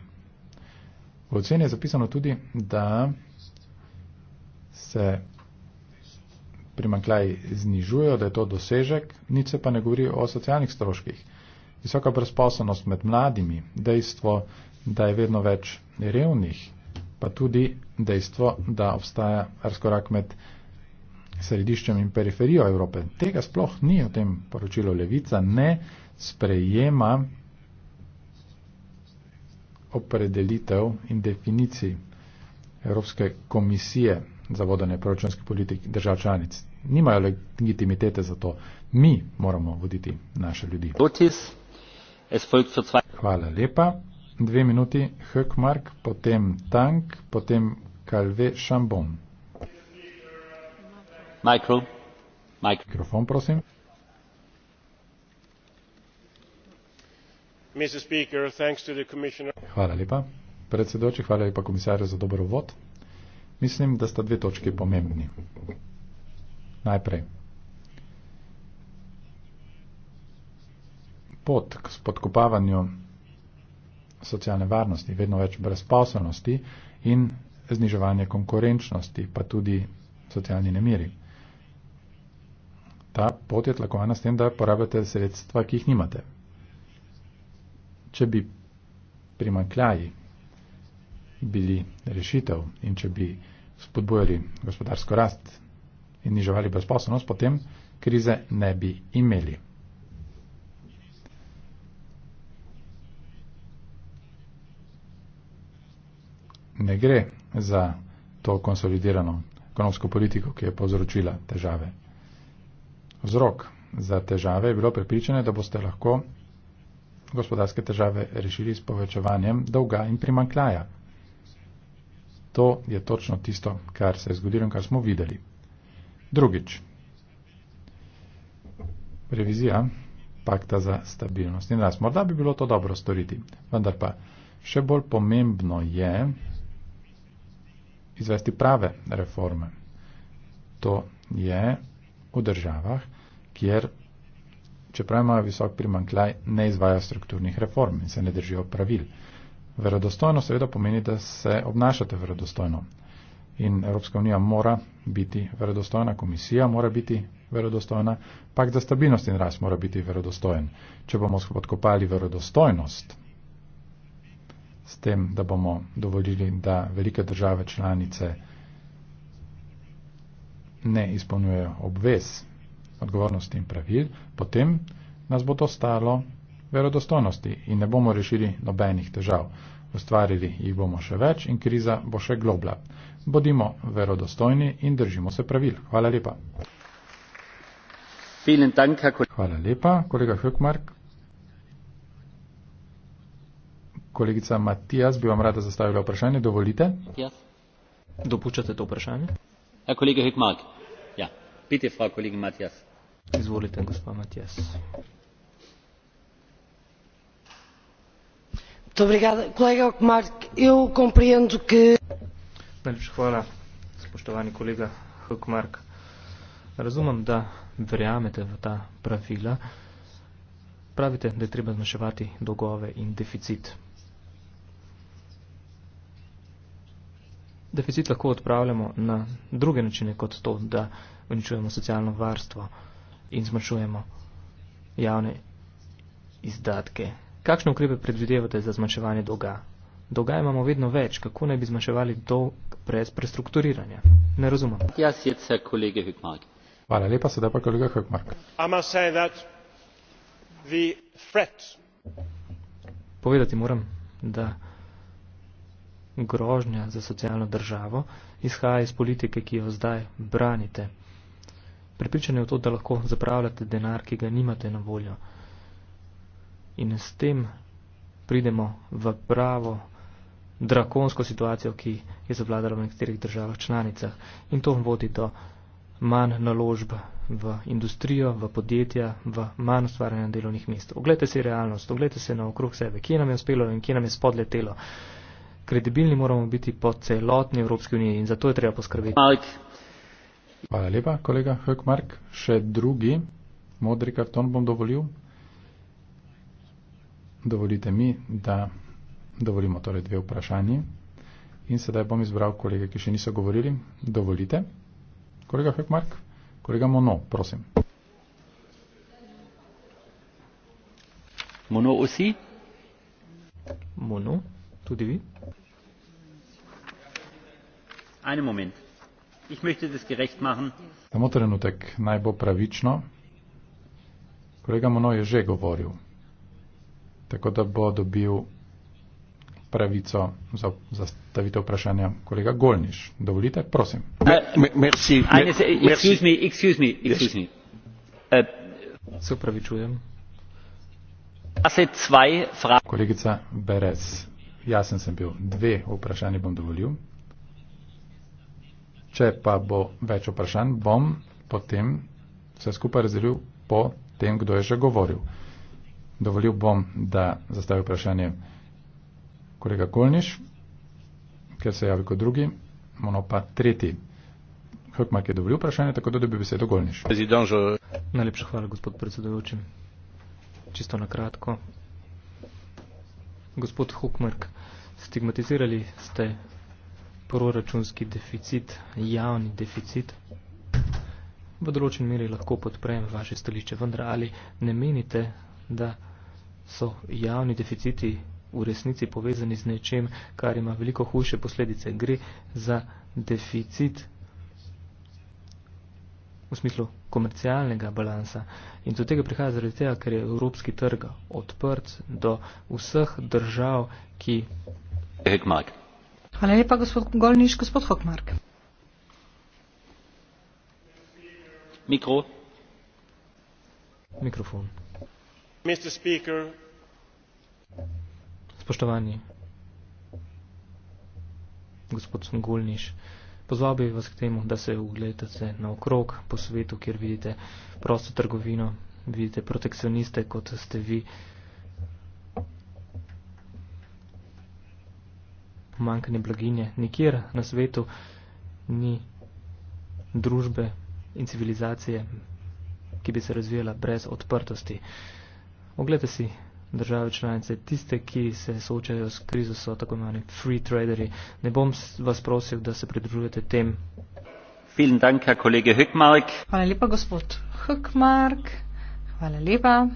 V oceni je zapisano tudi, da se primankljaj znižujejo, da je to dosežek, nič se pa ne govori o socialnih stroških. Visoka brezposobnost med mladimi, dejstvo, da je vedno več revnih, pa tudi dejstvo, da obstaja razkorak med središčem in periferijo Evrope. Tega sploh ni v tem poročilu Levica, ne sprejema opredelitev in definicij Evropske komisije za vodanje proračunske politike držav članic. Nimajo legitimitete za to. Mi moramo voditi naše ljudi. Hvala lepa. Dve minuti, Hökmark, potem Tank, potem Kalve Šambon. Mikro. Mikro. Mikrofon, prosim. Speaker, hvala lepa, predsedoči, hvala lepa komisarju za dober vod. Mislim, da sta dve točki pomembni. Najprej. Pot k spodkopavanju socialne varnosti, vedno več brezposobnosti in zniževanje konkurenčnosti, pa tudi socialni nemiri. Ta pot je tlakovana s tem, da porabite sredstva, ki jih nimate. Če bi primankljaji bili rešitev in če bi spodbojali gospodarsko rast in niževali brezposobnost, potem krize ne bi imeli. Ne gre za to konsolidirano ekonomsko politiko, ki je povzročila težave. Vzrok za težave je bilo prepričanje, da boste lahko gospodarske težave rešili s povečevanjem dolga in primankljaja to je točno tisto, kar se je zgodilo in kar smo videli. Drugič, revizija pakta za stabilnost. In raz, morda bi bilo to dobro storiti, vendar pa še bolj pomembno je izvesti prave reforme. To je v državah, kjer, čeprav imajo visok primankljaj, ne izvajo strukturnih reform in se ne držijo pravil. Verodostojno seveda pomeni, da se obnašate verodostojno. In Evropska unija mora biti verodostojna, komisija mora biti verodostojna, pak za stabilnost in rast mora biti verodostojen. Če bomo odkopali verodostojnost s tem, da bomo dovolili, da velike države članice ne izpolnjujejo obvez odgovornosti in pravil, potem nas bo to stalo verodostojnosti in ne bomo rešili nobenih težav. Ustvarili jih bomo še več in kriza bo še globla. Bodimo verodostojni in držimo se pravil. Hvala lepa. Hvala lepa, kolega Hökmark. Kolegica Matijas bi vam rada zastavila vprašanje. Dovolite? Ja. Dopuščate to vprašanje? Ja, kolega Hökmark. Ja. Pite, fra kolega Matijas. Izvolite, gospod Matijas. Najlepša hvala, spoštovani kolega Hukmark. Razumem, da verjamete v ta pravila. Pravite, da je treba zmanjševati dolgove in deficit. Deficit lahko odpravljamo na druge načine, kot to, da uničujemo socialno varstvo in zmanjšujemo javne izdatke Kakšne ukrepe predvidevate za zmanjševanje dolga? Dolga imamo vedno več, kako naj bi zmanjševali dolg brez prestrukturiranja? Ne razumem. Jaz je se kolege Hükmark. Hvala lepa, sedaj pa kolega Hükmark. Povedati moram, da grožnja za socialno državo izhaja iz politike, ki jo zdaj branite. Pripričani v to, da lahko zapravljate denar, ki ga nimate na voljo in s tem pridemo v pravo drakonsko situacijo, ki je zavladala v nekaterih državah članicah. In to vodi do manj naložb v industrijo, v podjetja, v manj ustvarjanja delovnih mest. Oglejte si realnost, oglejte se na okrog sebe, kje nam je uspelo in kje nam je spodletelo. Kredibilni moramo biti po celotni Evropski uniji in zato je treba poskrbeti. Mark. Hvala lepa, kolega Hökmark. Še drugi modri karton bom dovolil dovolite mi, da dovolimo torej dve vprašanje. In sedaj bom izbral kolege, ki še niso govorili. Dovolite. Kolega Hekmark, kolega Mono, prosim. Mono vsi? Mono, tudi vi? En moment. Ich möchte das gerecht machen. Samo trenutek, naj bo pravično. Kolega Mono je že govoril tako da bo dobil pravico za zastavitev vprašanja kolega Golniš. Dovolite, prosim. Se upravičujem. Kolegica Berez, jasen sem bil, dve vprašanje bom dovolil. Če pa bo več vprašanj, bom potem vse skupaj razdelil po tem, kdo je že govoril dovolil bom, da zastavi vprašanje kolega Kolniš, ker se javi kot drugi, ono pa tretji. Hrkmak je dovolil vprašanje, tako da dobi besedo Kolniš. Najlepša hvala, gospod predsedujoči. Čisto na kratko. Gospod Hukmark, stigmatizirali ste proračunski deficit, javni deficit. V določen meri lahko podprem vaše stališče, vendar ali ne menite, da so javni deficiti v resnici povezani z nečem, kar ima veliko hujše posledice. Gre za deficit v smislu komercialnega balansa. In do tega prihaja zaradi tega, ker je evropski trg odprt do vseh držav, ki. Hekmark. Hvala lepa, gospod Golniš, gospod Hokmark. Mikro. Mikrofon. Spoštovani gospod Golniš, pozval bi vas k temu, da se ugledate na okrog po svetu, kjer vidite prosto trgovino, vidite protekcioniste, kot ste vi. Pomankanje blaginje. Nikjer na svetu ni družbe in civilizacije, ki bi se razvijala brez odprtosti. Oglejte si države članice, tiste, ki se soočajo s krizo, so tako imeli free traderi. Ne bom vas prosil, da se pridružujete tem. Dank, Hvala lepa, gospod Hökmark. Hvala lepa.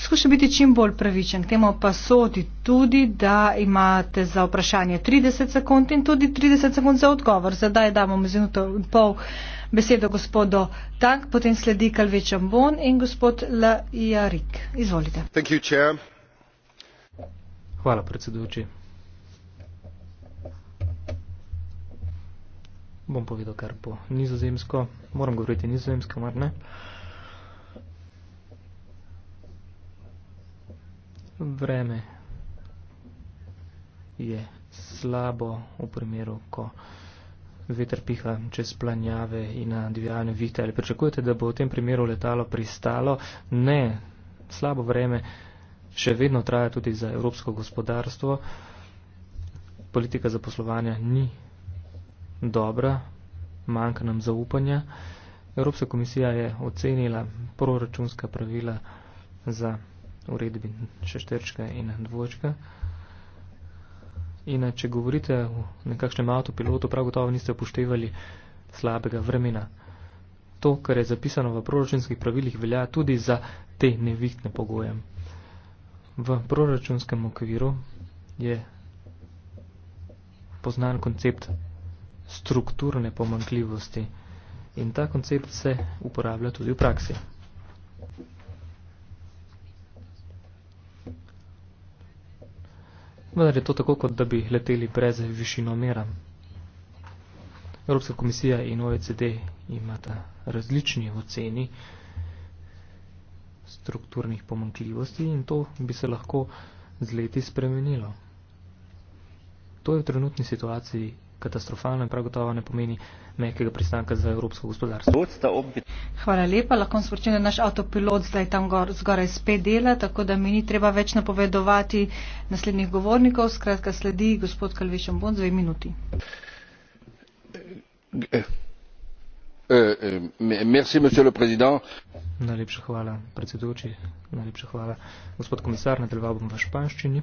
skuša biti čim bolj pravičen. K temu pa sodi tudi, da imate za vprašanje 30 sekund in tudi 30 sekund za odgovor. Zdaj damo minuto in pol besedo gospodu Tank, potem sledi Kalveč Ambon in gospod La Jarik. Izvolite. You, Hvala, predsedujoči. Bom povedal kar po nizozemsko. Moram govoriti nizozemsko, mar ne? Uh, vreme je slabo v primeru, ko veter piha čez planjave in na divjane vite. Ali pričakujete, da bo v tem primeru letalo pristalo? Ne, slabo vreme še vedno traja tudi za evropsko gospodarstvo. Politika zaposlovanja ni dobra, manjka nam zaupanja. Evropska komisija je ocenila proračunska pravila za uredbi šešterčka in dvočka. In eh, če govorite o nekakšnem avtopilotu, prav gotovo niste upoštevali slabega vremena. To, kar je zapisano v proračunskih pravilih, velja tudi za te nevihtne pogoje. V proračunskem okviru je poznan koncept strukturne pomankljivosti in ta koncept se uporablja tudi v praksi. vendar je to tako, kot da bi leteli brez višino mera. Evropska komisija in OECD imata različni oceni strukturnih pomankljivosti in to bi se lahko z leti spremenilo. To je v trenutni situaciji katastrofalno in prav gotovo ne pomeni mehkega pristanka za evropsko gospodarstvo. Hvala lepa, lahko sporočim, da naš avtopilot zdaj tam gor, zgoraj spet dela, tako da mi ni treba več napovedovati naslednjih govornikov. Skratka, sledi gospod Kalvišan Bond, dve minuti. Eh, eh, merci, monsieur le président. Najlepša hvala, predsedujoči, najlepša hvala, gospod komisar, nadaljeval bom v španščini.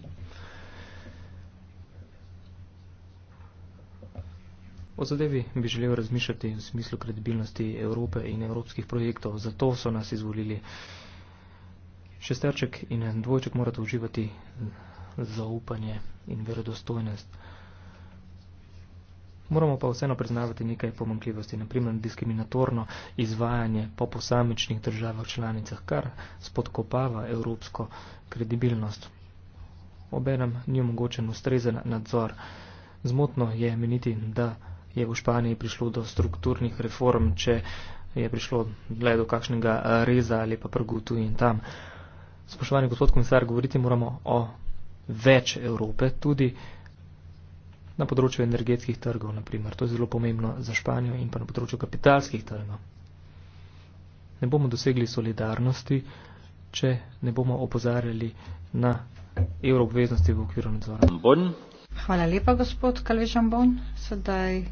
O zadevi bi želel razmišljati v smislu kredibilnosti Evrope in evropskih projektov, zato so nas izvolili. Šesterček in dvojček morate uživati zaupanje in verodostojnost. Moramo pa vseeno priznavati nekaj pomankljivosti, naprimer diskriminatorno izvajanje po posamičnih državah članicah, kar spodkopava evropsko kredibilnost. Obenem ni omogočen ustrezen nadzor. Zmotno je meniti, da je v Španiji prišlo do strukturnih reform, če je prišlo le do kakšnega eh, reza ali pa prgu tu in tam. Spoštovani gospod komisar, govoriti moramo o več Evrope, tudi na področju energetskih trgov, naprimer. To je zelo pomembno za Španijo in pa na področju kapitalskih trgov. Ne bomo dosegli solidarnosti, če ne bomo opozarjali na evroobveznosti v okviru nadzora. Hvala lepa, gospod Kaležan Bon. Sedaj...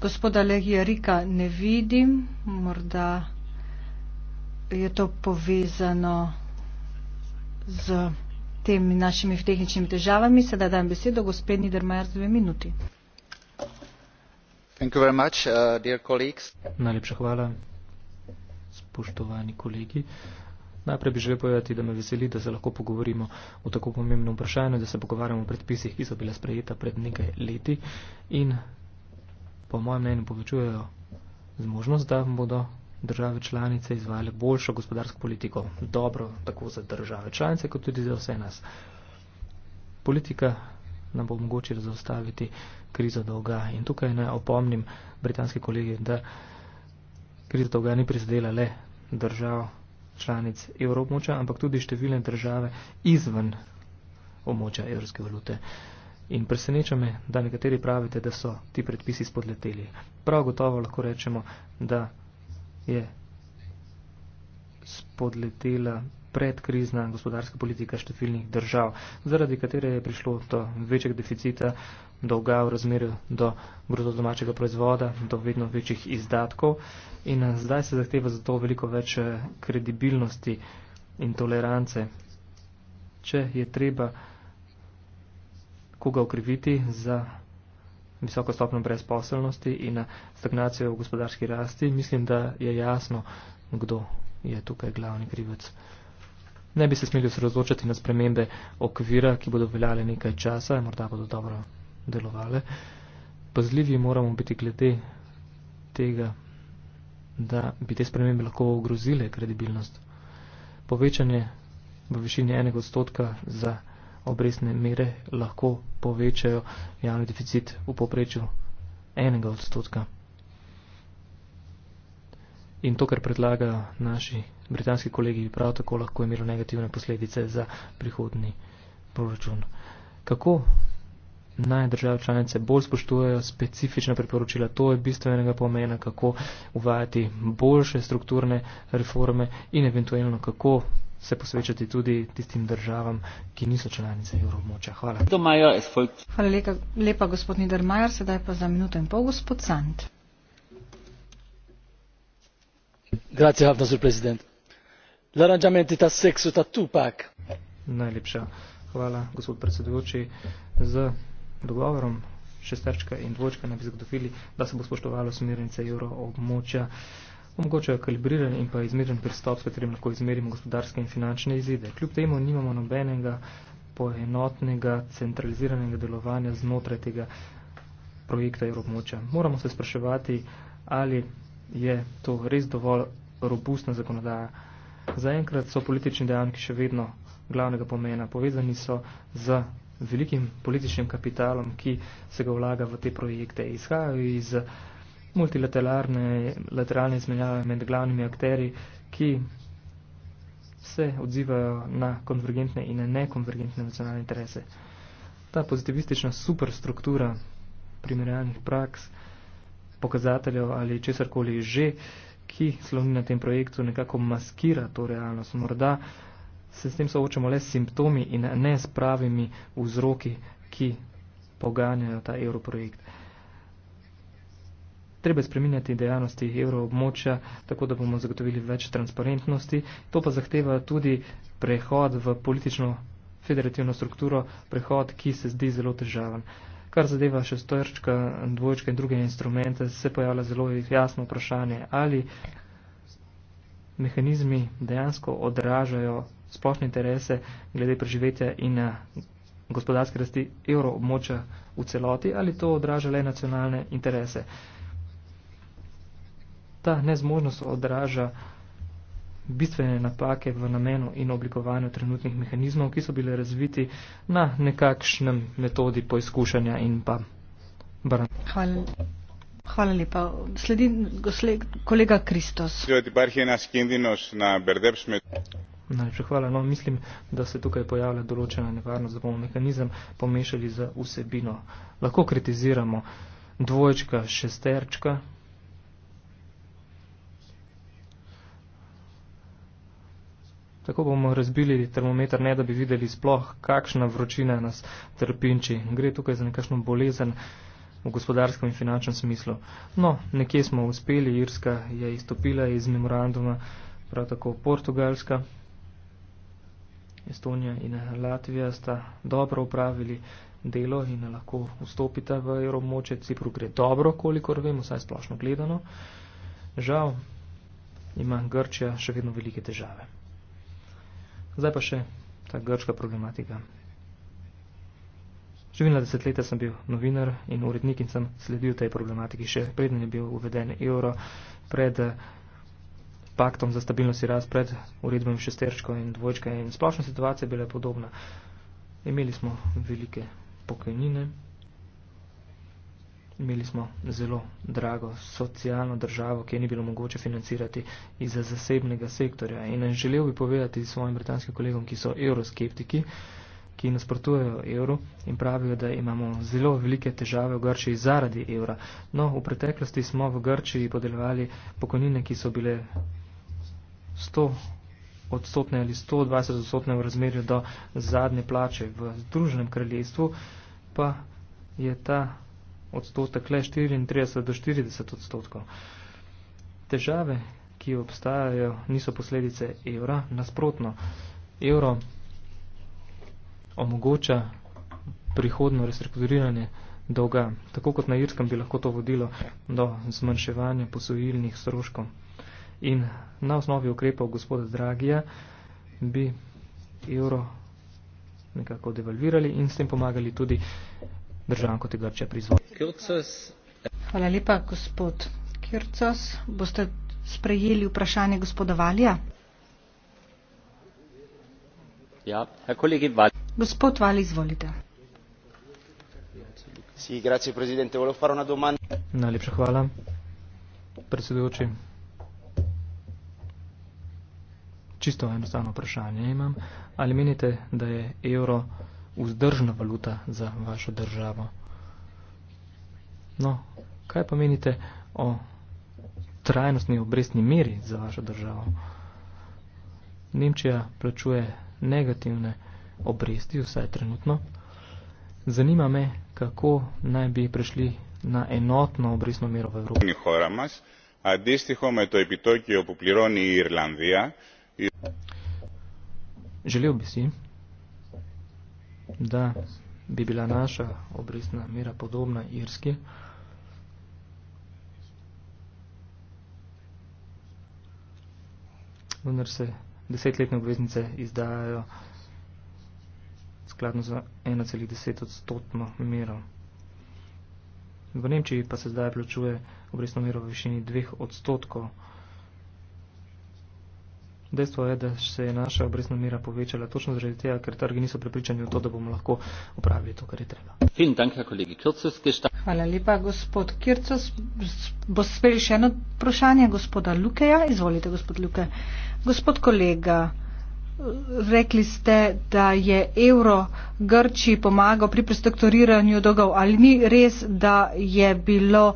Gospoda Lehija Rika ne vidim, morda je to povezano z temi našimi tehničnimi težavami. Sedaj dajem besedo gospod Niedermayer z dve minuti. Much, uh, Najlepša hvala, spoštovani kolegi. Najprej bi želel povedati, da me veseli, da se lahko pogovorimo o tako pomembnem vprašanju, da se pogovarjamo o predpisih, ki so bile sprejeta pred nekaj leti in po mojem mnenju povečujejo zmožnost, da bodo države članice izvajale boljšo gospodarsko politiko, dobro tako za države članice, kot tudi za vse nas. Politika nam bo omogočila zaustaviti krizo dolga in tukaj naj opomnim britanski kolegi, da kriza dolga ni prizadela le držav članic evropmoča, ampak tudi številne države izven območja evropske valute. In preseneča me, da nekateri pravite, da so ti predpisi spodleteli. Prav gotovo lahko rečemo, da je spodletela predkrizna gospodarska politika številnih držav, zaradi katere je prišlo do večjega deficita, dolga v razmerju do bruto domačega proizvoda, do vedno večjih izdatkov. In eh, zdaj se zahteva zato veliko več eh, kredibilnosti in tolerance. Če je treba koga okriviti za visoko stopno brezposelnosti in stagnacijo v gospodarski rasti, mislim, da je jasno, kdo je tukaj glavni krivec. Ne bi se smeli osredotočiti na spremembe okvira, ki bodo veljale nekaj časa in morda bodo dobro delovale. Pazljivi moramo biti glede tega, da bi te spremembe lahko ogrozile kredibilnost. Povečanje v višini enega odstotka za obrestne mere lahko povečajo javni deficit v poprečju enega odstotka. In to, kar predlaga naši britanski kolegi, bi prav tako lahko imelo negativne posledice za prihodni proračun. Kako naj države članice bolj spoštujejo specifična priporočila, to je bistvenega pomena, kako uvajati boljše strukturne reforme in eventualno kako se posvečati tudi tistim državam, ki niso članice evroobmočja. Hvala. Hvala lepa, lepa gospod Niedermayer, sedaj pa za minuto in pol gospod Sand. Grazie, gospod predsednik. L'arrangiamento di Tassexo e Tattupak. Najlepša hvala, gospod predsedujoči, z dogovorom šesterčka in dvočka naj bi zagotovili, da se bo spoštovalo smernice evroobmočja omogočajo kalibriran in pa izmeren pristop, s katerim lahko izmerimo gospodarske in finančne izide. Kljub temu nimamo nobenega poenotnega, centraliziranega delovanja znotraj tega projekta Evropmoča. Moramo se spraševati, ali je to res dovolj robustna zakonodaja. Zaenkrat so politični dejavniki še vedno glavnega pomena. Povezani so z velikim političnim kapitalom, ki se ga vlaga v te projekte. Izhajajo iz multilateralne lateralne izmenjave med glavnimi akteri, ki se odzivajo na konvergentne in nekonvergentne nacionalne interese. Ta pozitivistična superstruktura primerjalnih praks, pokazateljev ali česarkoli že, ki sloni na tem projektu, nekako maskira to realnost. Morda se s tem soočamo le s simptomi in ne s pravimi vzroki, ki poganjajo ta evroprojekt. projekt treba spreminjati dejavnosti evroobmočja, tako da bomo zagotovili več transparentnosti. To pa zahteva tudi prehod v politično federativno strukturo, prehod, ki se zdi zelo težaven. Kar zadeva še stojčka, dvojčka in druge instrumente, se pojavlja zelo jasno vprašanje, ali mehanizmi dejansko odražajo splošne interese glede preživetja in gospodarske rasti evroobmoča v celoti, ali to odraža le nacionalne interese ta nezmožnost odraža bistvene napake v namenu in oblikovanju trenutnih mehanizmov, ki so bile razviti na nekakšnem metodi poizkušanja in pa brn. Hvala. Hvala lepa. Sledi kolega Kristos. Najlepša hvala. No, mislim, da se tukaj pojavlja določena nevarnost, da bomo mehanizem pomešali za vsebino. Lahko kritiziramo dvojčka, šesterčka, Tako bomo razbili termometer, ne da bi videli sploh, kakšna vročina nas trpinči. Gre tukaj za nekakšno bolezen v gospodarskem in finančnem smislu. No, nekje smo uspeli, Irska je izstopila iz memoranduma, prav tako Portugalska, Estonija in Latvija sta dobro upravili delo in lahko vstopita v evromoče. Cipru gre dobro, kolikor vemo, vsaj splošno gledano. Žal ima Grčija še vedno velike težave. Zdaj pa še ta grška problematika. Številna desetletja sem bil novinar in urednik in sem sledil tej problematiki še preden je bil uveden evro, pred eh, paktom za stabilnost in rast, pred uredbami šesterčko in dvojčka in splošna situacija je bila podobna. Imeli smo velike pokojnine. Imeli smo zelo drago socialno državo, ki je ni bilo mogoče financirati iz zasebnega sektorja. In želel bi povedati svojim britanskim kolegom, ki so euroskeptiki, ki nasprotujejo evru in pravijo, da imamo zelo velike težave v Grčiji zaradi evra. No, v preteklosti smo v Grčiji podeljevali pokojnine, ki so bile 100 odstotne ali 120 odstotne v razmerju do zadnje plače v Združenem kraljestvu, pa je ta odstotek le 34 do 40 odstotkov. Težave, ki obstajajo, niso posledice evra, nasprotno. Evro omogoča prihodno restrukturiranje dolga. Tako kot na Irskem bi lahko to vodilo do zmanjševanja posojilnih stroškov. In na osnovi ukrepov gospoda Dragija bi evro nekako devalvirali in s tem pomagali tudi uh, državljanko te Grče prizvali. Hvala lepa, gospod Kircos. Boste sprejeli vprašanje gospoda Valja? Ja, kolegi Valj. Gospod Valj, izvolite. Si, grazie, prezidente, volim fara na doman. Najlepša hvala, predsedujoči. Čisto enostavno vprašanje imam. Ali menite, da je evro vzdržna valuta za vašo državo. No, kaj pa menite o trajnostni obrestni meri za vašo državo? Nemčija plačuje negativne obresti, vsaj trenutno. Zanima me, kako naj bi prešli na enotno obrestno mero v Evropi. Želel bi si, da bi bila naša obrestna mera podobna irski, vendar se desetletne obveznice izdajajo skladno za 1,10 odstotno mero. V Nemčiji pa se zdaj plačuje obrestno mero v višini 2 odstotkov. Dejstvo je, da se je naša obrestna mera povečala točno zaradi tega, ker trgi niso pripričani v to, da bomo lahko upravili to, kar je treba. Hvala lepa, gospod Kircos. Bo speli še eno vprašanje gospoda Lukeja. Izvolite, gospod Luke. Gospod kolega rekli ste, da je evro Grči pomagal pri prestrukturiranju dolgov. Ali ni res, da, je bilo,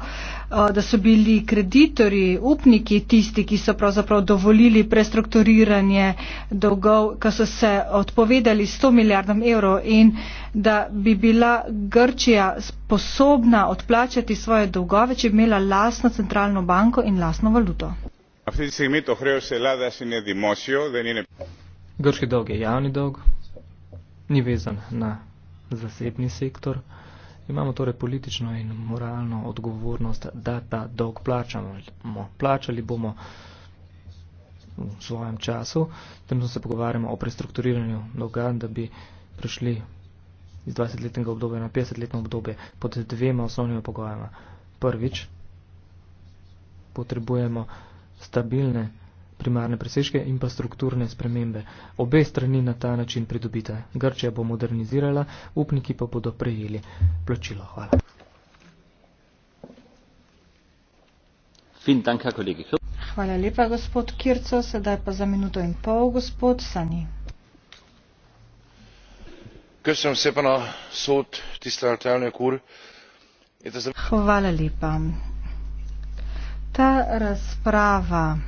eh, da so bili kreditori, upniki tisti, ki so pravzaprav dovolili prestrukturiranje dolgov, ko so se odpovedali 100 milijardom evrov in da bi bila Grčija sposobna odplačati svoje dolgove, če bi imela lastno centralno banko in lastno valuto? Grški dolg je javni dolg, ni vezan na zasebni sektor. Imamo torej politično in moralno odgovornost, da ta dolg plačamo. Plačali bomo v svojem času, tem se pogovarjamo o prestrukturiranju dolga, da bi prišli iz 20-letnega obdobja na 50-letno obdobje pod dvema osnovnimi pogojama. Prvič, potrebujemo stabilne primarne presežke in pa strukturne spremembe. Obe strani na ta način pridobite. Grčija bo modernizirala, upniki pa bodo prejeli plačilo. Hvala. Hvala lepa, gospod Kirco. Sedaj pa za minuto in pol, gospod Sani. Ker sem se pa na sod tiste alternativne kur. Hvala lepa. Ta razprava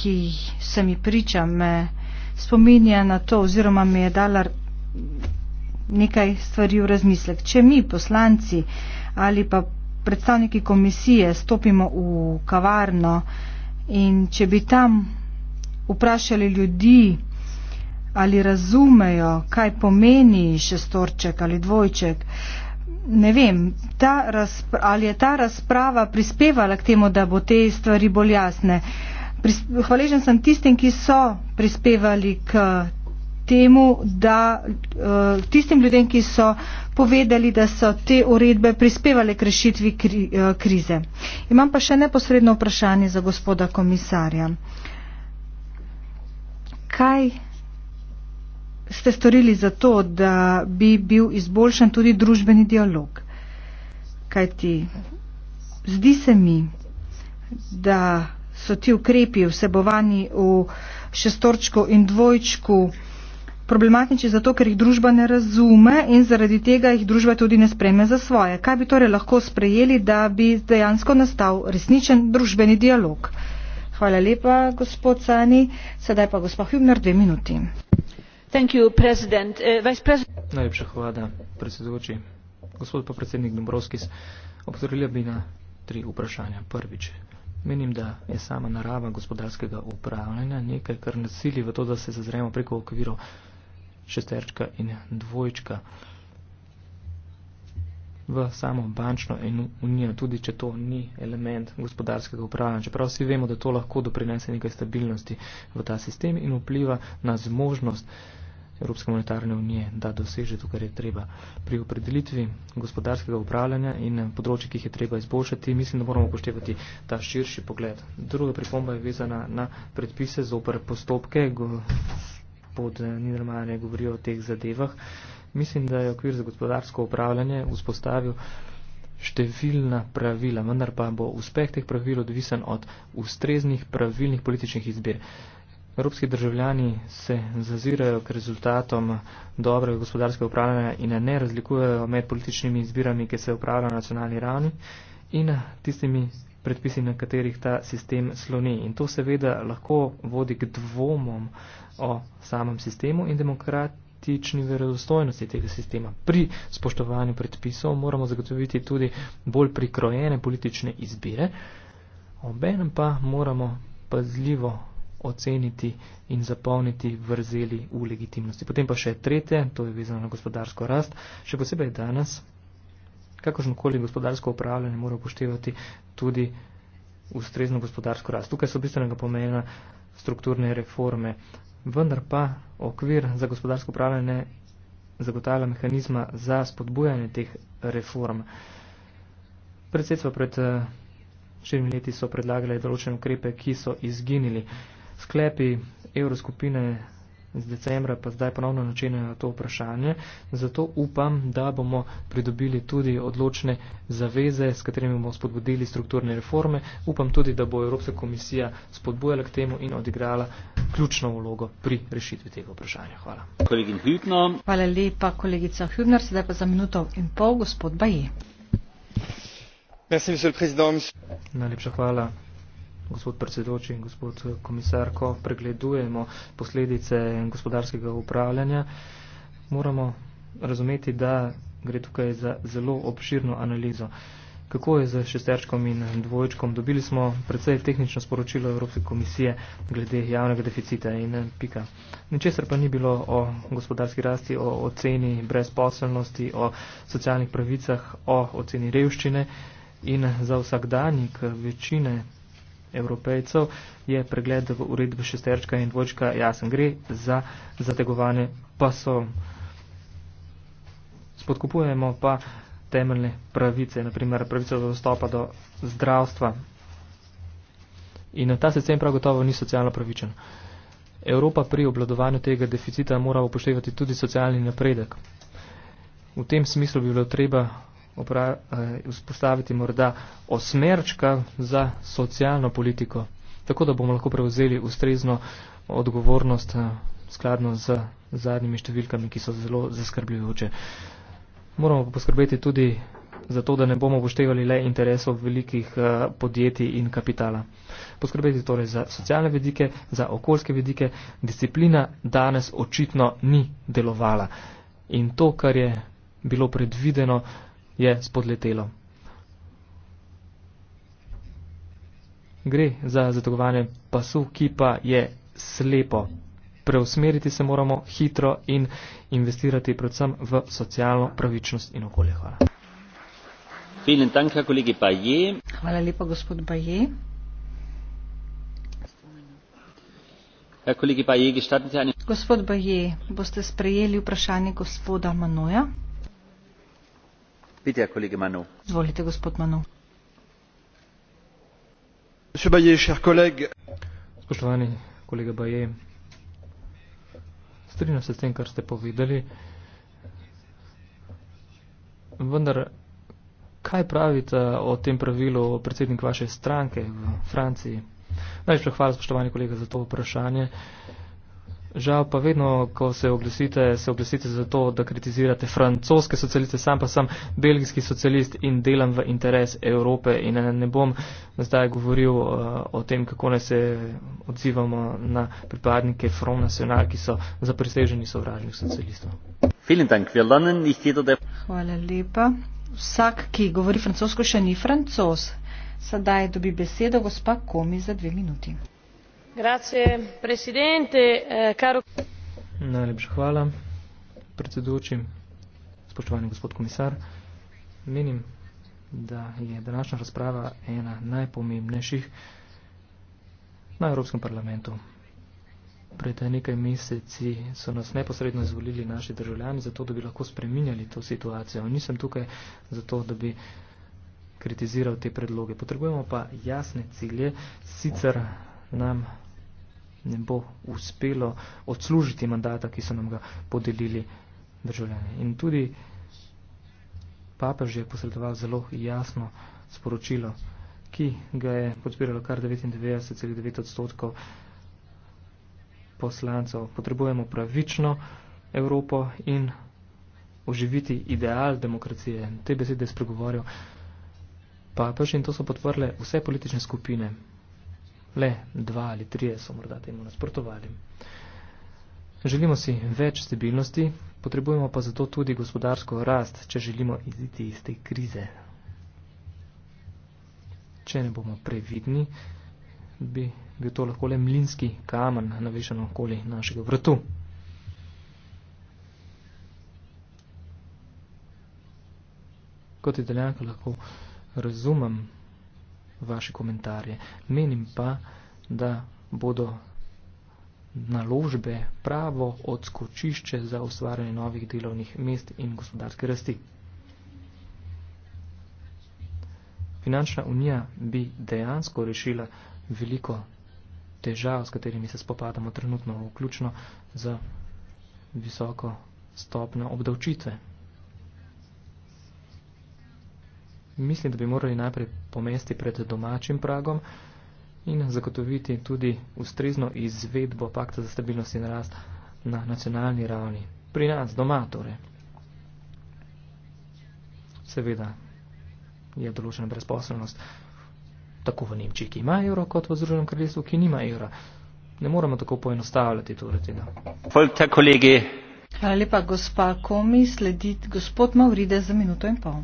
ki se mi priča, me spominja na to oziroma mi je dala nekaj stvari v razmislek. Če mi, poslanci ali pa predstavniki komisije, stopimo v kavarno in če bi tam vprašali ljudi, ali razumejo, kaj pomeni šestorček ali dvojček, ne vem, ali je ta razprava prispevala k temu, da bo te stvari bolj jasne. Uh, Hvaležen sem tistim, ki so prispevali k temu, da eh, tistim ljudem, ki so povedali, da so te uredbe prispevali k rešitvi eh, krize. Imam pa še neposredno vprašanje za gospoda komisarja. Kaj ste storili za to, da bi bil izboljšan tudi družbeni dialog? Kaj ti? Zdi se mi, da so ti ukrepi vsebovani v šestorčku in dvojčku problematični zato, ker jih družba ne razume in zaradi tega jih družba tudi ne spreme za svoje. Kaj bi torej lahko sprejeli, da bi dejansko nastal resničen družbeni dialog? Hvala lepa, gospod Cani. Sedaj pa gospod Hübner, dve minuti. Thank you, president. Uh, vice president. Najlepša hvala, predsedujoči. Gospod pa predsednik Dombrovskis, opozorila bi na tri vprašanja. Prvič, Menim, da je sama narava gospodarskega upravljanja nekaj, kar nas sili v to, da se zazremo preko okvirov šesterčka in dvojčka v samo bančno unijo, tudi če to ni element gospodarskega upravljanja. Čeprav vsi vemo, da to lahko doprinese nekaj stabilnosti v ta sistem in vpliva na zmožnost uh, Evropske monetarne unije, da doseže to, kar je treba. Pri opredelitvi gospodarskega upravljanja in področji, ki jih je treba izboljšati, mislim, da moramo upoštevati ta širši pogled. Druga pripomba je vezana na predpise z opr postopke, pod Nidermanje govorijo o teh zadevah. Mislim, da je okvir za gospodarsko upravljanje vzpostavil številna pravila, vendar pa bo uspeh teh pravil odvisen od ustreznih pravilnih političnih izbir. Evropski državljani se zazirajo k rezultatom dobrega gospodarskega upravljanja in ne razlikujejo med političnimi izbirami, ki se upravljajo na nacionalni ravni in tistimi predpisi, na katerih ta sistem sloni. In to seveda lahko vodi k dvomom o samem sistemu in demokratični verodostojnosti tega sistema. Pri spoštovanju predpisov moramo zagotoviti tudi bolj prikrojene politične izbire, obenem pa moramo pazljivo oceniti in zapolniti vrzeli v legitimnosti. Potem pa še tretje, to je vezano na gospodarsko rast, še posebej danes, kakošnokoli gospodarsko upravljanje mora upoštevati tudi ustrezno gospodarsko rast. Tukaj so bistvenega pomena strukturne reforme, vendar pa okvir za gospodarsko upravljanje zagotavlja mehanizma za spodbujanje teh reform. Predsedstva pred eh, štirimi leti so predlagali določene ukrepe, ki so izginili sklepi evroskupine z decembra pa zdaj ponovno načenjajo to vprašanje, zato upam, da bomo pridobili tudi odločne zaveze, s katerimi bomo spodbudili strukturne reforme. Upam tudi, da bo Evropska komisija spodbujala k temu in odigrala ključno vlogo pri rešitvi tega vprašanja. Hvala. Hvala lepa, kolegica Hübner. Sedaj pa za minuto in pol, gospod Baji. Najlepša hvala, gospod predsedoči in gospod eh, komisarko, pregledujemo posledice gospodarskega upravljanja, moramo razumeti, da gre tukaj za zelo obširno analizo. Kako je z šesterčkom in dvoječkom? Dobili smo predvsej tehnično sporočilo Evropske komisije glede javnega deficita in eh, pika. Ničesar pa ni bilo o gospodarski rasti, o oceni brezposelnosti, o socialnih pravicah, o oceni revščine in za vsak danik eh, večine evropejcev, je pregled v uredbi šesterčka in dvočka jasen gre za zategovane pasov. Spodkupujemo pa temeljne pravice, naprimer pravice do dostopa do zdravstva. In ta sistem prav gotovo ni socialno pravičen. Evropa pri obladovanju tega deficita mora upoštevati tudi socialni napredek. V tem smislu bi bilo treba opra, eh, vzpostaviti morda osmerčka za socialno politiko, tako da bomo lahko prevzeli ustrezno odgovornost eh, skladno z zadnjimi številkami, ki so zelo zaskrbljujoče. Moramo poskrbeti tudi za to, da ne bomo poštevali le interesov velikih eh, podjetij in kapitala. Poskrbeti torej za socialne vedike, za okoljske vedike. Disciplina danes očitno ni delovala. In to, kar je bilo predvideno, je spodletelo. Gre za zategovanje pasu, ki pa je slepo. Preusmeriti se moramo hitro in investirati predvsem v socialno pravičnost in okolje. Hvala. Hvala lepa, gospod Baje. Gospod Baje, boste sprejeli vprašanje gospoda Manoja? monsieur bayet chers collègues spoštovani kolega bayet strinjam se s tem kar ste povedali vendar pa moram reči da mislim da je treba tukaj malo ostriti črto glede na to da ste povedali vendar kaj pravite o tem pravilu predsednik vaše stranke v franciji najlepša hvala spoštovani kolega za to vprašanje Žal pa vedno, ko se oglasite, se oglasite za to, da kritizirate francoske socialiste, sam pa sem belgijski socialist in delam v interes Evrope in ne bom zdaj govoril uh, o tem, kako ne se odzivamo na pripadnike Front National, ki so zapriseženi sovražnih socialistov. Hvala lepa. Vsak, ki govori francosko, še ni francos. Sedaj dobi besedo gospa Komi za dve minuti. Eh, Najlepša hvala, predsedujoči. Spoštovani gospod komisar, menim, da je današnja razprava ena najpomembnejših na Evropskem parlamentu. Pred nekaj meseci so nas neposredno izvolili naši državljani, zato da bi lahko spreminjali to situacijo. Nisem tukaj zato, da bi kritiziral te predloge. Potrebujemo pa jasne cilje, sicer nam ne bo uspelo odslužiti mandata, ki so nam ga podelili državljani. In tudi papež je posredoval zelo jasno sporočilo, ki ga je podpiralo kar 99,9 odstotkov poslancev. Potrebujemo pravično Evropo in oživiti ideal demokracije. Te besede je spregovoril papež in to so potvrle vse politične skupine, Le dva ali trije so morda temu nasprotovali. Želimo si več stabilnosti, potrebujemo pa zato tudi gospodarsko rast, če želimo iziti iz te krize. Če ne bomo previdni, bi bil to lahko le mlinski kamen navešen okoli našega vrtu. Kot italijanka lahko razumem, vaše komentarje. Menim pa, da bodo naložbe pravo odskočišče za ustvarjanje novih delovnih mest in gospodarske rasti. Finančna unija bi dejansko rešila veliko težav, s katerimi se spopadamo trenutno, vključno z visoko stopnjo obdavčitve. mislim, da bi morali najprej pomesti pred domačim pragom in zagotoviti tudi ustrezno izvedbo pakta za stabilnost in rast na nacionalni ravni. Pri nas, doma torej. Seveda je določena brezposobnost tako v Nemčiji, ki ima evro, kot v Združenem kraljestvu, ki nima evra. Ne moramo tako poenostavljati torej tega. Volte, kolegi. Hvala lepa, gospa Komi, sledi gospod Maurides za minuto in pol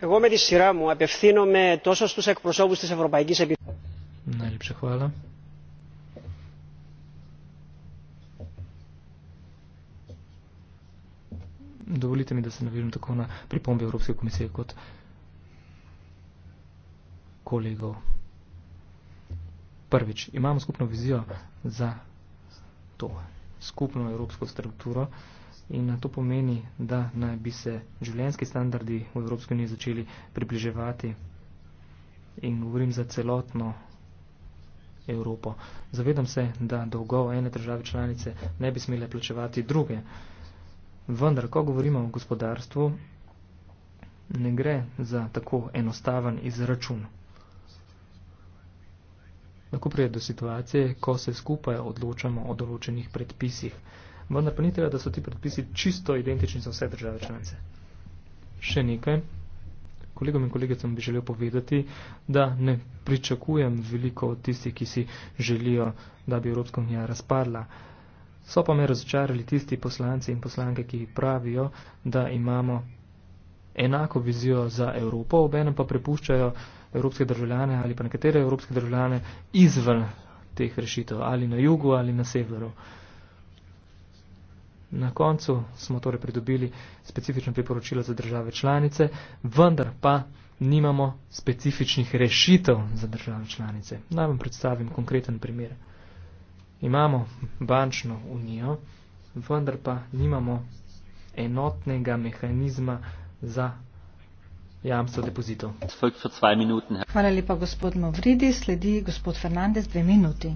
εγώ με τη σειρά μου απευθύνομαι τόσο στους εκπροσώπους της Ευρωπαϊκής Επιτροπής. Να λείψε χωάλα. Доволите ми да се навирам тако на припомби Европска комисия код колего. Първич, имам скупна визия за това. Скупна европска структура in to pomeni, da naj bi se življenjski standardi v Evropski uniji začeli približevati in govorim za celotno Evropo. Zavedam se, da dolgov ene države članice ne bi smele plačevati druge. Vendar, ko govorimo o gospodarstvu, ne gre za tako enostaven izračun. Lahko prije do situacije, ko se skupaj odločamo o določenih predpisih vendar pa ni tega, da so ti predpisi čisto identični za vse države članice. Še nekaj, kolegom in kolegicam bi želel povedati, da ne pričakujem veliko od tistih, ki si želijo, da bi Evropska unija razpadla. So pa me razočarali tisti poslanci in poslanke, ki pravijo, da imamo enako vizijo za Evropo, obenem pa prepuščajo evropske državljane ali pa nekatere evropske državljane izven teh rešitev, ali na jugu ali na severu. Na koncu smo torej pridobili specifično priporočilo za države članice, vendar pa nimamo specifičnih rešitev za države članice. Naj vam predstavim konkreten primer. Imamo bančno unijo, vendar pa nimamo enotnega mehanizma za jamstvo depozitov. Hvala lepa, gospod Movridi. Sledi gospod Fernandez, dve minuti.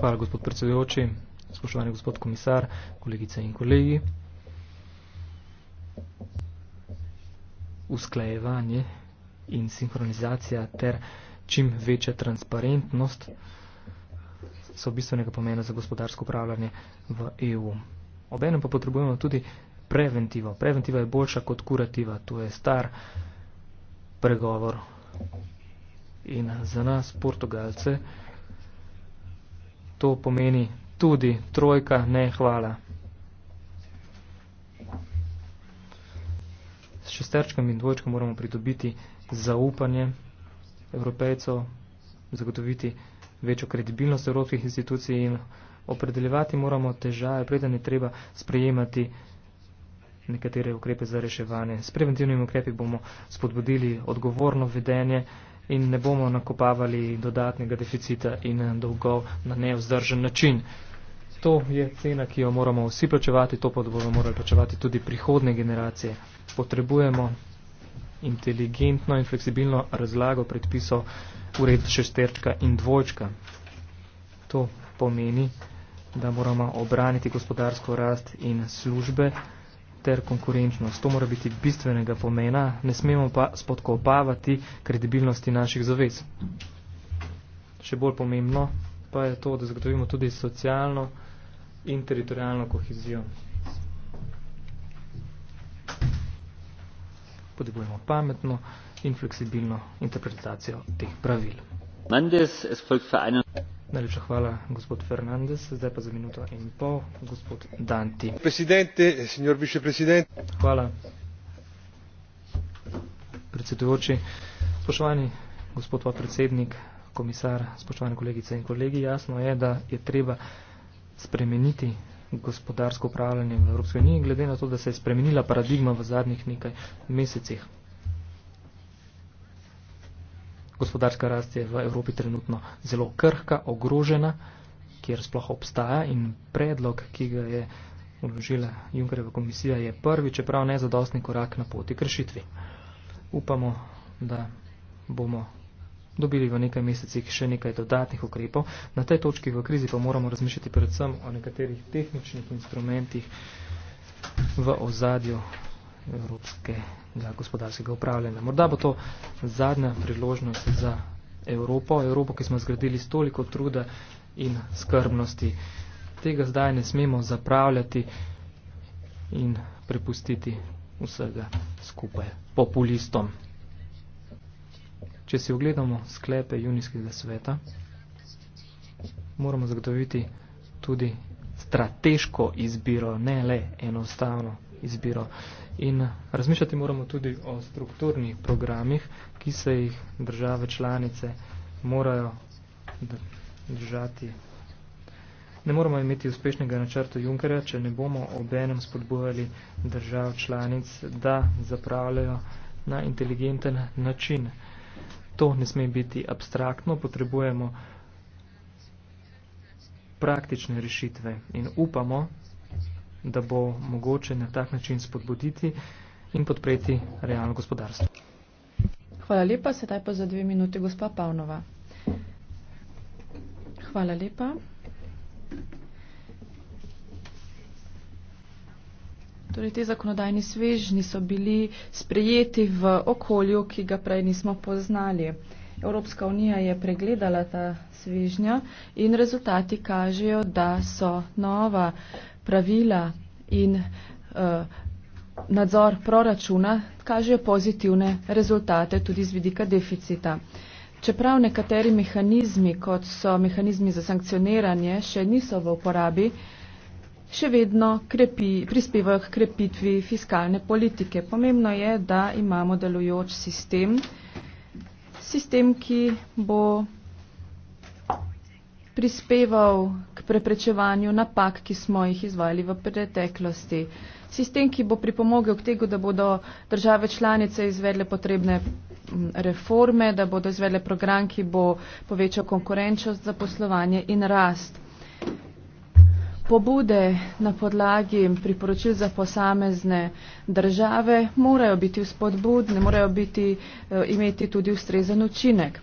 Hvala, gospod predsedujoči spoštovani gospod komisar, kolegice in kolegi. Usklajevanje in sinhronizacija ter čim večja transparentnost so bistvenega pomena za gospodarsko upravljanje v EU. Obenem pa potrebujemo tudi preventivo. Preventiva je boljša kot kurativa. To je star pregovor. In za nas, portugalce, to pomeni tudi trojka ne hvala. S šesterčkom in dvojčkom moramo pridobiti zaupanje evropejcev, zagotoviti večjo kredibilnost evropskih institucij in opredeljevati moramo težave, preden je treba sprejemati nekatere ukrepe za reševanje. S preventivnimi ukrepi bomo spodbudili odgovorno vedenje in ne bomo nakopavali dodatnega deficita in dolgov na neozdržen način. To je cena, ki jo moramo vsi plačevati, to pa bomo morali plačevati tudi prihodne generacije. Potrebujemo inteligentno in fleksibilno razlago predpisov ured šestertka in dvojčka. To pomeni, da moramo obraniti gospodarsko rast in službe ter konkurenčnost. To mora biti bistvenega pomena, ne smemo pa spodkopavati kredibilnosti naših zavez. Še bolj pomembno pa je to, da zagotovimo tudi socialno in teritorijalno kohezijo. Podebujemo pametno in fleksibilno interpretacijo teh pravil. Najlepša hvala, gospod Fernandez. Zdaj pa za minuto in pol, gospod Danti. Hvala. Predsedujoči, spoštovani gospod podpredsednik, komisar, spoštovani kolegice in kolegi, jasno je, da je treba spremeniti gospodarsko upravljanje v Evropske unije, glede na to, da se je spremenila paradigma v zadnjih nekaj mesecih. Gospodarska rast je v Evropi trenutno zelo krhka, ogrožena, kjer sploh obstaja in predlog, ki ga je vložila Junkereva komisija, je prvi, čeprav nezadostni korak na poti k rešitvi. Upamo, da bomo dobili v nekaj mesecih še nekaj dodatnih ukrepov. Na tej točki v krizi pa moramo razmišljati predvsem o nekaterih tehničnih instrumentih v ozadju evropskega gospodarskega upravljanja. Morda bo to zadnja priložnost za Evropo, Evropo, ki smo zgradili s toliko truda in skrbnosti. Tega zdaj ne smemo zapravljati in prepustiti vsega skupaj populistom. Če si ogledamo sklepe junijskega sveta, moramo zagotoviti tudi strateško izbiro, ne le enostavno izbiro. In razmišljati moramo tudi o strukturnih programih, ki se jih države članice morajo držati. Ne moramo imeti uspešnega načrta Junkerja, če ne bomo obenem spodbujali držav članic, da zapravljajo na inteligenten način to ne sme biti abstraktno, potrebujemo praktične rešitve in upamo, da bo mogoče na tak način spodbuditi in podpreti realno gospodarstvo. Hvala lepa, sedaj pa za dve minuti gospa Pavnova. Hvala lepa. Torej, te zakonodajni svežni so bili sprejeti v okolju, ki ga prej nismo poznali. Evropska unija je pregledala ta svežnja in rezultati kažejo, da so nova pravila in uh, nadzor proračuna kažejo pozitivne rezultate tudi z vidika deficita. Čeprav nekateri mehanizmi, kot so mehanizmi za sankcioniranje, še niso v uporabi, uh, še vedno krepi, prispevajo k krepitvi fiskalne politike. Pomembno je, da imamo delujoč sistem, sistem, ki bo prispeval k preprečevanju napak, ki smo jih izvali v preteklosti. Sistem, ki bo pripomogel k tegu, da bodo države članice izvedle potrebne reforme, da bodo izvedle program, ki bo povečal konkurenčnost za poslovanje in rast pobude na podlagi priporočil za posamezne države morajo biti vzpodbudne, morajo biti, eh, imeti tudi ustrezen učinek.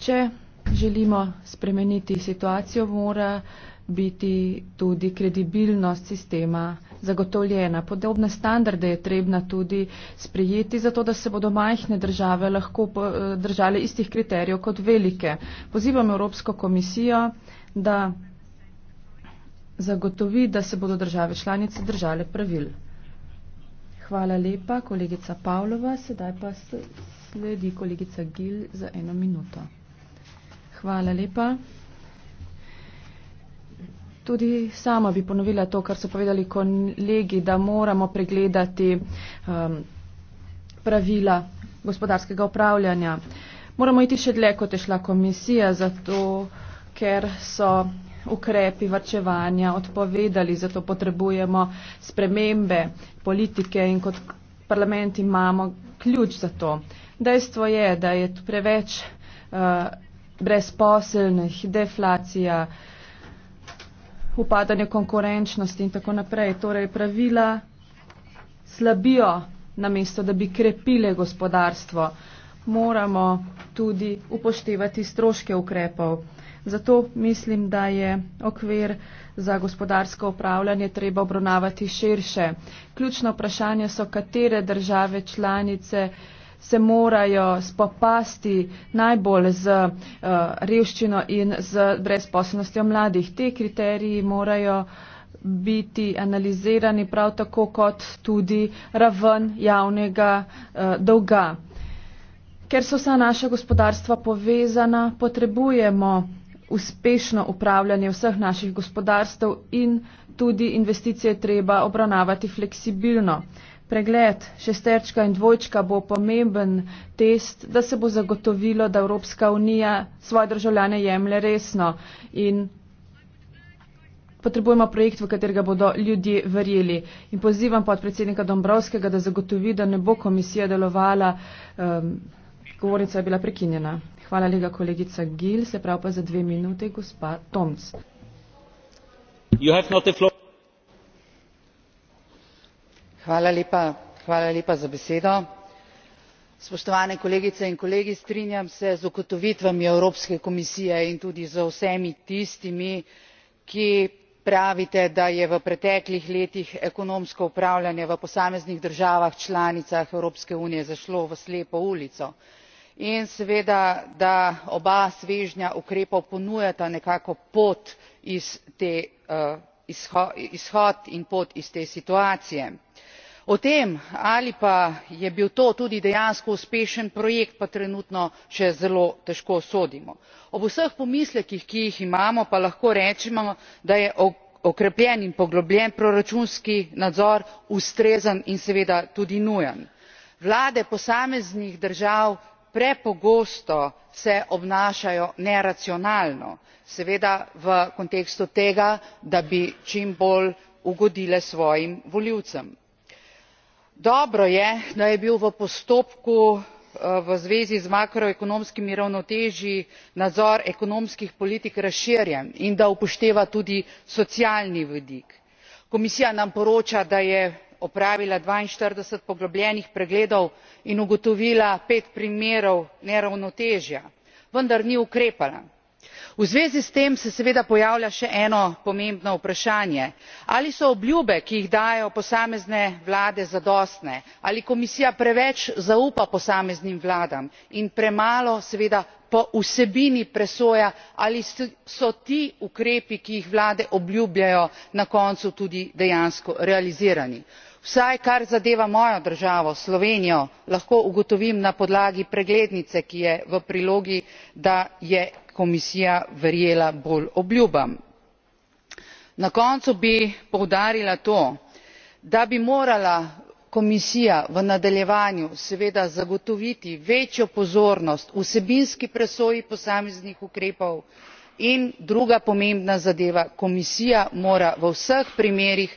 Če želimo spremeniti situacijo, mora biti tudi kredibilnost sistema zagotovljena. Podobne standarde je trebna tudi sprijeti, zato da se bodo majhne države lahko eh, držali istih kriterijev kot velike. Pozivam Evropsko komisijo, da zagotovi, da se bodo države članice držale pravil. Hvala lepa, kolegica Pavlova. Sedaj pa sledi kolegica Gil za eno minuto. Hvala lepa. Tudi sama bi ponovila to, kar so povedali kolegi, da moramo pregledati um, pravila gospodarskega upravljanja. Moramo iti še dlje, kot je šla komisija, zato uh, ker so ukrepi vrčevanja odpovedali, zato potrebujemo spremembe politike in kot parlament imamo ključ za to. Dejstvo je, da je tu preveč uh, brezposelnih, deflacija, upadanje konkurenčnosti in tako naprej. Torej pravila slabijo namesto, da bi krepile gospodarstvo. Moramo tudi upoštevati stroške ukrepov. Zato mislim, da je okvir za gospodarsko upravljanje treba obravnavati širše. Ključno vprašanje so, katere države članice se morajo spopasti najbolj z uh, revščino in z brezposobnostjo mladih. Te kriteriji morajo biti analizirani prav tako kot tudi raven javnega uh, dolga. Ker so vsa naša gospodarstva povezana, potrebujemo uspešno upravljanje vseh naših gospodarstv in tudi investicije treba obravnavati fleksibilno. Pregled šesterčka in dvojčka bo pomemben test, da se bo zagotovilo, da Evropska unija svoje državljane jemlje resno in potrebujemo projekt, v katerega bodo ljudje verjeli. In pozivam podpredsednika Dombrovskega, da zagotovi, da ne bo komisija delovala. Um, govornica je bila prekinjena. Hvala lega kolegica Gil, se prav pa za dve minute gospa Tomc. Hvala lepa, hvala lepa za besedo. Spoštovane kolegice in kolegi, strinjam se z ugotovitvami Evropske komisije in tudi z vsemi tistimi, ki pravite, da je v preteklih letih ekonomsko upravljanje v posameznih državah članicah Evropske unije zašlo v slepo ulico in seveda da oba svežnja ukrepov ponujata nekako pot iz te eh, izhod in pot iz te situacije. o tem ali pa je bil to tudi dejansko uspešen projekt pa trenutno še zelo težko sodimo. ob vseh pomislekih ki jih imamo pa lahko rečemo da je okrepljen in poglobljen proračunski nadzor ustrezen in seveda tudi nujen. vlade posameznih držav prepogosto se obnašajo neracionalno seveda v kontekstu tega da bi čim bolj ugodile svojim volivcem. dobro je da je bil v postopku eh, v zvezi z makroekonomskimi ravnotežji nadzor ekonomskih politik razširjen in da upošteva tudi socialni vidik. komisija nam poroča da je opravila dvainštirideset poglobljenih pregledov in ugotovila pet primerov neravnotežja vendar ni ukrepala. v zvezi s tem se seveda pojavlja še eno pomembno vprašanje ali so obljube ki jih dajejo posamezne vlade zadostne ali komisija preveč zaupa posameznim vladam in premalo seveda po vsebini presoja ali so ti ukrepi ki jih vlade obljubljajo na koncu tudi dejansko realizirani vsaj kar zadeva mojo državo slovenijo lahko ugotovim na podlagi preglednice ki je v prilogi da je komisija verjela bolj obljubam. na koncu bi poudarila to da bi morala komisija v nadaljevanju seveda zagotoviti večjo pozornost vsebinski presoji posameznih ukrepov in druga pomembna zadeva komisija mora v vseh primerih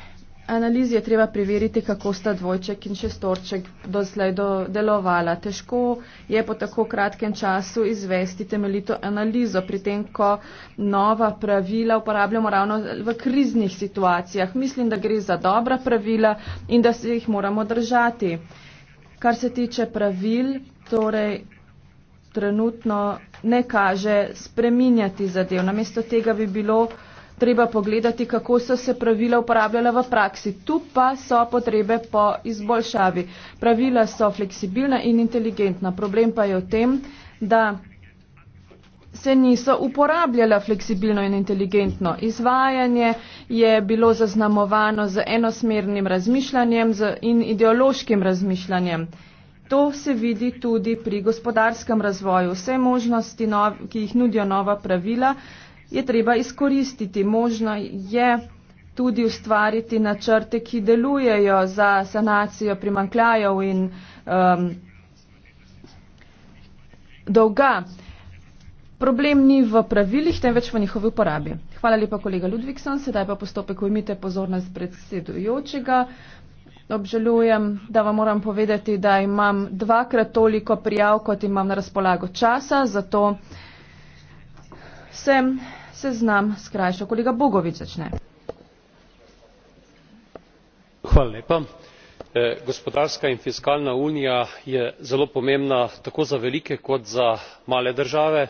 analizi je treba preveriti, kako sta dvojček in šestorček doslej do delovala. Težko je po tako kratkem času izvesti temeljito analizo, pri tem, ko nova pravila uporabljamo ravno v kriznih situacijah. Mislim, da gre za dobra pravila in da se jih moramo držati. Kar se tiče pravil, torej trenutno ne kaže spreminjati zadev. Namesto tega bi bilo treba pogledati, kako so se pravila uporabljala v praksi. Tu pa so potrebe po izboljšavi. Pravila so fleksibilna in inteligentna. Problem pa je v tem, da se niso uporabljala fleksibilno in inteligentno. Izvajanje je bilo zaznamovano z enosmernim razmišljanjem in ideološkim razmišljanjem. To se vidi tudi pri gospodarskem razvoju. Vse možnosti, ki jih nudijo nova pravila, je treba izkoristiti. Možno je tudi ustvariti načrte, ki delujejo za sanacijo primankljajev in um, dolga. Problem ni v pravilih, temveč v njihovi uporabi. Hvala lepa, kolega Ludvikson. Sedaj pa postopek ujmite pozornost predsedujočega. Obžalujem, da vam moram povedati, da imam dvakrat toliko prijav, kot imam na razpolago časa, zato sem se znam skrajša. Kolega Bogovič začne. Hvala lepa. Eh, gospodarska in fiskalna unija je zelo pomembna tako za velike kot za male države.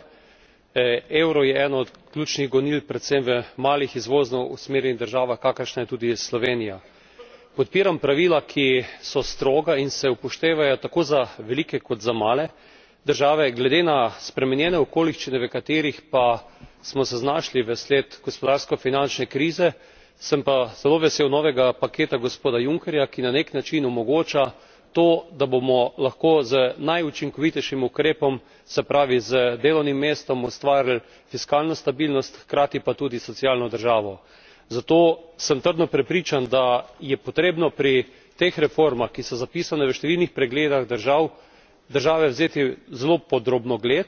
Eh, evro je eno od ključnih gonil predvsem v malih izvozno usmerjenih državah kakršna je tudi slovenija. podpiram pravila ki so stroga in se upoštevajo tako za velike kot za male države glede na spremenjene okoliščine v katerih pa smo se znašli vsled gospodarsko finančne krize sem pa zelo vesel novega paketa gospoda junckerja ki na nek način omogoča to da bomo lahko z najučinkovitejšim ukrepom se pravi z delovnim mestom ustvarili fiskalno stabilnost hkrati pa tudi socialno državo. zato sem trdno prepričan da je potrebno pri teh reformah ki so zapisane v številnih pregledih držav države vzeti zelo pod drobnogled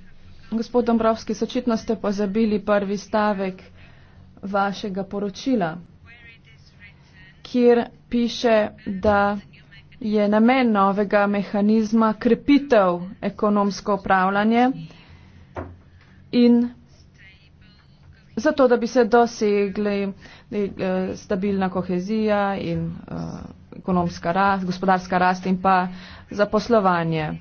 Gospod Dombrovski, sočitno ste pozabili prvi stavek vašega poročila, kjer piše, da je namen novega mehanizma krepitev ekonomsko upravljanje in zato, da bi se dosegli e, stabilna kohezija in uh, ekonomska rast, gospodarska rast in pa zaposlovanje.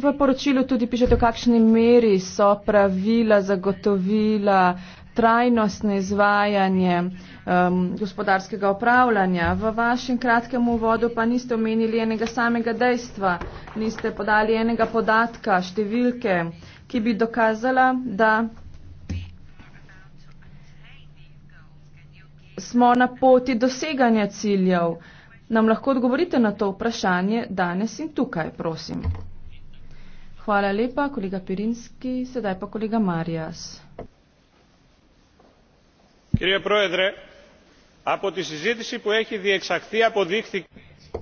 V poročilu tudi pišete, v kakšni meri so pravila zagotovila trajnostne izvajanje um, gospodarskega upravljanja. V vašem kratkem uvodu pa niste omenili enega samega dejstva, niste podali enega podatka, številke, ki bi dokazala, da smo na poti doseganja ciljev. Nam lahko odgovorite na to vprašanje danes in tukaj, prosim. Hvala lepa, kolega Pirinski. Sedaj pa kolega Marijas. Kirje projedre,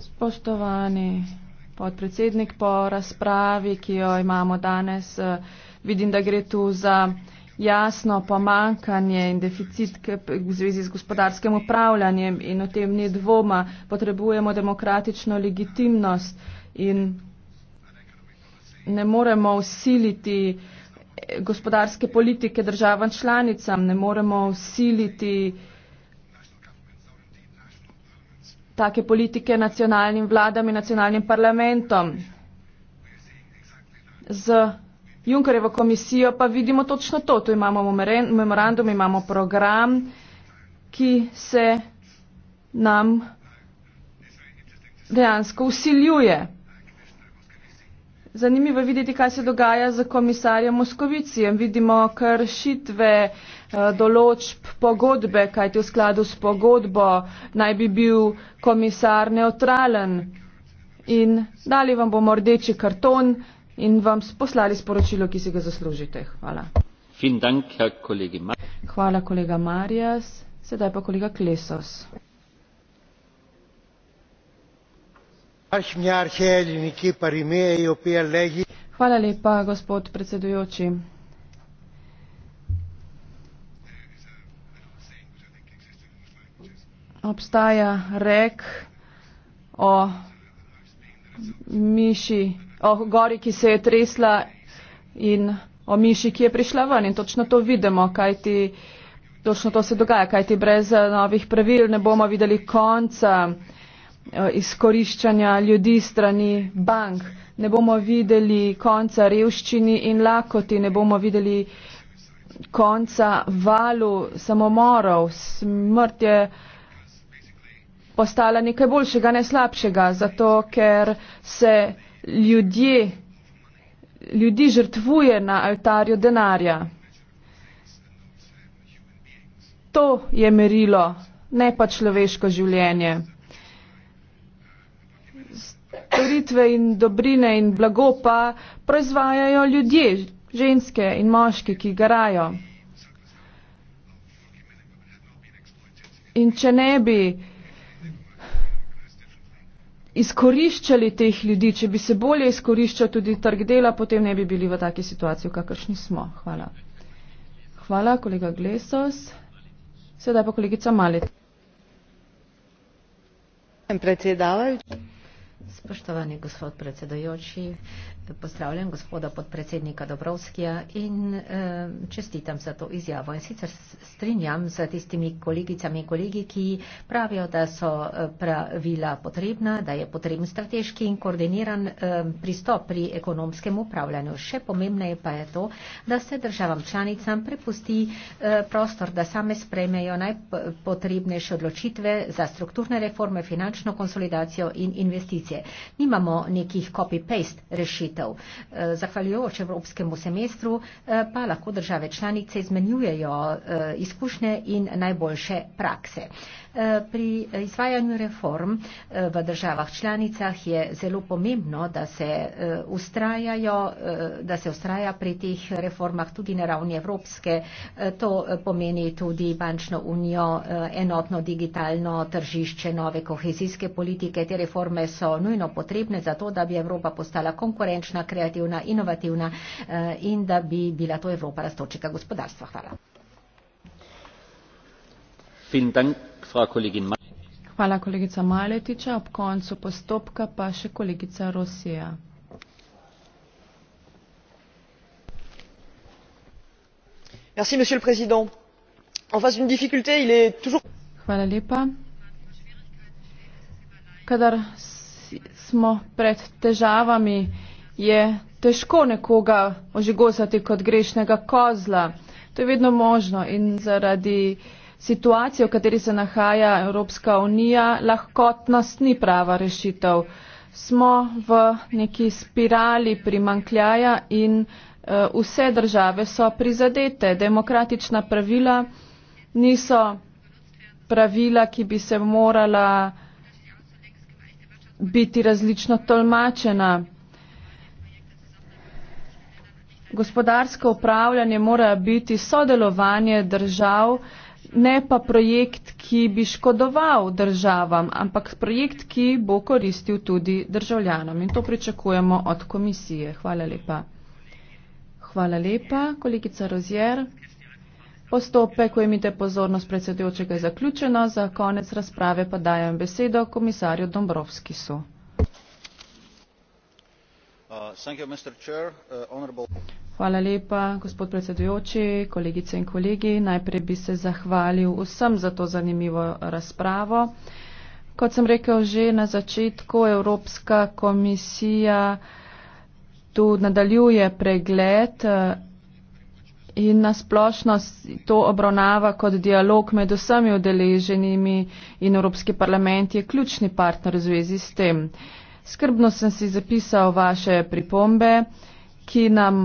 Spoštovani podpredsednik, po razpravi, ki jo imamo danes, eh, vidim, da gre tu za jasno pomankanje in deficit v zvezi z gospodarskim upravljanjem in o tem ni dvoma. Potrebujemo demokratično legitimnost in ne moremo usiliti gospodarske politike državam članicam, ne moremo usiliti take politike nacionalnim vladam in nacionalnim parlamentom. Z Junkerjevo komisijo pa vidimo točno to. Tu imamo memorandum, imamo program, ki se nam dejansko usiljuje. Zanimivo je videti, kaj se dogaja z komisarjem Moskovicijem. Vidimo kršitve eh, določb pogodbe, kajti v skladu s pogodbo naj bi bil komisar neutralen. In dali vam bomo rdeči karton in vam poslali sporočilo, ki si ga zaslužite. Hvala. Dank, Hvala, kolega Marijas. Sedaj pa kolega Klesos. Hvala lepa, gospod predsedujoči. Obstaja rek o miši, o gori, ki se je tresla in o miši, ki je prišla ven. In točno to vidimo, kaj ti. Točno to se dogaja, kajti brez novih pravil ne bomo videli konca. Eh, izkoriščanja ljudi strani bank, ne bomo videli konca revščini in lakoti, ne bomo videli konca valu samomorov. Smrt je postala nekaj boljšega, ne slabšega, zato ker se ljudje, ljudi žrtvuje na altarju denarja. To je merilo, ne pa človeško življenje storitve in dobrine in blago pa proizvajajo ljudje, ženske in moški, ki garajo. In če ne bi izkoriščali teh ljudi, če bi se bolje izkoriščal tudi trg dela, potem ne bi bili v taki situaciji, v kakršni smo. Hvala. Hvala, kolega Glesos. Sedaj pa kolegica Malet. Predsedavajoč. Spoštovani gospod predsedajoči, pozdravljam gospoda podpredsednika Dobrovskija in eh, čestitam za to izjavo. In sicer strinjam z tistimi kolegicami in kolegi, ki pravijo, da so eh, pravila potrebna, da je potreben strateški in koordiniran eh, pristop pri ekonomskem upravljanju. Še pomembneje pa je to, da se državam članicam prepusti eh, prostor, da same sprejmejo najpotrebnejše odločitve za strukturne reforme, finančno konsolidacijo in investicije. Nimamo nekih copy-paste rešitev rešitev. Eh, zahvaljujoč evropskemu semestru eh, pa lahko države članice izmenjujejo eh, izkušnje in najboljše prakse. Eh, pri izvajanju reform eh, v državah članicah je zelo pomembno, da se, eh, da se ustraja pri teh reformah tudi na ravni Evropske. To pomeni tudi bančno unijo, enotno digitalno tržišče, nove kohezijske politike. Te reforme so nujno potrebne za to, da bi Evropa postala konkurenčna, kreativna, inovativna in da bi bila to Evropa rastočega gospodarstva. Hvala. Vielen Dank. Hvala, kolegica Maletiča. Ob koncu postopka pa še kolegica Rosija. Merci, monsieur le président. En face d'une difficulté, il est toujours. Hvala lepa. Kadar smo pred težavami, je težko nekoga ožigosati kot grešnega kozla. To je vedno možno in zaradi situacije, v kateri se nahaja Evropska unija, lahkotnost ni prava rešitev. Smo v neki spirali primankljaja in uh, vse države so prizadete. Demokratična pravila niso pravila, ki bi se morala biti različno tolmačena. Gospodarsko upravljanje mora biti sodelovanje držav, uh, ne pa projekt, ki bi škodoval državam, ampak projekt, ki bo koristil tudi državljanom. In to pričakujemo od komisije. Hvala lepa. Hvala lepa, kolegica Rozier. Postopek, ko imite pozornost predsedujočega, je zaključeno. Za konec razprave pa dajem besedo komisarju Dombrovskisu. Uh, uh, Hvala lepa, gospod predsedujoči, kolegice in kolegi. Najprej bi se zahvalil vsem za to zanimivo razpravo. Kot sem rekel že na začetku, Evropska komisija tu nadaljuje pregled uh, in nasplošno to obravnava kot dialog med vsemi udeleženimi in Evropski parlament je ključni partner v zvezi s tem. Skrbno sem si zapisal vaše pripombe, ki nam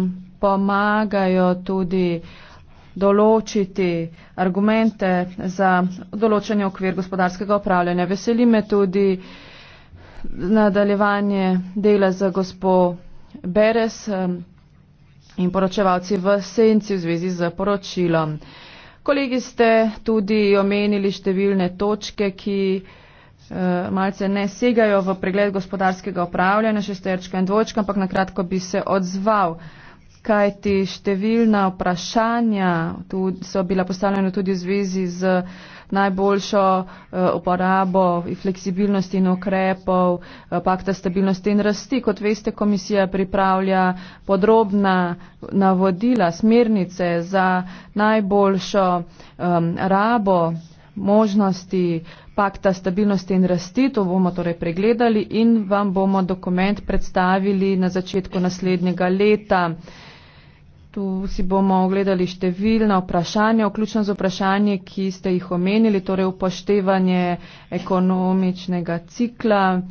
pomagajo tudi določiti argumente za določanje okvir gospodarskega upravljanja. Veseli me tudi nadaljevanje dela za gospo Beres in poročevalci v senci v zvezi z poročilom. Kolegi ste tudi omenili številne točke, ki Eh, malce ne segajo v pregled gospodarskega upravljanja šesterčka in dvojčka, ampak nakratko bi se odzval, kaj ti številna vprašanja so bila postavljena tudi v zvezi z najboljšo eh, uporabo fleksibilnosti in ukrepov eh, pakta stabilnosti in rasti. Kot veste, komisija pripravlja podrobna navodila, smernice za najboljšo um, rabo možnosti pakta stabilnosti in rasti. To bomo torej pregledali in vam bomo dokument predstavili na začetku naslednjega leta. Tu si bomo ogledali številna vprašanja, vključno z vprašanje, ki ste jih omenili, torej upoštevanje ekonomičnega cikla,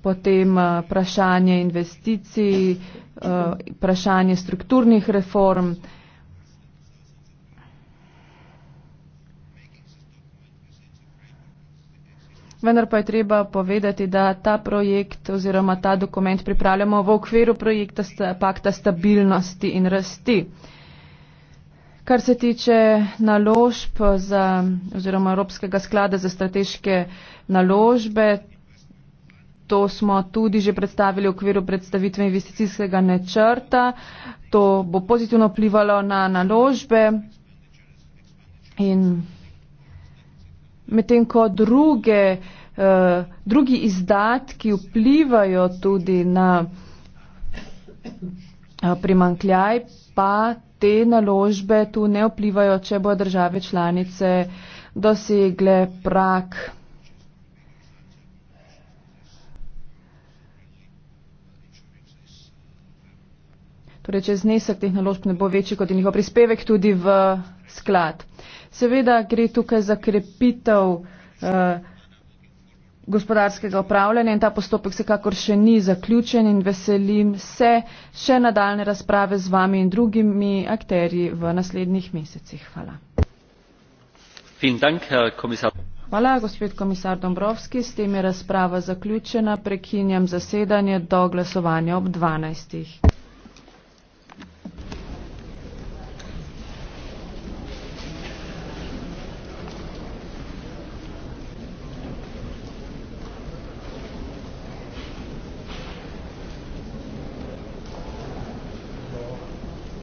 potem eh, vprašanje investicij, eh, vprašanje strukturnih reform. vendar pa je treba povedati, da ta projekt oziroma ta dokument pripravljamo v okviru projekta sta, Pakta stabilnosti in rasti. Kar se tiče naložb za, oziroma Evropskega sklada za strateške naložbe, to smo tudi že predstavili v okviru predstavitve investicijskega nečrta. To bo pozitivno vplivalo na naložbe. In medtem ko druge, uh, drugi izdatki vplivajo tudi na uh, primankljaj, pa te naložbe tu ne vplivajo, če bo države članice dosegle prak. Torej, če znesek teh naložb ne bo večji kot njihov prispevek tudi v sklad. Seveda gre tukaj za krepitev uh, gospodarskega upravljanja in ta postopek se kakor še ni zaključen in veselim se še nadaljne razprave z vami in drugimi akterji v naslednjih mesecih. Hvala. Hvala, gospod komisar Dombrovski. S tem je razprava zaključena. Prekinjam zasedanje do glasovanja ob 12.